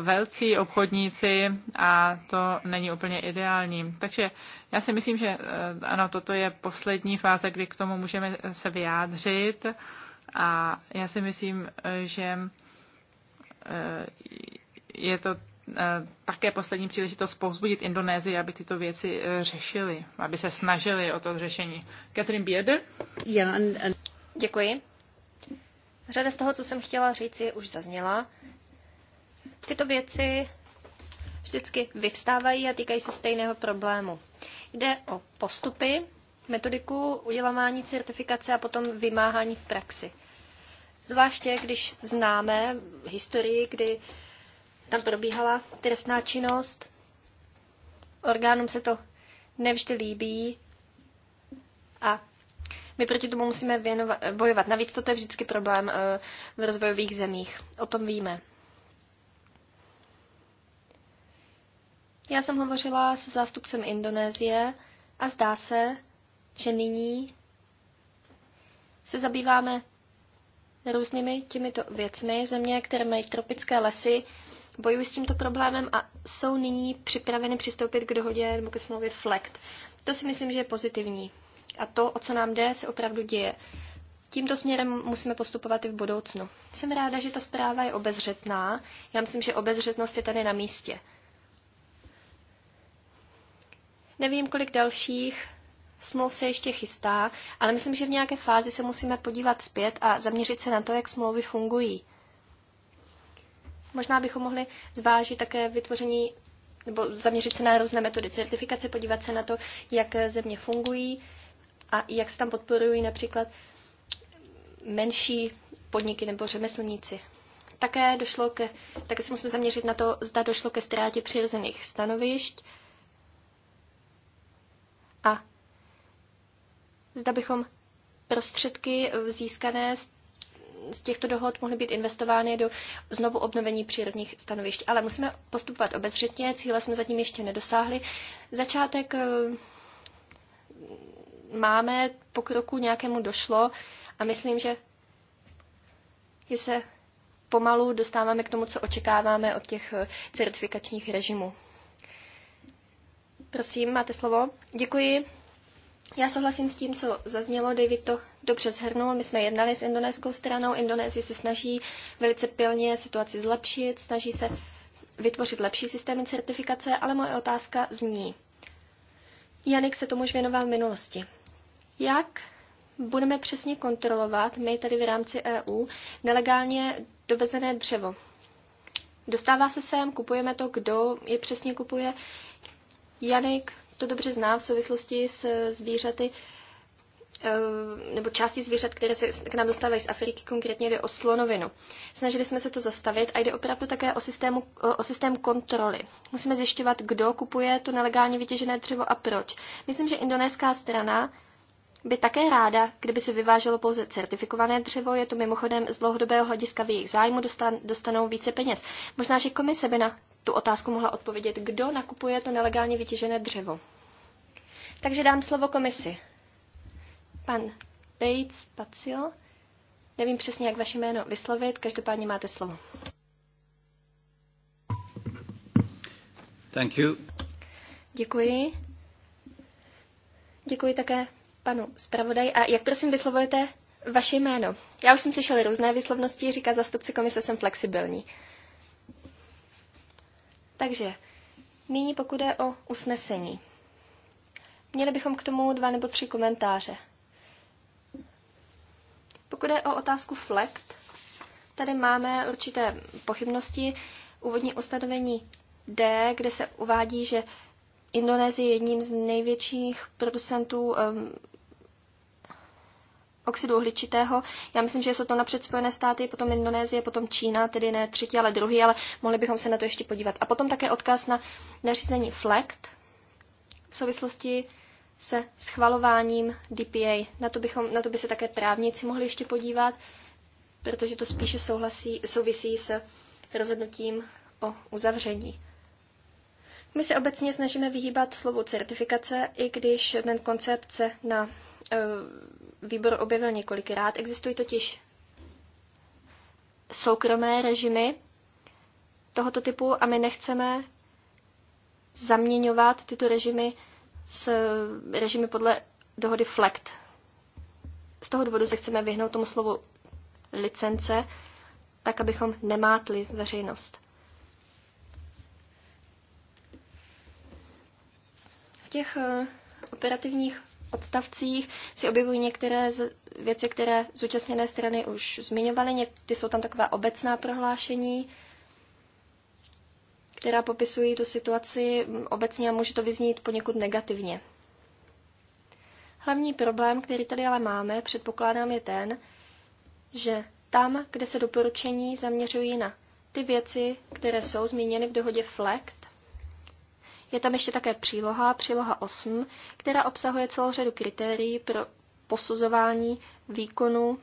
velcí obchodníci a to není úplně ideální. Takže já si myslím, že ano, toto je poslední fáze, kdy k tomu můžeme se vyjádřit a já si myslím, že Eh, je to eh, také poslední příležitost povzbudit Indonésii, aby tyto věci eh, řešili, aby se snažili o to řešení. Catherine Bieder? Děkuji. Řada z toho, co jsem chtěla říct, je už zazněla. Tyto věci vždycky vyvstávají a týkají se stejného problému. Jde o postupy, metodiku udělávání certifikace a potom vymáhání v praxi. Zvláště když známe historii, kdy tam probíhala trestná činnost, orgánům se to nevždy líbí a my proti tomu musíme věnovat, bojovat. Navíc to je vždycky problém eh, v rozvojových zemích. O tom víme. Já jsem hovořila se zástupcem Indonésie a zdá se, že nyní se zabýváme různými těmito věcmi. Země, které mají tropické lesy, bojují s tímto problémem a jsou nyní připraveny přistoupit k dohodě nebo ke smlouvě FLECT. To si myslím, že je pozitivní. A to, o co nám jde, se opravdu děje. Tímto směrem musíme postupovat i v budoucnu. Jsem ráda, že ta zpráva je obezřetná. Já myslím, že obezřetnost je tady na místě. Nevím, kolik dalších smlouv se ještě chystá, ale myslím, že v nějaké fázi se musíme podívat zpět a zaměřit se na to, jak smlouvy fungují. Možná bychom mohli zvážit také vytvoření nebo zaměřit se na různé metody certifikace, podívat se na to, jak země fungují a jak se tam podporují například menší podniky nebo řemeslníci. Také, došlo ke, také se musíme zaměřit na to, zda došlo ke ztrátě přirozených stanovišť a zda bychom prostředky získané z těchto dohod mohly být investovány do znovu obnovení přírodních stanovišť. Ale musíme postupovat obezřetně, cíle jsme zatím ještě nedosáhli. Začátek eh, máme, pokroku nějakému došlo a myslím, že je se pomalu dostáváme k tomu, co očekáváme od těch eh, certifikačních režimů. Prosím, máte slovo. Děkuji. Já souhlasím s tím, co zaznělo, David to dobře zhrnul. My jsme jednali s indonéskou stranou, Indonésie se snaží velice pilně situaci zlepšit, snaží se vytvořit lepší systémy certifikace, ale moje otázka zní. Janik se tomu už věnoval v minulosti. Jak budeme přesně kontrolovat, my tady v rámci EU, nelegálně dovezené dřevo? Dostává se sem, kupujeme to, kdo je přesně kupuje. Janik to dobře zná v souvislosti s zvířaty, eh, nebo části zvířat, které se k nám dostávají z Afriky, konkrétně jde o slonovinu. Snažili jsme se to zastavit a jde opravdu také o, systému, eh, o systém kontroly. Musíme zjišťovat, kdo kupuje to nelegálně vytěžené dřevo a proč. Myslím, že indonéská strana by také ráda, kdyby se vyváželo pouze certifikované dřevo, je to mimochodem z dlouhodobého hlediska v jejich zájmu, dostanou více peněz. Možná, že komise by na tu otázku mohla odpovědět, kdo nakupuje to nelegálně vytěžené dřevo. Takže dám slovo komisi. Pan Bates Pacil, nevím přesně, jak vaše jméno vyslovit, každopádně máte slovo. Thank you. Děkuji. Děkuji také panu zpravodaj. A jak prosím vyslovujete vaše jméno? Já už jsem slyšel různé vyslovnosti, říká zastupce komise, jsem flexibilní. Takže nyní pokud je o usnesení. Měli bychom k tomu dva nebo tři komentáře. Pokud je o otázku flekt, tady máme určité pochybnosti. Úvodní ustanovení D, kde se uvádí, že Indonésie je jedním z největších producentů um, oxidu uhličitého. Já myslím, že jsou to napřed Spojené státy, potom Indonésie, potom Čína, tedy ne třetí, ale druhý, ale mohli bychom se na to ještě podívat. A potom také odkaz na nařízení FLECT v souvislosti se schvalováním DPA. Na to, bychom, na to by se také právníci mohli ještě podívat, protože to spíše souhlasí, souvisí s rozhodnutím o uzavření. My se obecně snažíme vyhýbat slovu certifikace, i když ten koncept se na Eh, výbor objevil několikrát. Existují totiž soukromé režimy tohoto typu a my nechceme zaměňovat tyto režimy s režimy podle dohody FLECT. Z toho důvodu se chceme vyhnout tomu slovu licence, tak abychom nemátli veřejnost. V těch eh, operativních odstavcích si objevují některé z věci, které zúčastněné strany už zmiňovaly. Ty jsou tam taková obecná prohlášení, která popisují tu situaci obecně a může to vyznít poněkud negativně. Hlavní problém, který tady ale máme, předpokládám, je ten, že tam, kde se doporučení zaměřují na ty věci, které jsou zmíněny v dohodě FLECT, je tam ještě také příloha, příloha 8, která obsahuje celou řadu kritérií pro posuzování výkonu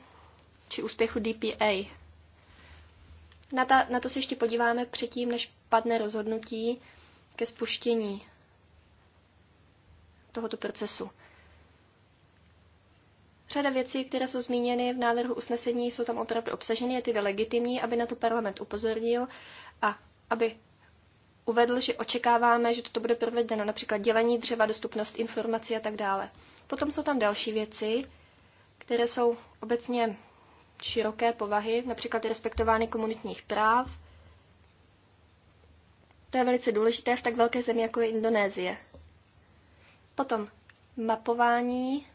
či úspěchu DPA. Na, ta, na to se ještě podíváme předtím, než padne rozhodnutí ke spuštění tohoto procesu. Řada věcí, které jsou zmíněny v návrhu usnesení, jsou tam opravdu obsaženy, je tedy legitimní, aby na to parlament upozornil a aby uvedl, že očekáváme, že toto bude provedeno, například dělení dřeva, dostupnost informací a tak dále. Potom jsou tam další věci, které jsou obecně široké povahy, například respektování komunitních práv. To je velice důležité v tak velké zemi, jako je Indonésie. Potom mapování,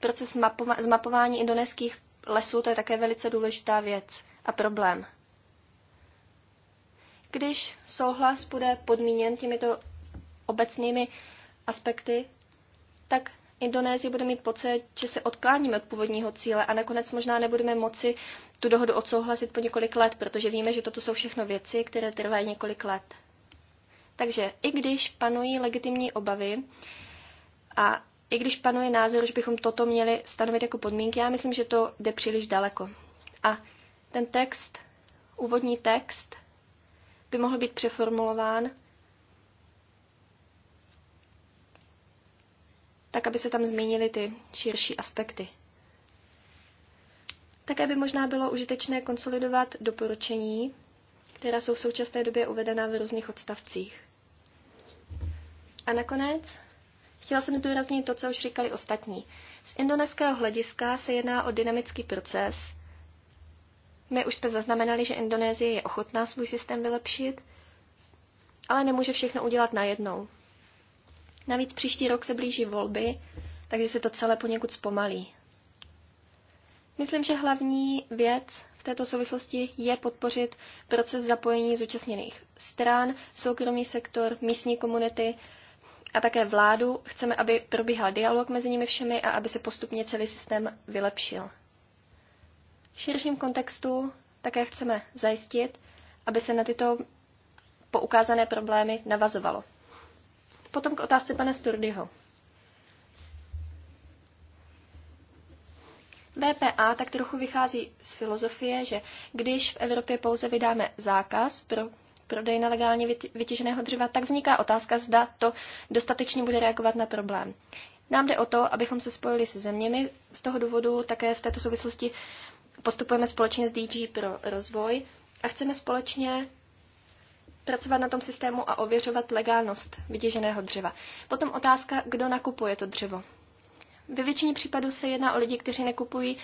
proces mapova- zmapování indonéských lesů, to je také velice důležitá věc a problém když souhlas bude podmíněn těmito obecnými aspekty, tak Indonésie bude mít pocit, že se odkláníme od původního cíle a nakonec možná nebudeme moci tu dohodu odsouhlasit po několik let, protože víme, že toto jsou všechno věci, které trvají několik let. Takže i když panují legitimní obavy a i když panuje názor, že bychom toto měli stanovit jako podmínky, já myslím, že to jde příliš daleko. A ten text, úvodní text, by mohl být přeformulován tak, aby se tam zmínily ty širší aspekty. Také by možná bylo užitečné konsolidovat doporučení, která jsou v současné době uvedena v různých odstavcích. A nakonec chtěla jsem zdůraznit to, co už říkali ostatní. Z indonéského hlediska se jedná o dynamický proces, my už jsme zaznamenali, že Indonésie je ochotná svůj systém vylepšit, ale nemůže všechno udělat najednou. Navíc příští rok se blíží volby, takže se to celé poněkud zpomalí. Myslím, že hlavní věc v této souvislosti je podpořit proces zapojení zúčastněných stran, soukromý sektor, místní komunity a také vládu. Chceme, aby probíhal dialog mezi nimi všemi a aby se postupně celý systém vylepšil širším kontextu také chceme zajistit, aby se na tyto poukázané problémy navazovalo. Potom k otázce pana Sturdyho. VPA tak trochu vychází z filozofie, že když v Evropě pouze vydáme zákaz pro prodej nelegálně vytěženého dřeva, tak vzniká otázka, zda to dostatečně bude reagovat na problém. Nám jde o to, abychom se spojili se zeměmi. Z toho důvodu také v této souvislosti postupujeme společně s DG pro rozvoj a chceme společně pracovat na tom systému a ověřovat legálnost vytěženého dřeva. Potom otázka, kdo nakupuje to dřevo. Ve většině případů se jedná o lidi, kteří nekupují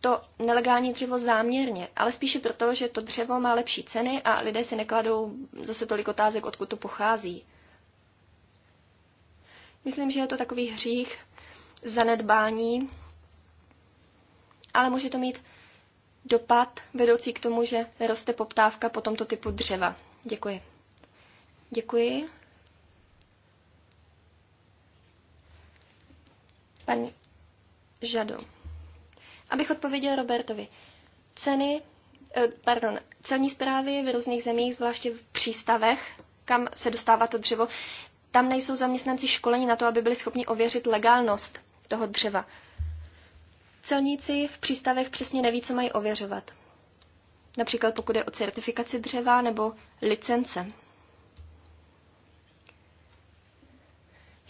to nelegální dřevo záměrně, ale spíše proto, že to dřevo má lepší ceny a lidé si nekladou zase tolik otázek, odkud to pochází. Myslím, že je to takový hřích zanedbání ale může to mít dopad vedoucí k tomu, že roste poptávka po tomto typu dřeva. Děkuji. Děkuji. Pan Žado. Abych odpověděl Robertovi. Ceny, eh, pardon, celní zprávy v různých zemích, zvláště v přístavech, kam se dostává to dřevo, tam nejsou zaměstnanci školení na to, aby byli schopni ověřit legálnost toho dřeva. Celníci v přístavech přesně neví, co mají ověřovat. Například pokud je o certifikaci dřeva nebo licence.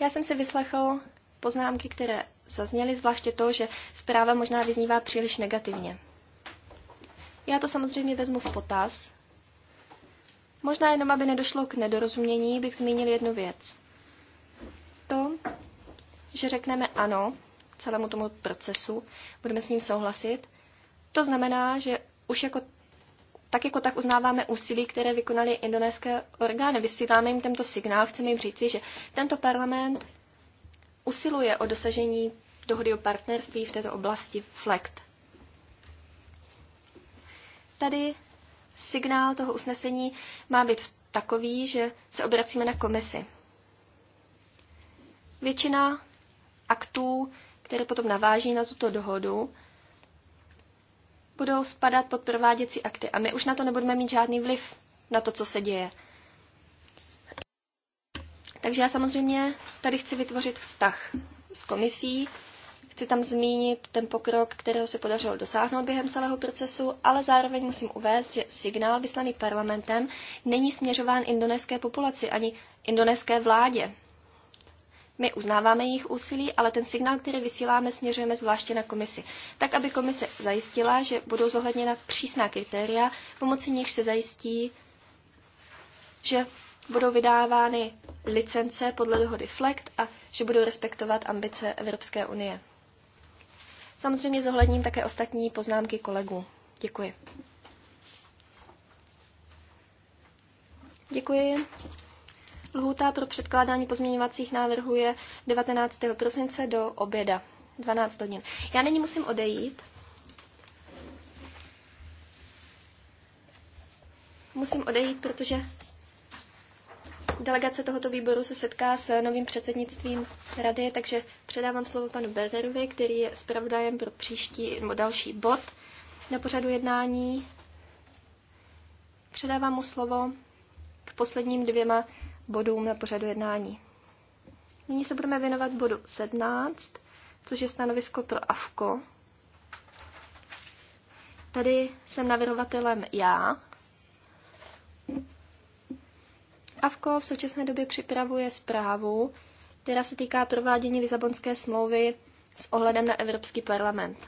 Já jsem si vyslechl poznámky, které zazněly, zvláště to, že zpráva možná vyznívá příliš negativně. Já to samozřejmě vezmu v potaz. Možná jenom, aby nedošlo k nedorozumění, bych zmínil jednu věc. To, že řekneme ano celému tomu procesu, budeme s ním souhlasit. To znamená, že už jako tak jako tak uznáváme úsilí, které vykonaly indonéské orgány. Vysíláme jim tento signál, chceme jim říci, že tento parlament usiluje o dosažení dohody o partnerství v této oblasti FLECT. Tady signál toho usnesení má být takový, že se obracíme na komisi. Většina aktů které potom naváží na tuto dohodu, budou spadat pod prováděcí akty. A my už na to nebudeme mít žádný vliv na to, co se děje. Takže já samozřejmě tady chci vytvořit vztah s komisí, chci tam zmínit ten pokrok, kterého se podařilo dosáhnout během celého procesu, ale zároveň musím uvést, že signál vyslaný parlamentem není směřován indonéské populaci ani indonéské vládě. My uznáváme jejich úsilí, ale ten signál, který vysíláme, směřujeme zvláště na komisi. Tak, aby komise zajistila, že budou zohledněna přísná kritéria, pomocí nich se zajistí, že budou vydávány licence podle dohody FLECT a že budou respektovat ambice Evropské unie. Samozřejmě zohledním také ostatní poznámky kolegů. Děkuji. Děkuji. Lhůta pro předkládání pozměňovacích návrhů je 19. prosince do oběda, 12 hodin. Já nyní musím odejít. Musím odejít, protože delegace tohoto výboru se setká s novým předsednictvím rady, takže předávám slovo panu Berderovi, který je zpravodajem pro příští nebo další bod na pořadu jednání. Předávám mu slovo k posledním dvěma bodům na pořadu jednání. Nyní se budeme věnovat bodu 17, což je stanovisko pro AFKO. Tady jsem navrhovatelem já. AFKO v současné době připravuje zprávu, která se týká provádění Lisabonské smlouvy s ohledem na Evropský parlament.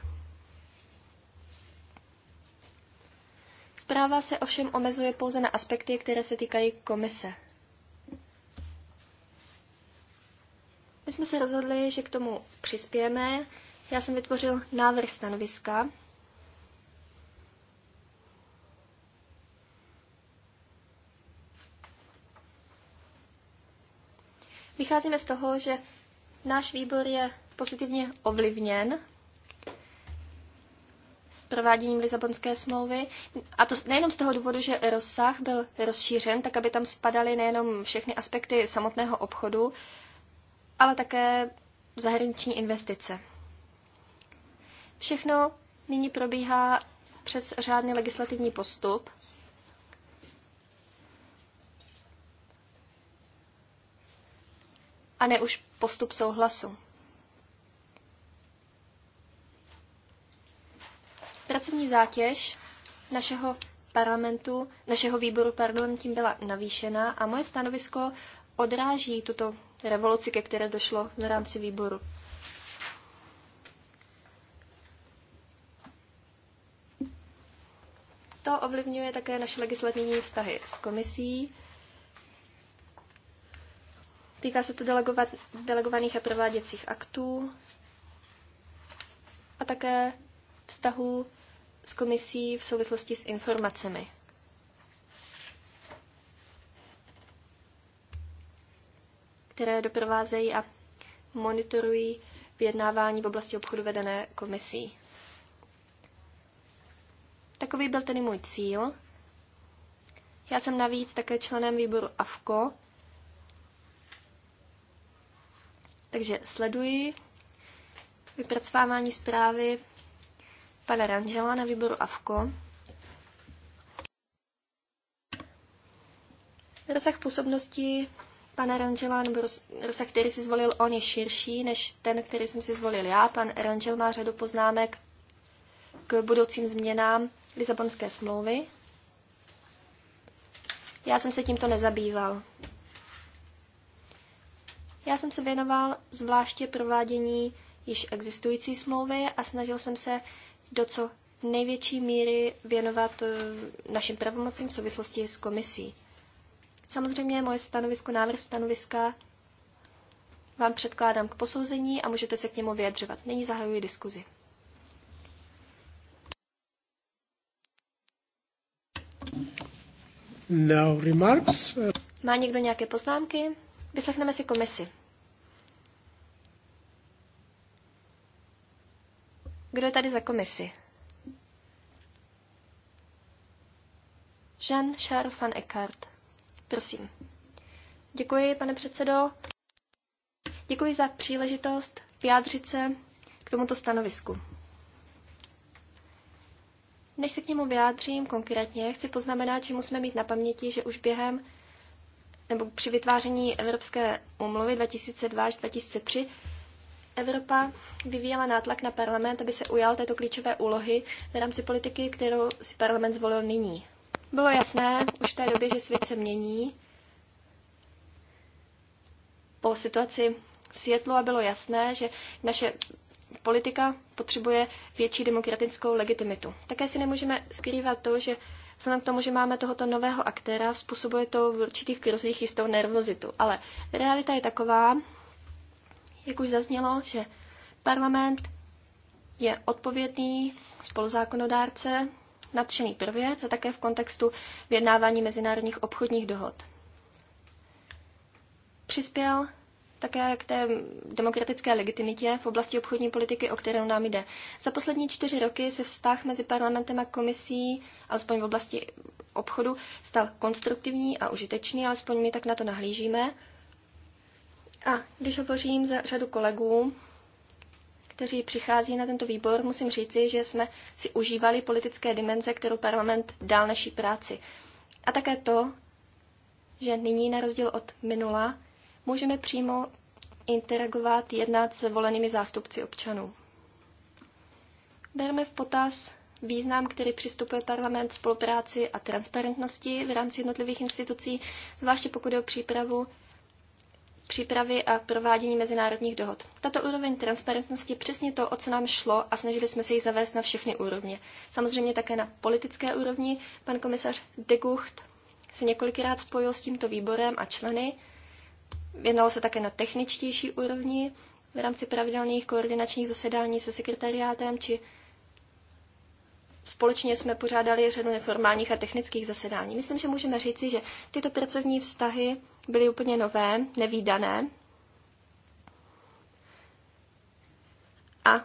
Zpráva se ovšem omezuje pouze na aspekty, které se týkají komise. My jsme se rozhodli, že k tomu přispějeme. Já jsem vytvořil návrh stanoviska. Vycházíme z toho, že náš výbor je pozitivně ovlivněn prováděním Lisabonské smlouvy. A to nejenom z toho důvodu, že rozsah byl rozšířen, tak aby tam spadaly nejenom všechny aspekty samotného obchodu, ale také zahraniční investice. Všechno nyní probíhá přes řádný legislativní postup. A ne už postup souhlasu. Pracovní zátěž našeho parlamentu, našeho výboru pardon, tím byla navýšena a moje stanovisko odráží tuto revoluci, ke které došlo v rámci výboru. To ovlivňuje také naše legislativní vztahy s komisí. Týká se to delegovaných a prováděcích aktů a také vztahů s komisí v souvislosti s informacemi. které doprovázejí a monitorují vyjednávání v oblasti obchodu vedené komisí. Takový byl tedy můj cíl. Já jsem navíc také členem výboru AFKO, takže sleduji vypracovávání zprávy pana Rangela na výboru AFKO. Rozsah působnosti Pan Rangela rozsah, který si zvolil, on je širší než ten, který jsem si zvolil já. Pan Rangel má řadu poznámek k budoucím změnám Lisabonské smlouvy. Já jsem se tímto nezabýval. Já jsem se věnoval zvláště provádění již existující smlouvy a snažil jsem se do co největší míry věnovat eh, našim pravomocím v souvislosti s komisí. Samozřejmě moje stanovisko, návrh stanoviska vám předkládám k posouzení a můžete se k němu vyjadřovat. Nyní zahajuji diskuzi. No remarks. Má někdo nějaké poznámky? Vyslechneme si komisi. Kdo je tady za komisi? Jean-Charles van Eckart. Prosím. Děkuji, pane předsedo. Děkuji za příležitost vyjádřit se k tomuto stanovisku. Než se k němu vyjádřím konkrétně, chci poznamenat, že musíme mít na paměti, že už během nebo při vytváření Evropské úmluvy 2002 až 2003 Evropa vyvíjela nátlak na parlament, aby se ujal této klíčové úlohy v rámci politiky, kterou si parlament zvolil nyní. Bylo jasné už v té době, že svět se mění. Po situaci v Světlu a bylo jasné, že naše politika potřebuje větší demokratickou legitimitu. Také si nemůžeme skrývat to, že vzhledem k tomu, že máme tohoto nového aktéra, způsobuje to v určitých kruzích jistou nervozitu. Ale realita je taková, jak už zaznělo, že parlament je odpovědný spoluzákonodárce nadšený prvec a také v kontextu vyjednávání mezinárodních obchodních dohod. Přispěl také k té demokratické legitimitě v oblasti obchodní politiky, o kterou nám jde. Za poslední čtyři roky se vztah mezi parlamentem a komisí, alespoň v oblasti obchodu, stal konstruktivní a užitečný, alespoň my tak na to nahlížíme. A když hovořím za řadu kolegů, kteří přichází na tento výbor, musím říci, že jsme si užívali politické dimenze, kterou parlament dal naší práci. A také to, že nyní, na rozdíl od minula, můžeme přímo interagovat, jednat s volenými zástupci občanů. Berme v potaz význam, který přistupuje parlament spolupráci a transparentnosti v rámci jednotlivých institucí, zvláště pokud je o přípravu přípravy a provádění mezinárodních dohod. Tato úroveň transparentnosti přesně to, o co nám šlo a snažili jsme se ji zavést na všechny úrovně. Samozřejmě také na politické úrovni. Pan komisař de Gucht se několikrát spojil s tímto výborem a členy. Věnoval se také na techničtější úrovni v rámci pravidelných koordinačních zasedání se sekretariátem či Společně jsme pořádali řadu neformálních a technických zasedání. Myslím, že můžeme říci, že tyto pracovní vztahy byly úplně nové, nevýdané. A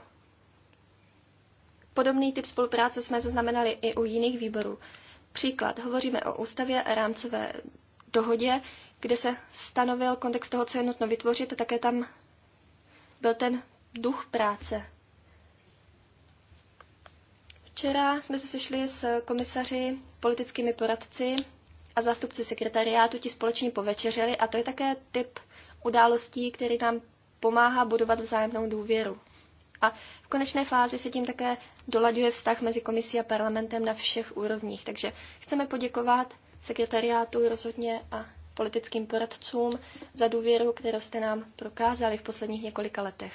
podobný typ spolupráce jsme zaznamenali i u jiných výborů. Příklad, hovoříme o ústavě a rámcové dohodě, kde se stanovil kontext toho, co je nutno vytvořit, a také tam byl ten duch práce. Včera jsme se sešli s komisaři, politickými poradci a zástupci sekretariátu ti společně povečeřili a to je také typ událostí, který nám pomáhá budovat vzájemnou důvěru. A v konečné fázi se tím také dolaďuje vztah mezi komisí a parlamentem na všech úrovních. Takže chceme poděkovat sekretariátu rozhodně a politickým poradcům za důvěru, kterou jste nám prokázali v posledních několika letech.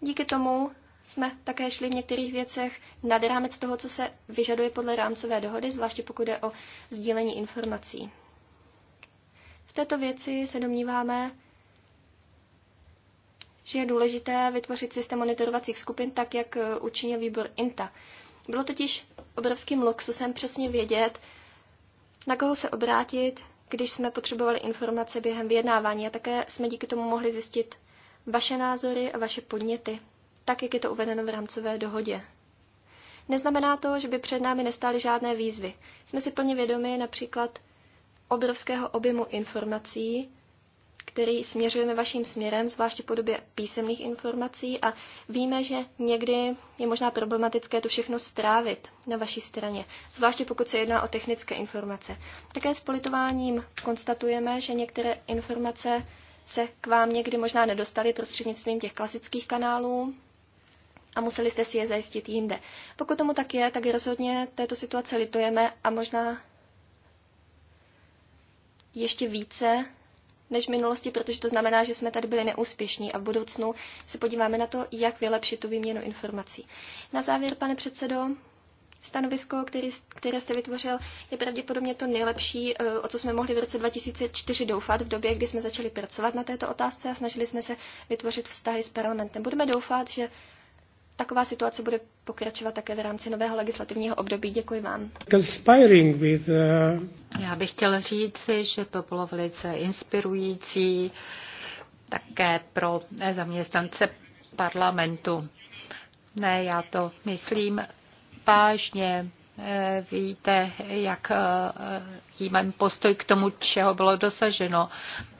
Díky tomu jsme také šli v některých věcech nad rámec toho, co se vyžaduje podle rámcové dohody, zvláště pokud jde o sdílení informací. V této věci se domníváme, že je důležité vytvořit systém monitorovacích skupin tak, jak eh, učinil výbor INTA. Bylo totiž obrovským luxusem přesně vědět, na koho se obrátit, když jsme potřebovali informace během vyjednávání a také jsme díky tomu mohli zjistit vaše názory a vaše podněty tak, jak je to uvedeno v rámcové dohodě. Neznamená to, že by před námi nestály žádné výzvy. Jsme si plně vědomi například obrovského objemu informací, který směřujeme vaším směrem, zvláště v podobě písemných informací a víme, že někdy je možná problematické to všechno strávit na vaší straně, zvláště pokud se jedná o technické informace. Také s politováním konstatujeme, že některé informace se k vám někdy možná nedostaly prostřednictvím těch klasických kanálů, a museli jste si je zajistit jinde. Pokud tomu tak je, tak rozhodně této situace litujeme a možná ještě více než v minulosti, protože to znamená, že jsme tady byli neúspěšní a v budoucnu se podíváme na to, jak vylepšit tu výměnu informací. Na závěr, pane předsedo, stanovisko, který, které jste vytvořil, je pravděpodobně to nejlepší, eh, o co jsme mohli v roce 2004 doufat, v době, kdy jsme začali pracovat na této otázce a snažili jsme se vytvořit vztahy s parlamentem. Budeme doufat, že taková situace bude pokračovat také v rámci nového legislativního období. Děkuji vám. Uh, já bych chtěl říci, že to bylo velice inspirující také pro zaměstnance parlamentu. Ne, já to myslím vážně. Eh, víte, jak eh, jí mám postoj k tomu, čeho bylo dosaženo,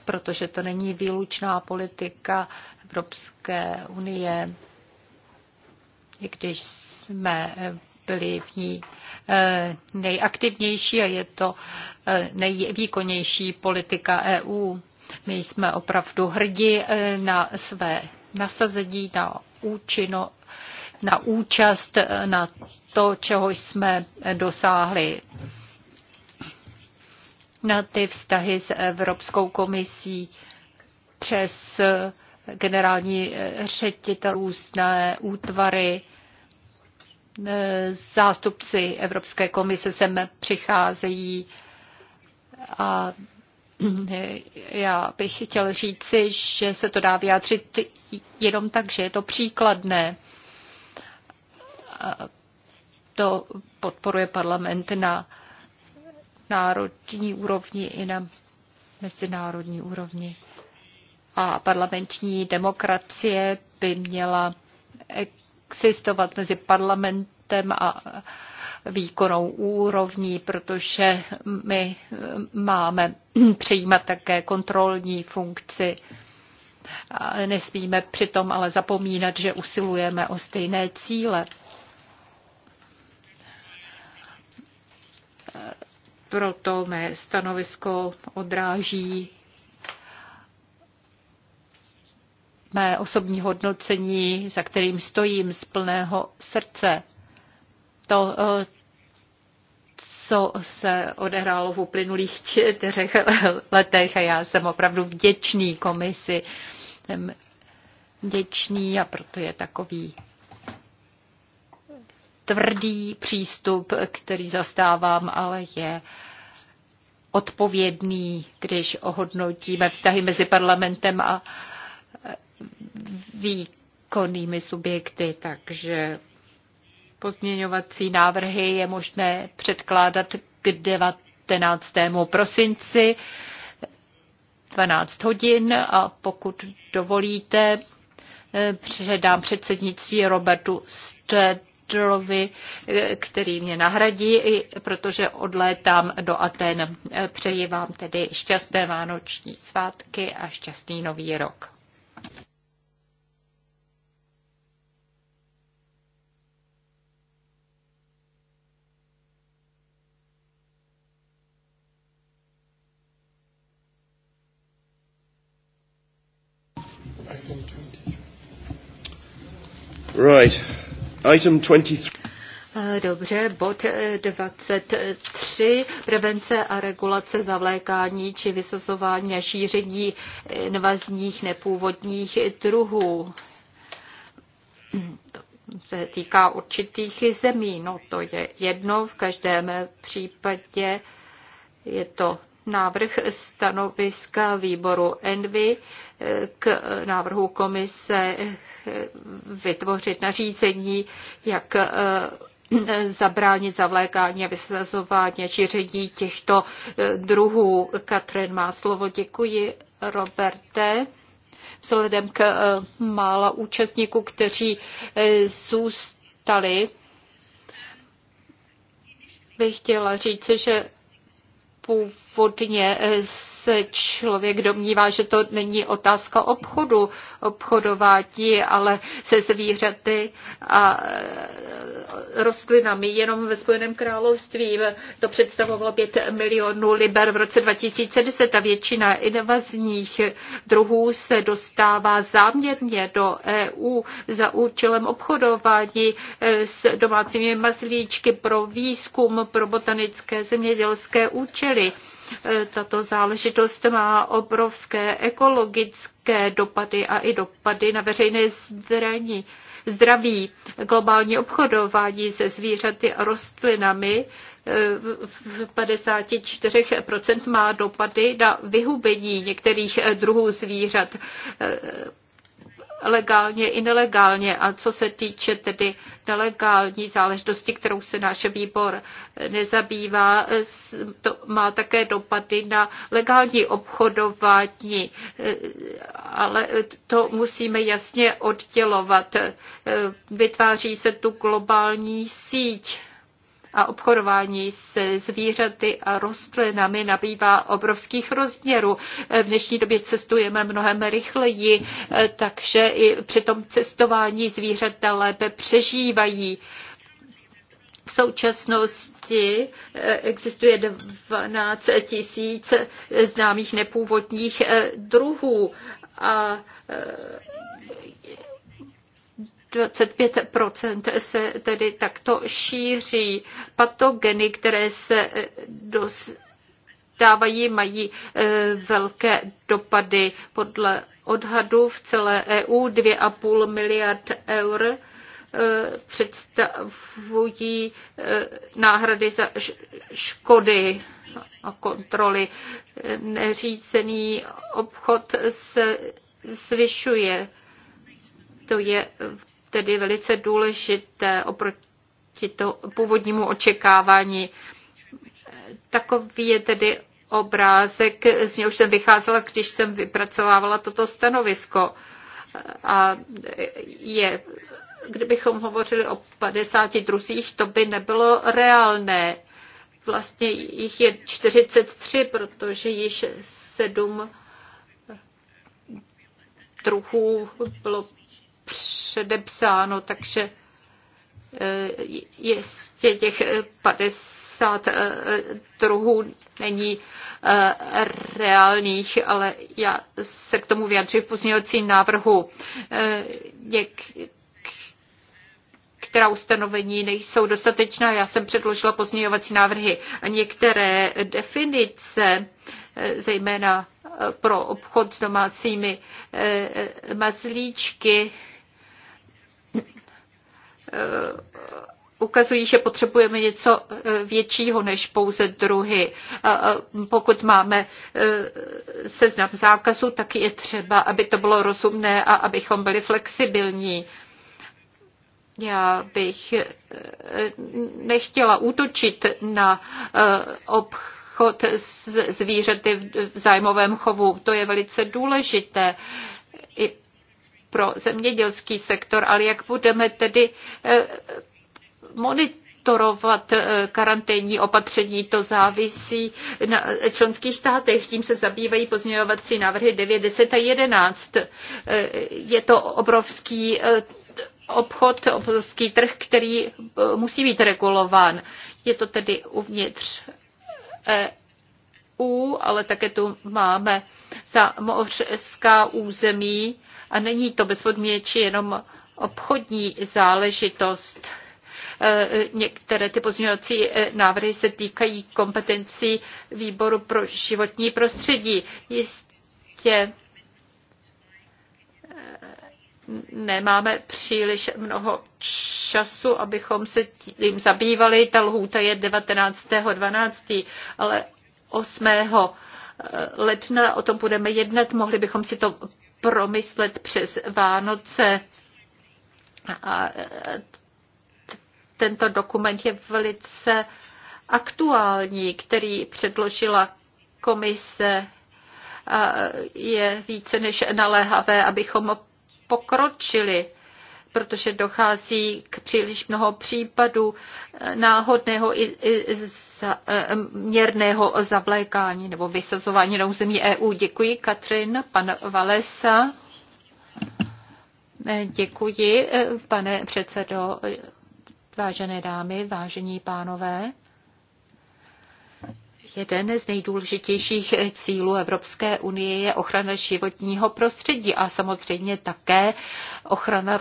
protože to není výlučná politika Evropské unie když jsme eh, byli v ní eh, nejaktivnější a je to eh, nejvýkonnější politika EU. My jsme opravdu hrdí na své nasazení, na účino, na účast, na to, čeho jsme dosáhli na ty vztahy s Evropskou komisí přes generální eh, ředitel různé útvary, eh, zástupci Evropské komise sem přicházejí a eh, já bych chtěl říci, že se to dá vyjádřit jenom tak, že je to příkladné. To podporuje parlament na národní úrovni i na mezinárodní úrovni a parlamentní demokracie by měla existovat mezi parlamentem a výkonnou úrovní, protože my máme přijímat také kontrolní funkci. Nesmíme přitom ale zapomínat, že usilujeme o stejné cíle. Proto mé stanovisko odráží mé osobní hodnocení, za kterým stojím z plného srdce. To, eh, co se odehrálo v uplynulých čtyřech letech a já jsem opravdu vděčný komisi. Jsem vděčný a proto je takový tvrdý přístup, který zastávám, ale je odpovědný, když ohodnotíme vztahy mezi parlamentem a výkonnými subjekty, takže pozměňovací návrhy je možné předkládat k 19. prosinci 12 hodin a pokud dovolíte, předám předsednictví Robertu Stedlovi, který mě nahradí, protože odlétám do Aten. Přeji vám tedy šťastné vánoční svátky a šťastný nový rok. Right. Item 23. Eh, dobře, bod 23. Eh, prevence a regulace zavlékání či vysazování a šíření invazních nepůvodních druhů. To se týká určitých zemí. No to je jedno, v každém případě je to návrh stanoviska výboru Envy eh, k návrhu komise eh, vytvořit nařízení, jak eh, zabránit zavlékání a vysazování a šíření těchto druhů. Katrin má slovo. Děkuji, Roberte vzhledem k mála účastníků, kteří zůstali, bych chtěla říct, že původně podvodně eh, se člověk domnívá, že to není otázka obchodu, obchodování, ale se zvířaty a eh, rostlinami. Jenom ve Spojeném království to představovalo 5 milionů liber v roce 2010 a většina invazních druhů se dostává záměrně do EU za účelem obchodování eh, s domácími mazlíčky pro výzkum, pro botanické zemědělské účely. E, tato záležitost má obrovské ekologické dopady a i dopady na veřejné zdraní. Zdraví, globální obchodování se zvířaty a rostlinami e, v 54% má dopady na vyhubení některých druhů zvířat. E, legálně i nelegálně. A co se týče tedy nelegální záležitosti, kterou se náš výbor nezabývá, to má také dopady na legální obchodování, e, ale to musíme jasně oddělovat. E, vytváří se tu globální síť a obchodování se zvířaty a rostlinami nabývá obrovských rozměrů. V dnešní době cestujeme mnohem rychleji, takže i při tom cestování zvířata lépe přežívají. V současnosti eh, existuje 12 tisíc známých nepůvodních eh, druhů a eh, 25 se tedy takto šíří. Patogeny, které se eh, dostávají, mají eh, velké dopady. Podle odhadu v celé EU 2,5 miliard eur eh, představují náhrady za škody a kontroly. Neřízený obchod se zvyšuje. To je tedy velice důležité oproti to původnímu očekávání. Takový je tedy obrázek, z něhož jsem vycházela, když jsem vypracovávala toto stanovisko. A je, kdybychom hovořili o 50 druzích, to by nebylo reálné. Vlastně jich je 43, protože již sedm druhů bylo předepsáno, takže eh, jistě těch 50 eh, eh, druhů není reálných, ale já se k tomu vyjadřím v pozměňovacím návrhu. Něk, která ustanovení nejsou dostatečná. Já jsem předložila pozměňovací návrhy a některé definice, zejména pro obchod s domácími mazlíčky, Eh, ukazují, že potřebujeme něco eh, většího než pouze druhy. Pokud máme eh, seznam zákazu, tak je třeba, aby to bylo rozumné a abychom byli flexibilní. Já bych nechtěla útočit na obchod s zvířaty v zájmovém chovu. To je velice důležité pro zemědělský sektor, ale jak budeme tedy eh, monitorovat eh, karanténní opatření. To závisí na členských státech. Tím se zabývají pozměňovací návrhy 9, 10 a 11. Eh, je to obrovský obchod, obrovský trh, který musí být regulován. Je to tedy uvnitř EU, ale také tu máme za mořská území a není to bezpodmínečně jenom obchodní záležitost. E, některé ty pozměňovací e, návrhy se týkají kompetencí výboru pro životní prostředí. Jistě e, nemáme příliš mnoho času, abychom se tím zabývali. Ta lhůta je 19.12., ale 8. ledna o tom budeme jednat. Mohli bychom si to promyslet přes Vánoce. A e, tento dokument je velice aktuální, který předložila komise. A je více než naléhavé, abychom pokročili protože dochází k příliš mnoho případů eh, náhodného i, i za, eh, měrného zavlékání nebo vysazování na území EU. Děkuji, Katrin, pan Valesa. Eh, děkuji, pane předsedo, vážené dámy, vážení pánové. Jeden z nejdůležitějších cílů Evropské unie je ochrana životního prostředí a samozřejmě také ochrana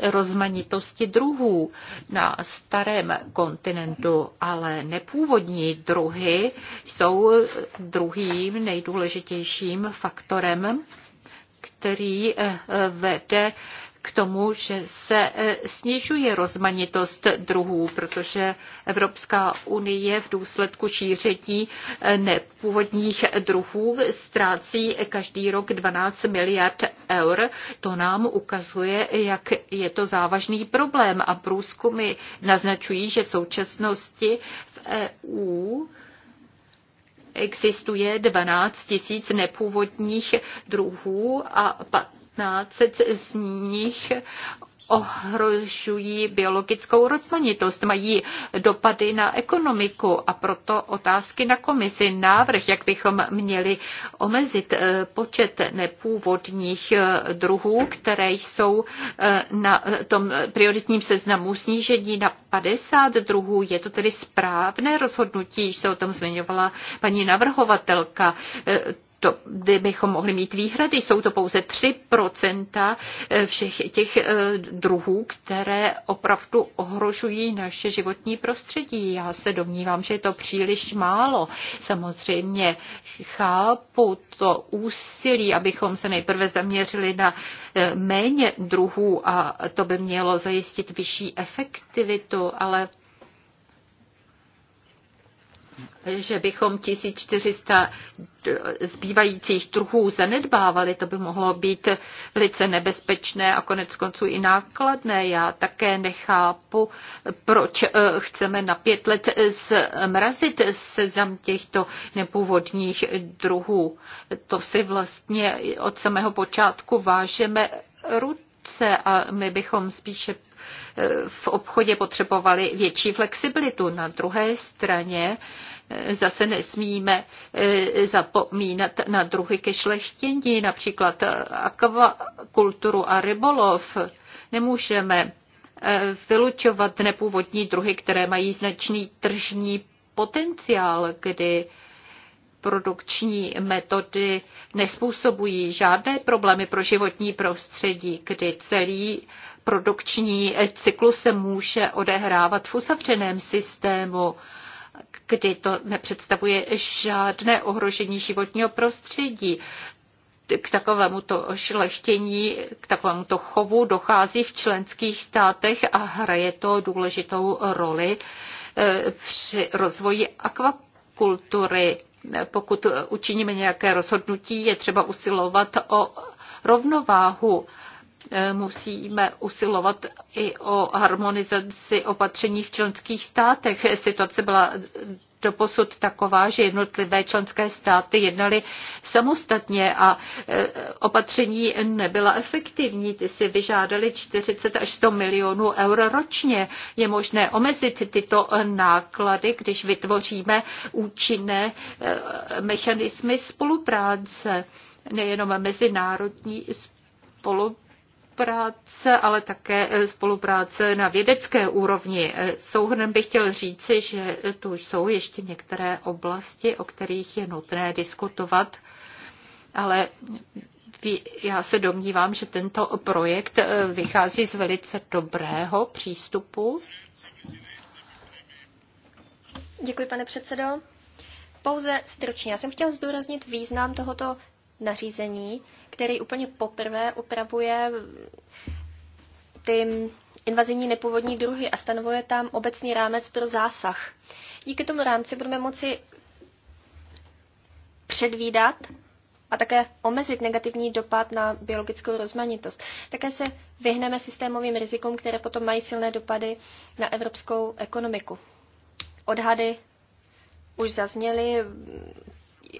rozmanitosti, druhů. Na starém kontinentu ale nepůvodní druhy jsou druhým nejdůležitějším faktorem, který eh, vede k tomu, že se e, snižuje rozmanitost druhů, protože Evropská unie v důsledku šíření e, nepůvodních druhů ztrácí každý rok 12 miliard eur. To nám ukazuje, jak je to závažný problém a průzkumy naznačují, že v současnosti v EU existuje 12 tisíc nepůvodních druhů a 15 z nich ohrožují biologickou rozmanitost, mají dopady na ekonomiku a proto otázky na komisi, návrh, jak bychom měli omezit eh, počet nepůvodních eh, druhů, které jsou eh, na tom prioritním seznamu snížení na 50 druhů. Je to tedy správné rozhodnutí, již se o tom zmiňovala paní navrhovatelka to, bychom mohli mít výhrady. Jsou to pouze 3% eh, všech těch eh, druhů, které opravdu ohrožují naše životní prostředí. Já se domnívám, že je to příliš málo. Samozřejmě chápu to úsilí, abychom se nejprve zaměřili na eh, méně druhů a to by mělo zajistit vyšší efektivitu, ale že bychom 1400 zbývajících druhů zanedbávali, to by mohlo být velice nebezpečné a konec konců i nákladné. Já také nechápu, proč eh, chceme na pět let zmrazit seznam těchto nepůvodních druhů. To si vlastně od samého počátku vážeme ruce a my bychom spíše v obchodě potřebovali větší flexibilitu. Na druhé straně eh, zase nesmíme eh, zapomínat na druhy ke šlechtění, například eh, akvakulturu a rybolov. Nemůžeme vylučovat nepůvodní druhy, které mají značný tržní potenciál, kdy produkční metody nespůsobují žádné problémy pro životní prostředí, kdy celý produkční cyklus se může odehrávat v uzavřeném systému, kdy to nepředstavuje žádné ohrožení životního prostředí k takovému to šlechtění, k takovému to chovu dochází v členských státech a hraje to důležitou roli eh, při rozvoji akvakultury. Pokud učiníme nějaké rozhodnutí, je třeba usilovat o rovnováhu Eh, musíme usilovat i o harmonizaci opatření v členských státech. Situace byla doposud taková, že jednotlivé členské státy jednaly samostatně a eh, opatření nebyla efektivní. Ty si vyžádali 40 až 100 milionů eur ročně. Je možné omezit tyto náklady, když vytvoříme účinné eh, mechanismy spolupráce, nejenom mezinárodní spolupráce, spolupráce, ale také eh, spolupráce na vědecké úrovni. Eh, souhrnem bych chtěl říci, že tu jsou ještě některé oblasti, o kterých je nutné diskutovat, ale já se domnívám, že tento projekt eh, vychází z velice dobrého přístupu. Děkuji, pane předsedo. Pouze stručně. Já jsem chtěl zdůraznit význam tohoto nařízení, který úplně poprvé upravuje ty invazivní nepůvodní druhy a stanovuje tam obecný rámec pro zásah. Díky tomu rámci budeme moci předvídat a také omezit negativní dopad na biologickou rozmanitost. Také se vyhneme systémovým rizikům, které potom mají silné dopady na evropskou ekonomiku. Odhady už zazněly,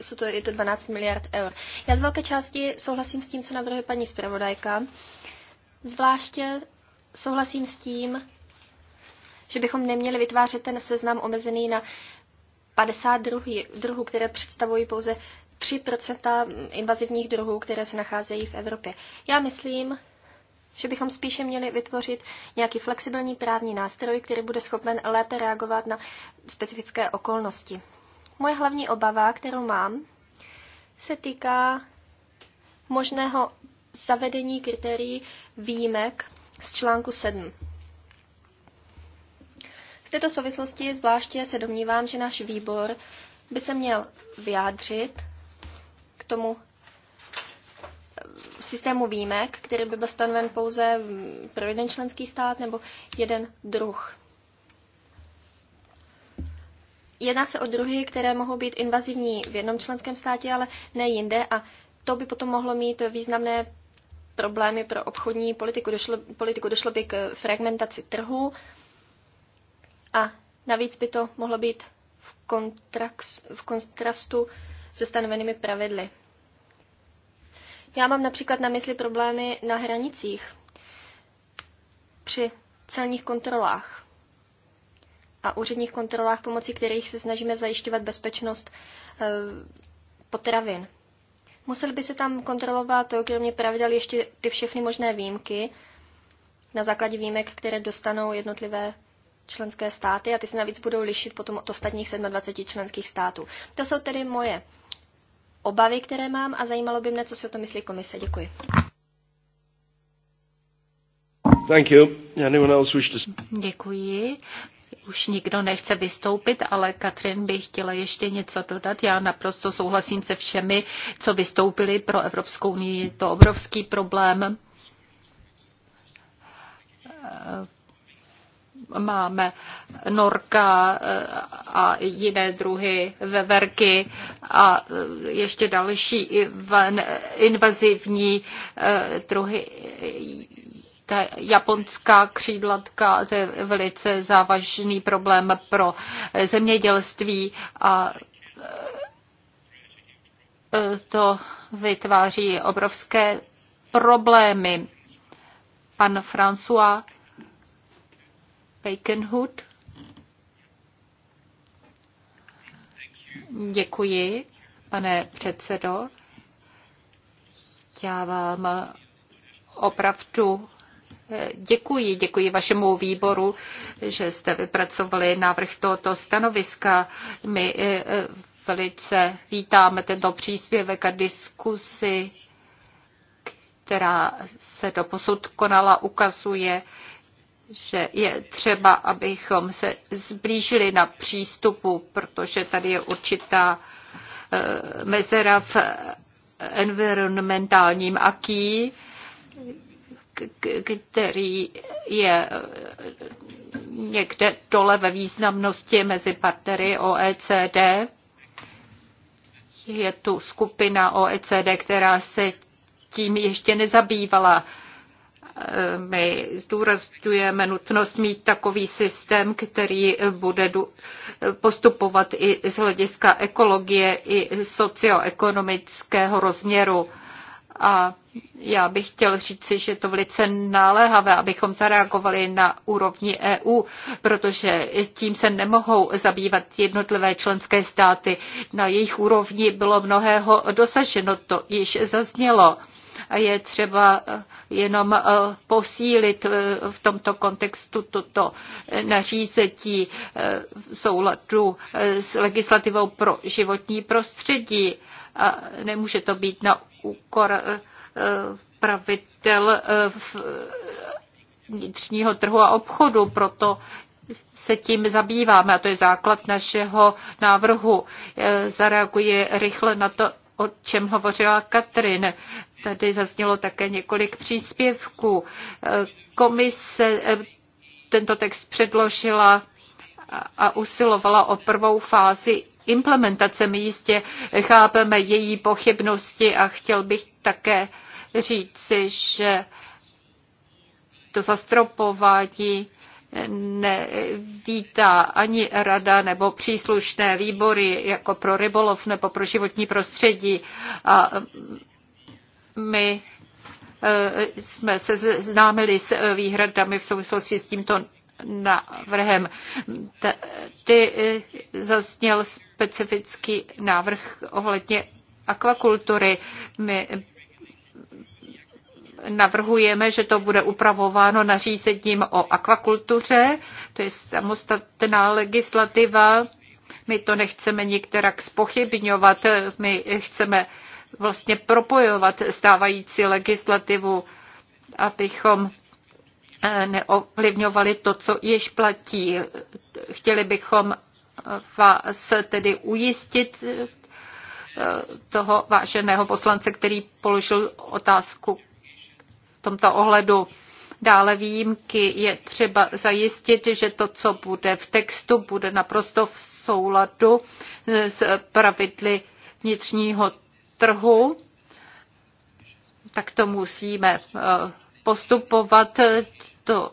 jsou to, je to 12 miliard eur. Já z velké části souhlasím s tím, co navrhuje paní zpravodajka. Zvláště souhlasím s tím, že bychom neměli vytvářet ten seznam omezený na 50 druhů, které představují pouze 3 invazivních druhů, které se nacházejí v Evropě. Já myslím, že bychom spíše měli vytvořit nějaký flexibilní právní nástroj, který bude schopen lépe reagovat na specifické okolnosti. Moje hlavní obava, kterou mám, se týká možného zavedení kritérií výjimek z článku 7. V této souvislosti zvláště se domnívám, že náš výbor by se měl vyjádřit k tomu eh, systému výjimek, který by byl stanoven pouze pro jeden členský stát nebo jeden druh jedná se o druhy, které mohou být invazivní v jednom členském státě, ale ne jinde a to by potom mohlo mít významné problémy pro obchodní politiku. Došlo, politiku došlo by k fragmentaci trhu a navíc by to mohlo být v, kontrax, v kontrastu se stanovenými pravidly. Já mám například na mysli problémy na hranicích, při celních kontrolách a úředních kontrolách, pomocí kterých se snažíme zajišťovat bezpečnost eh, potravin. Musel by se tam kontrolovat, kromě pravidel, ještě ty všechny možné výjimky na základě výjimek, které dostanou jednotlivé členské státy a ty se navíc budou lišit potom od ostatních 27 členských států. To jsou tedy moje obavy, které mám a zajímalo by mne, co si o to myslí komise. Děkuji. Thank you. Anyone else wish to... Děkuji už nikdo nechce vystoupit, ale Katrin by chtěla ještě něco dodat. Já naprosto souhlasím se všemi, co vystoupili pro Evropskou unii. Je to obrovský problém. Máme norka eh, a jiné druhy veverky a eh, ještě další invazivní eh, druhy ta japonská křídlatka, to je velice závažný problém pro zemědělství a e, to vytváří obrovské problémy. Pan François Bakenhood. Děkuji, pane předsedo. Já vám opravdu Děkuji, děkuji vašemu výboru, že jste vypracovali návrh tohoto stanoviska. My eh, velice vítáme tento příspěvek a diskusi, která se doposud konala, ukazuje, že je třeba, abychom se zblížili na přístupu, protože tady je určitá eh, mezera v environmentálním aký, který je eh, někde dole ve významnosti mezi partnery OECD. Je tu skupina OECD, která se tím ještě nezabývala. Eh, my zdůrazňujeme nutnost mít takový systém, který bude postupovat i z hlediska ekologie, i socioekonomického rozměru. A já bych chtěl říci, že je to velice náléhavé, abychom zareagovali na úrovni EU, protože tím se nemohou zabývat jednotlivé členské státy. Na jejich úrovni bylo mnohého dosaženo, to již zaznělo. A je třeba eh, jenom eh, posílit eh, v tomto kontextu toto nařízení souladu s legislativou pro životní prostředí a nemůže to být na úkor eh, pravidel eh, vnitřního trhu a obchodu, proto se tím zabýváme a to je základ našeho návrhu. Eh, zareaguje rychle na to, o čem hovořila Katrin. Tady zaznělo také několik příspěvků. Komise tento text předložila a usilovala o prvou fázi implementace. My jistě chápeme její pochybnosti a chtěl bych také říci, že to zastropování nevítá ani rada nebo příslušné výbory jako pro rybolov nebo pro životní prostředí. A my eh, jsme se známili s výhradami v souvislosti s tímto návrhem. Ty eh, zazněl specifický návrh ohledně akvakultury. My navrhujeme, že to bude upravováno nařízením o akvakultuře, to je samostatná legislativa. My to nechceme některak spochybňovat, my chceme vlastně propojovat stávající legislativu, abychom Eh, neovlivňovali to, co již platí. Chtěli bychom vás tedy ujistit eh, toho váženého poslance, který položil otázku v tomto ohledu. Dále výjimky je třeba zajistit, že to, co bude v textu, bude naprosto v souladu s pravidly vnitřního trhu. Tak to musíme eh, postupovat to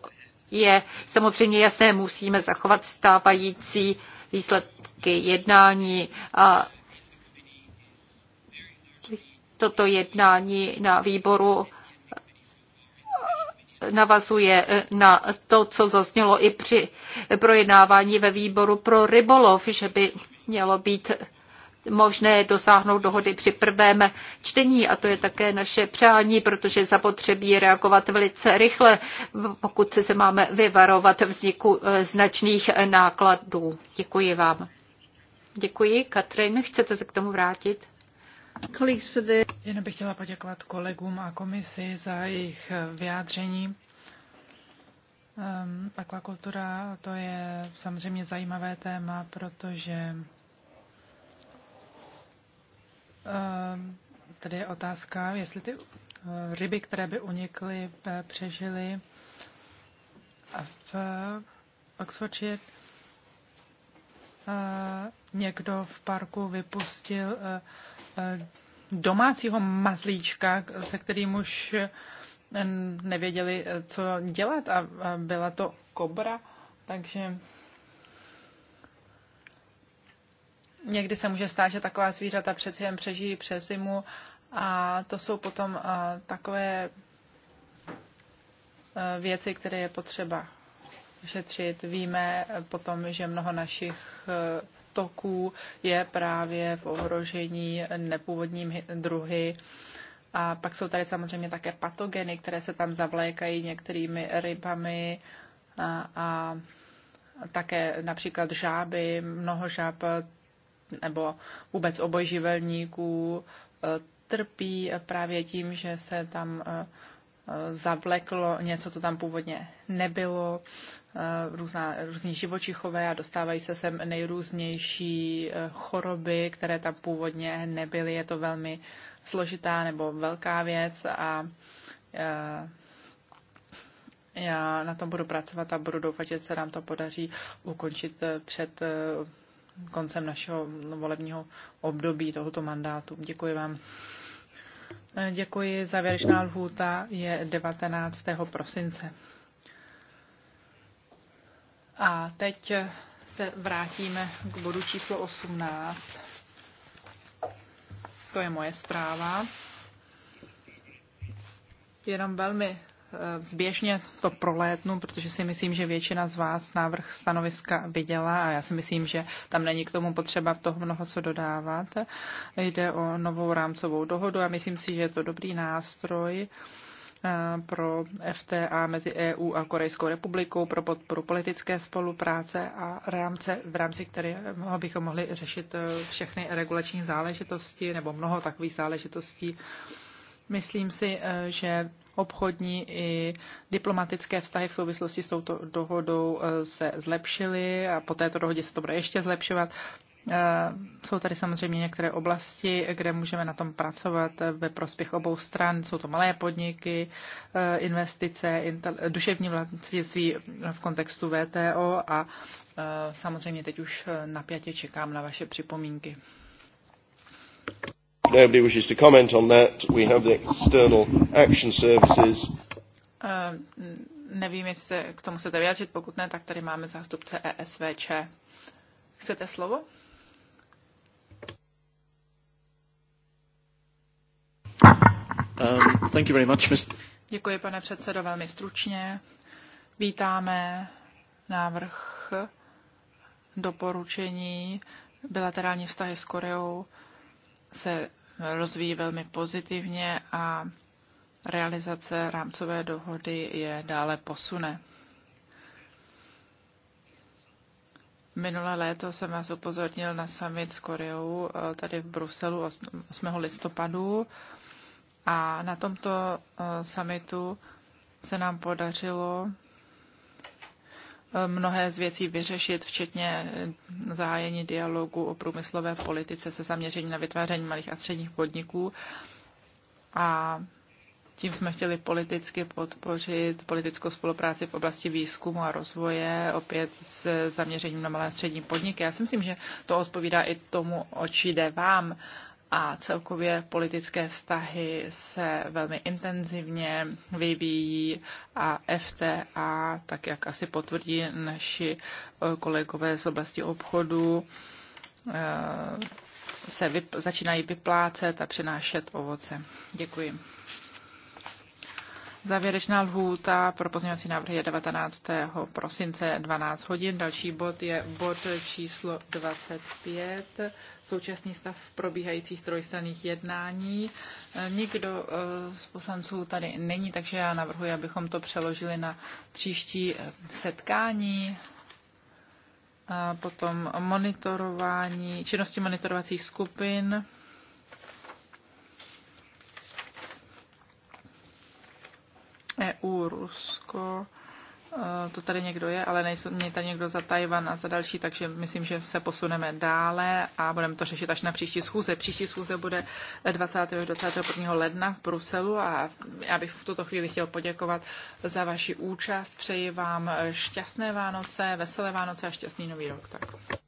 je samozřejmě jasné, musíme zachovat stávající výsledky jednání a toto jednání na výboru navazuje na to, co zaznělo i při projednávání ve výboru pro rybolov, že by mělo být možné dosáhnout dohody při prvém čtení a to je také naše přání, protože zapotřebí reagovat velice rychle, pokud se máme vyvarovat vzniku eh, značných nákladů. Děkuji vám. Děkuji. Katrin, chcete se k tomu vrátit? Jenom bych chtěla poděkovat kolegům a komisi za jejich eh, vyjádření. Um, ehm, akvakultura to je samozřejmě zajímavé téma, protože Ehm, tady je otázka, jestli ty eh, ryby, které by unikly, eh, přežily a v Oxfordshire eh, někdo v parku vypustil domácího mazlíčka, se kterým už nevěděli, co dělat a byla to kobra, takže Někdy se může stát, že taková zvířata přeci jen přežijí přes zimu a to jsou potom eh, takové eh, věci, které je potřeba šetřit. Víme potom, že mnoho našich eh, toků je právě v ohrožení nepůvodním druhy. A pak jsou tady samozřejmě také patogeny, které se tam zavlékají některými rybami a, a také například žáby. Mnoho žáb nebo vůbec obojživelníků eh, trpí právě tím, že se tam eh, eh, zavleklo něco, co tam původně nebylo, různá, různí živočichové a dostávají se sem nejrůznější choroby, které tam původně nebyly. Je to velmi složitá nebo velká věc a já na tom budu pracovat a budu doufat, že se nám to podaří ukončit před koncem našeho volebního období tohoto mandátu. Děkuji vám. Eh, děkuji. Závěrečná lhůta je 19. prosince. A teď se vrátíme k bodu číslo 18. To je moje zpráva. Jenom velmi Eh, zběžně to prolétnu, protože si myslím, že většina z vás návrh stanoviska viděla a já si myslím, že tam není k tomu potřeba toho mnoho co dodávat. Jde o novou rámcovou dohodu a myslím si, že je to dobrý nástroj eh, pro FTA mezi EU a Korejskou republikou pro podporu politické spolupráce a rámce, v rámci kterého eh, bychom mohli řešit všechny regulační záležitosti nebo mnoho takových záležitostí Myslím si, eh, že obchodní i diplomatické vztahy v souvislosti s touto dohodou eh, se zlepšily a po této dohodě se to bude ještě zlepšovat. Eh, jsou tady samozřejmě některé oblasti, kde můžeme na tom pracovat ve prospěch obou stran. Jsou to malé podniky, investice, duševní vlastnictví v kontextu VTO a samozřejmě teď už napjatě čekám na vaše připomínky nobody wishes to comment on that, we have the external action services. Eh, nevím, jestli se k tomu chcete vyjádřit, pokud ne, tak tady máme zástupce ESVČ. Chcete slovo? Um, thank you very much, Mr. Děkuji, pane předsedo, velmi stručně. Vítáme návrh doporučení bilaterální vztahy s Koreou se rozvíjí velmi pozitivně a realizace rámcové dohody je dále posune. Minulé léto jsem vás upozornil na summit s Koreou eh, tady v Bruselu 8. listopadu a na tomto eh, summitu se nám podařilo mnohé z věcí vyřešit, včetně zahájení dialogu o průmyslové politice se zaměřením na vytváření malých a středních podniků. A tím jsme chtěli politicky podpořit politickou spolupráci v oblasti výzkumu a rozvoje, opět s zaměřením na malé a střední podniky. Já si myslím, že to odpovídá i tomu, oči jde vám a celkově politické vztahy se velmi intenzivně vyvíjí a FTA, tak jak asi potvrdí naši eh, kolegové z oblasti obchodu, eh, se vyp- začínají vyplácet a přinášet ovoce. Děkuji. Závěrečná lhůta pro pozměňovací návrhy je 19. prosince 12 hodin. Další bod je bod číslo 25, současný stav probíhajících trojstranných jednání. E, nikdo e, z poslanců tady není, takže já navrhuji, abychom to přeložili na příští e, setkání potom monitorování, činnosti monitorovacích skupin EU, Rusko, eh, to tady někdo je, ale nejsou, mě tady někdo za Tajvan a za další, takže myslím, že se posuneme dále a budeme to řešit až na příští schůze. Příští schůze bude 20. 21. ledna v Bruselu a já bych v tuto chvíli chtěl poděkovat za vaši účast. Přeji vám šťastné Vánoce, veselé Vánoce a šťastný nový rok. Tak.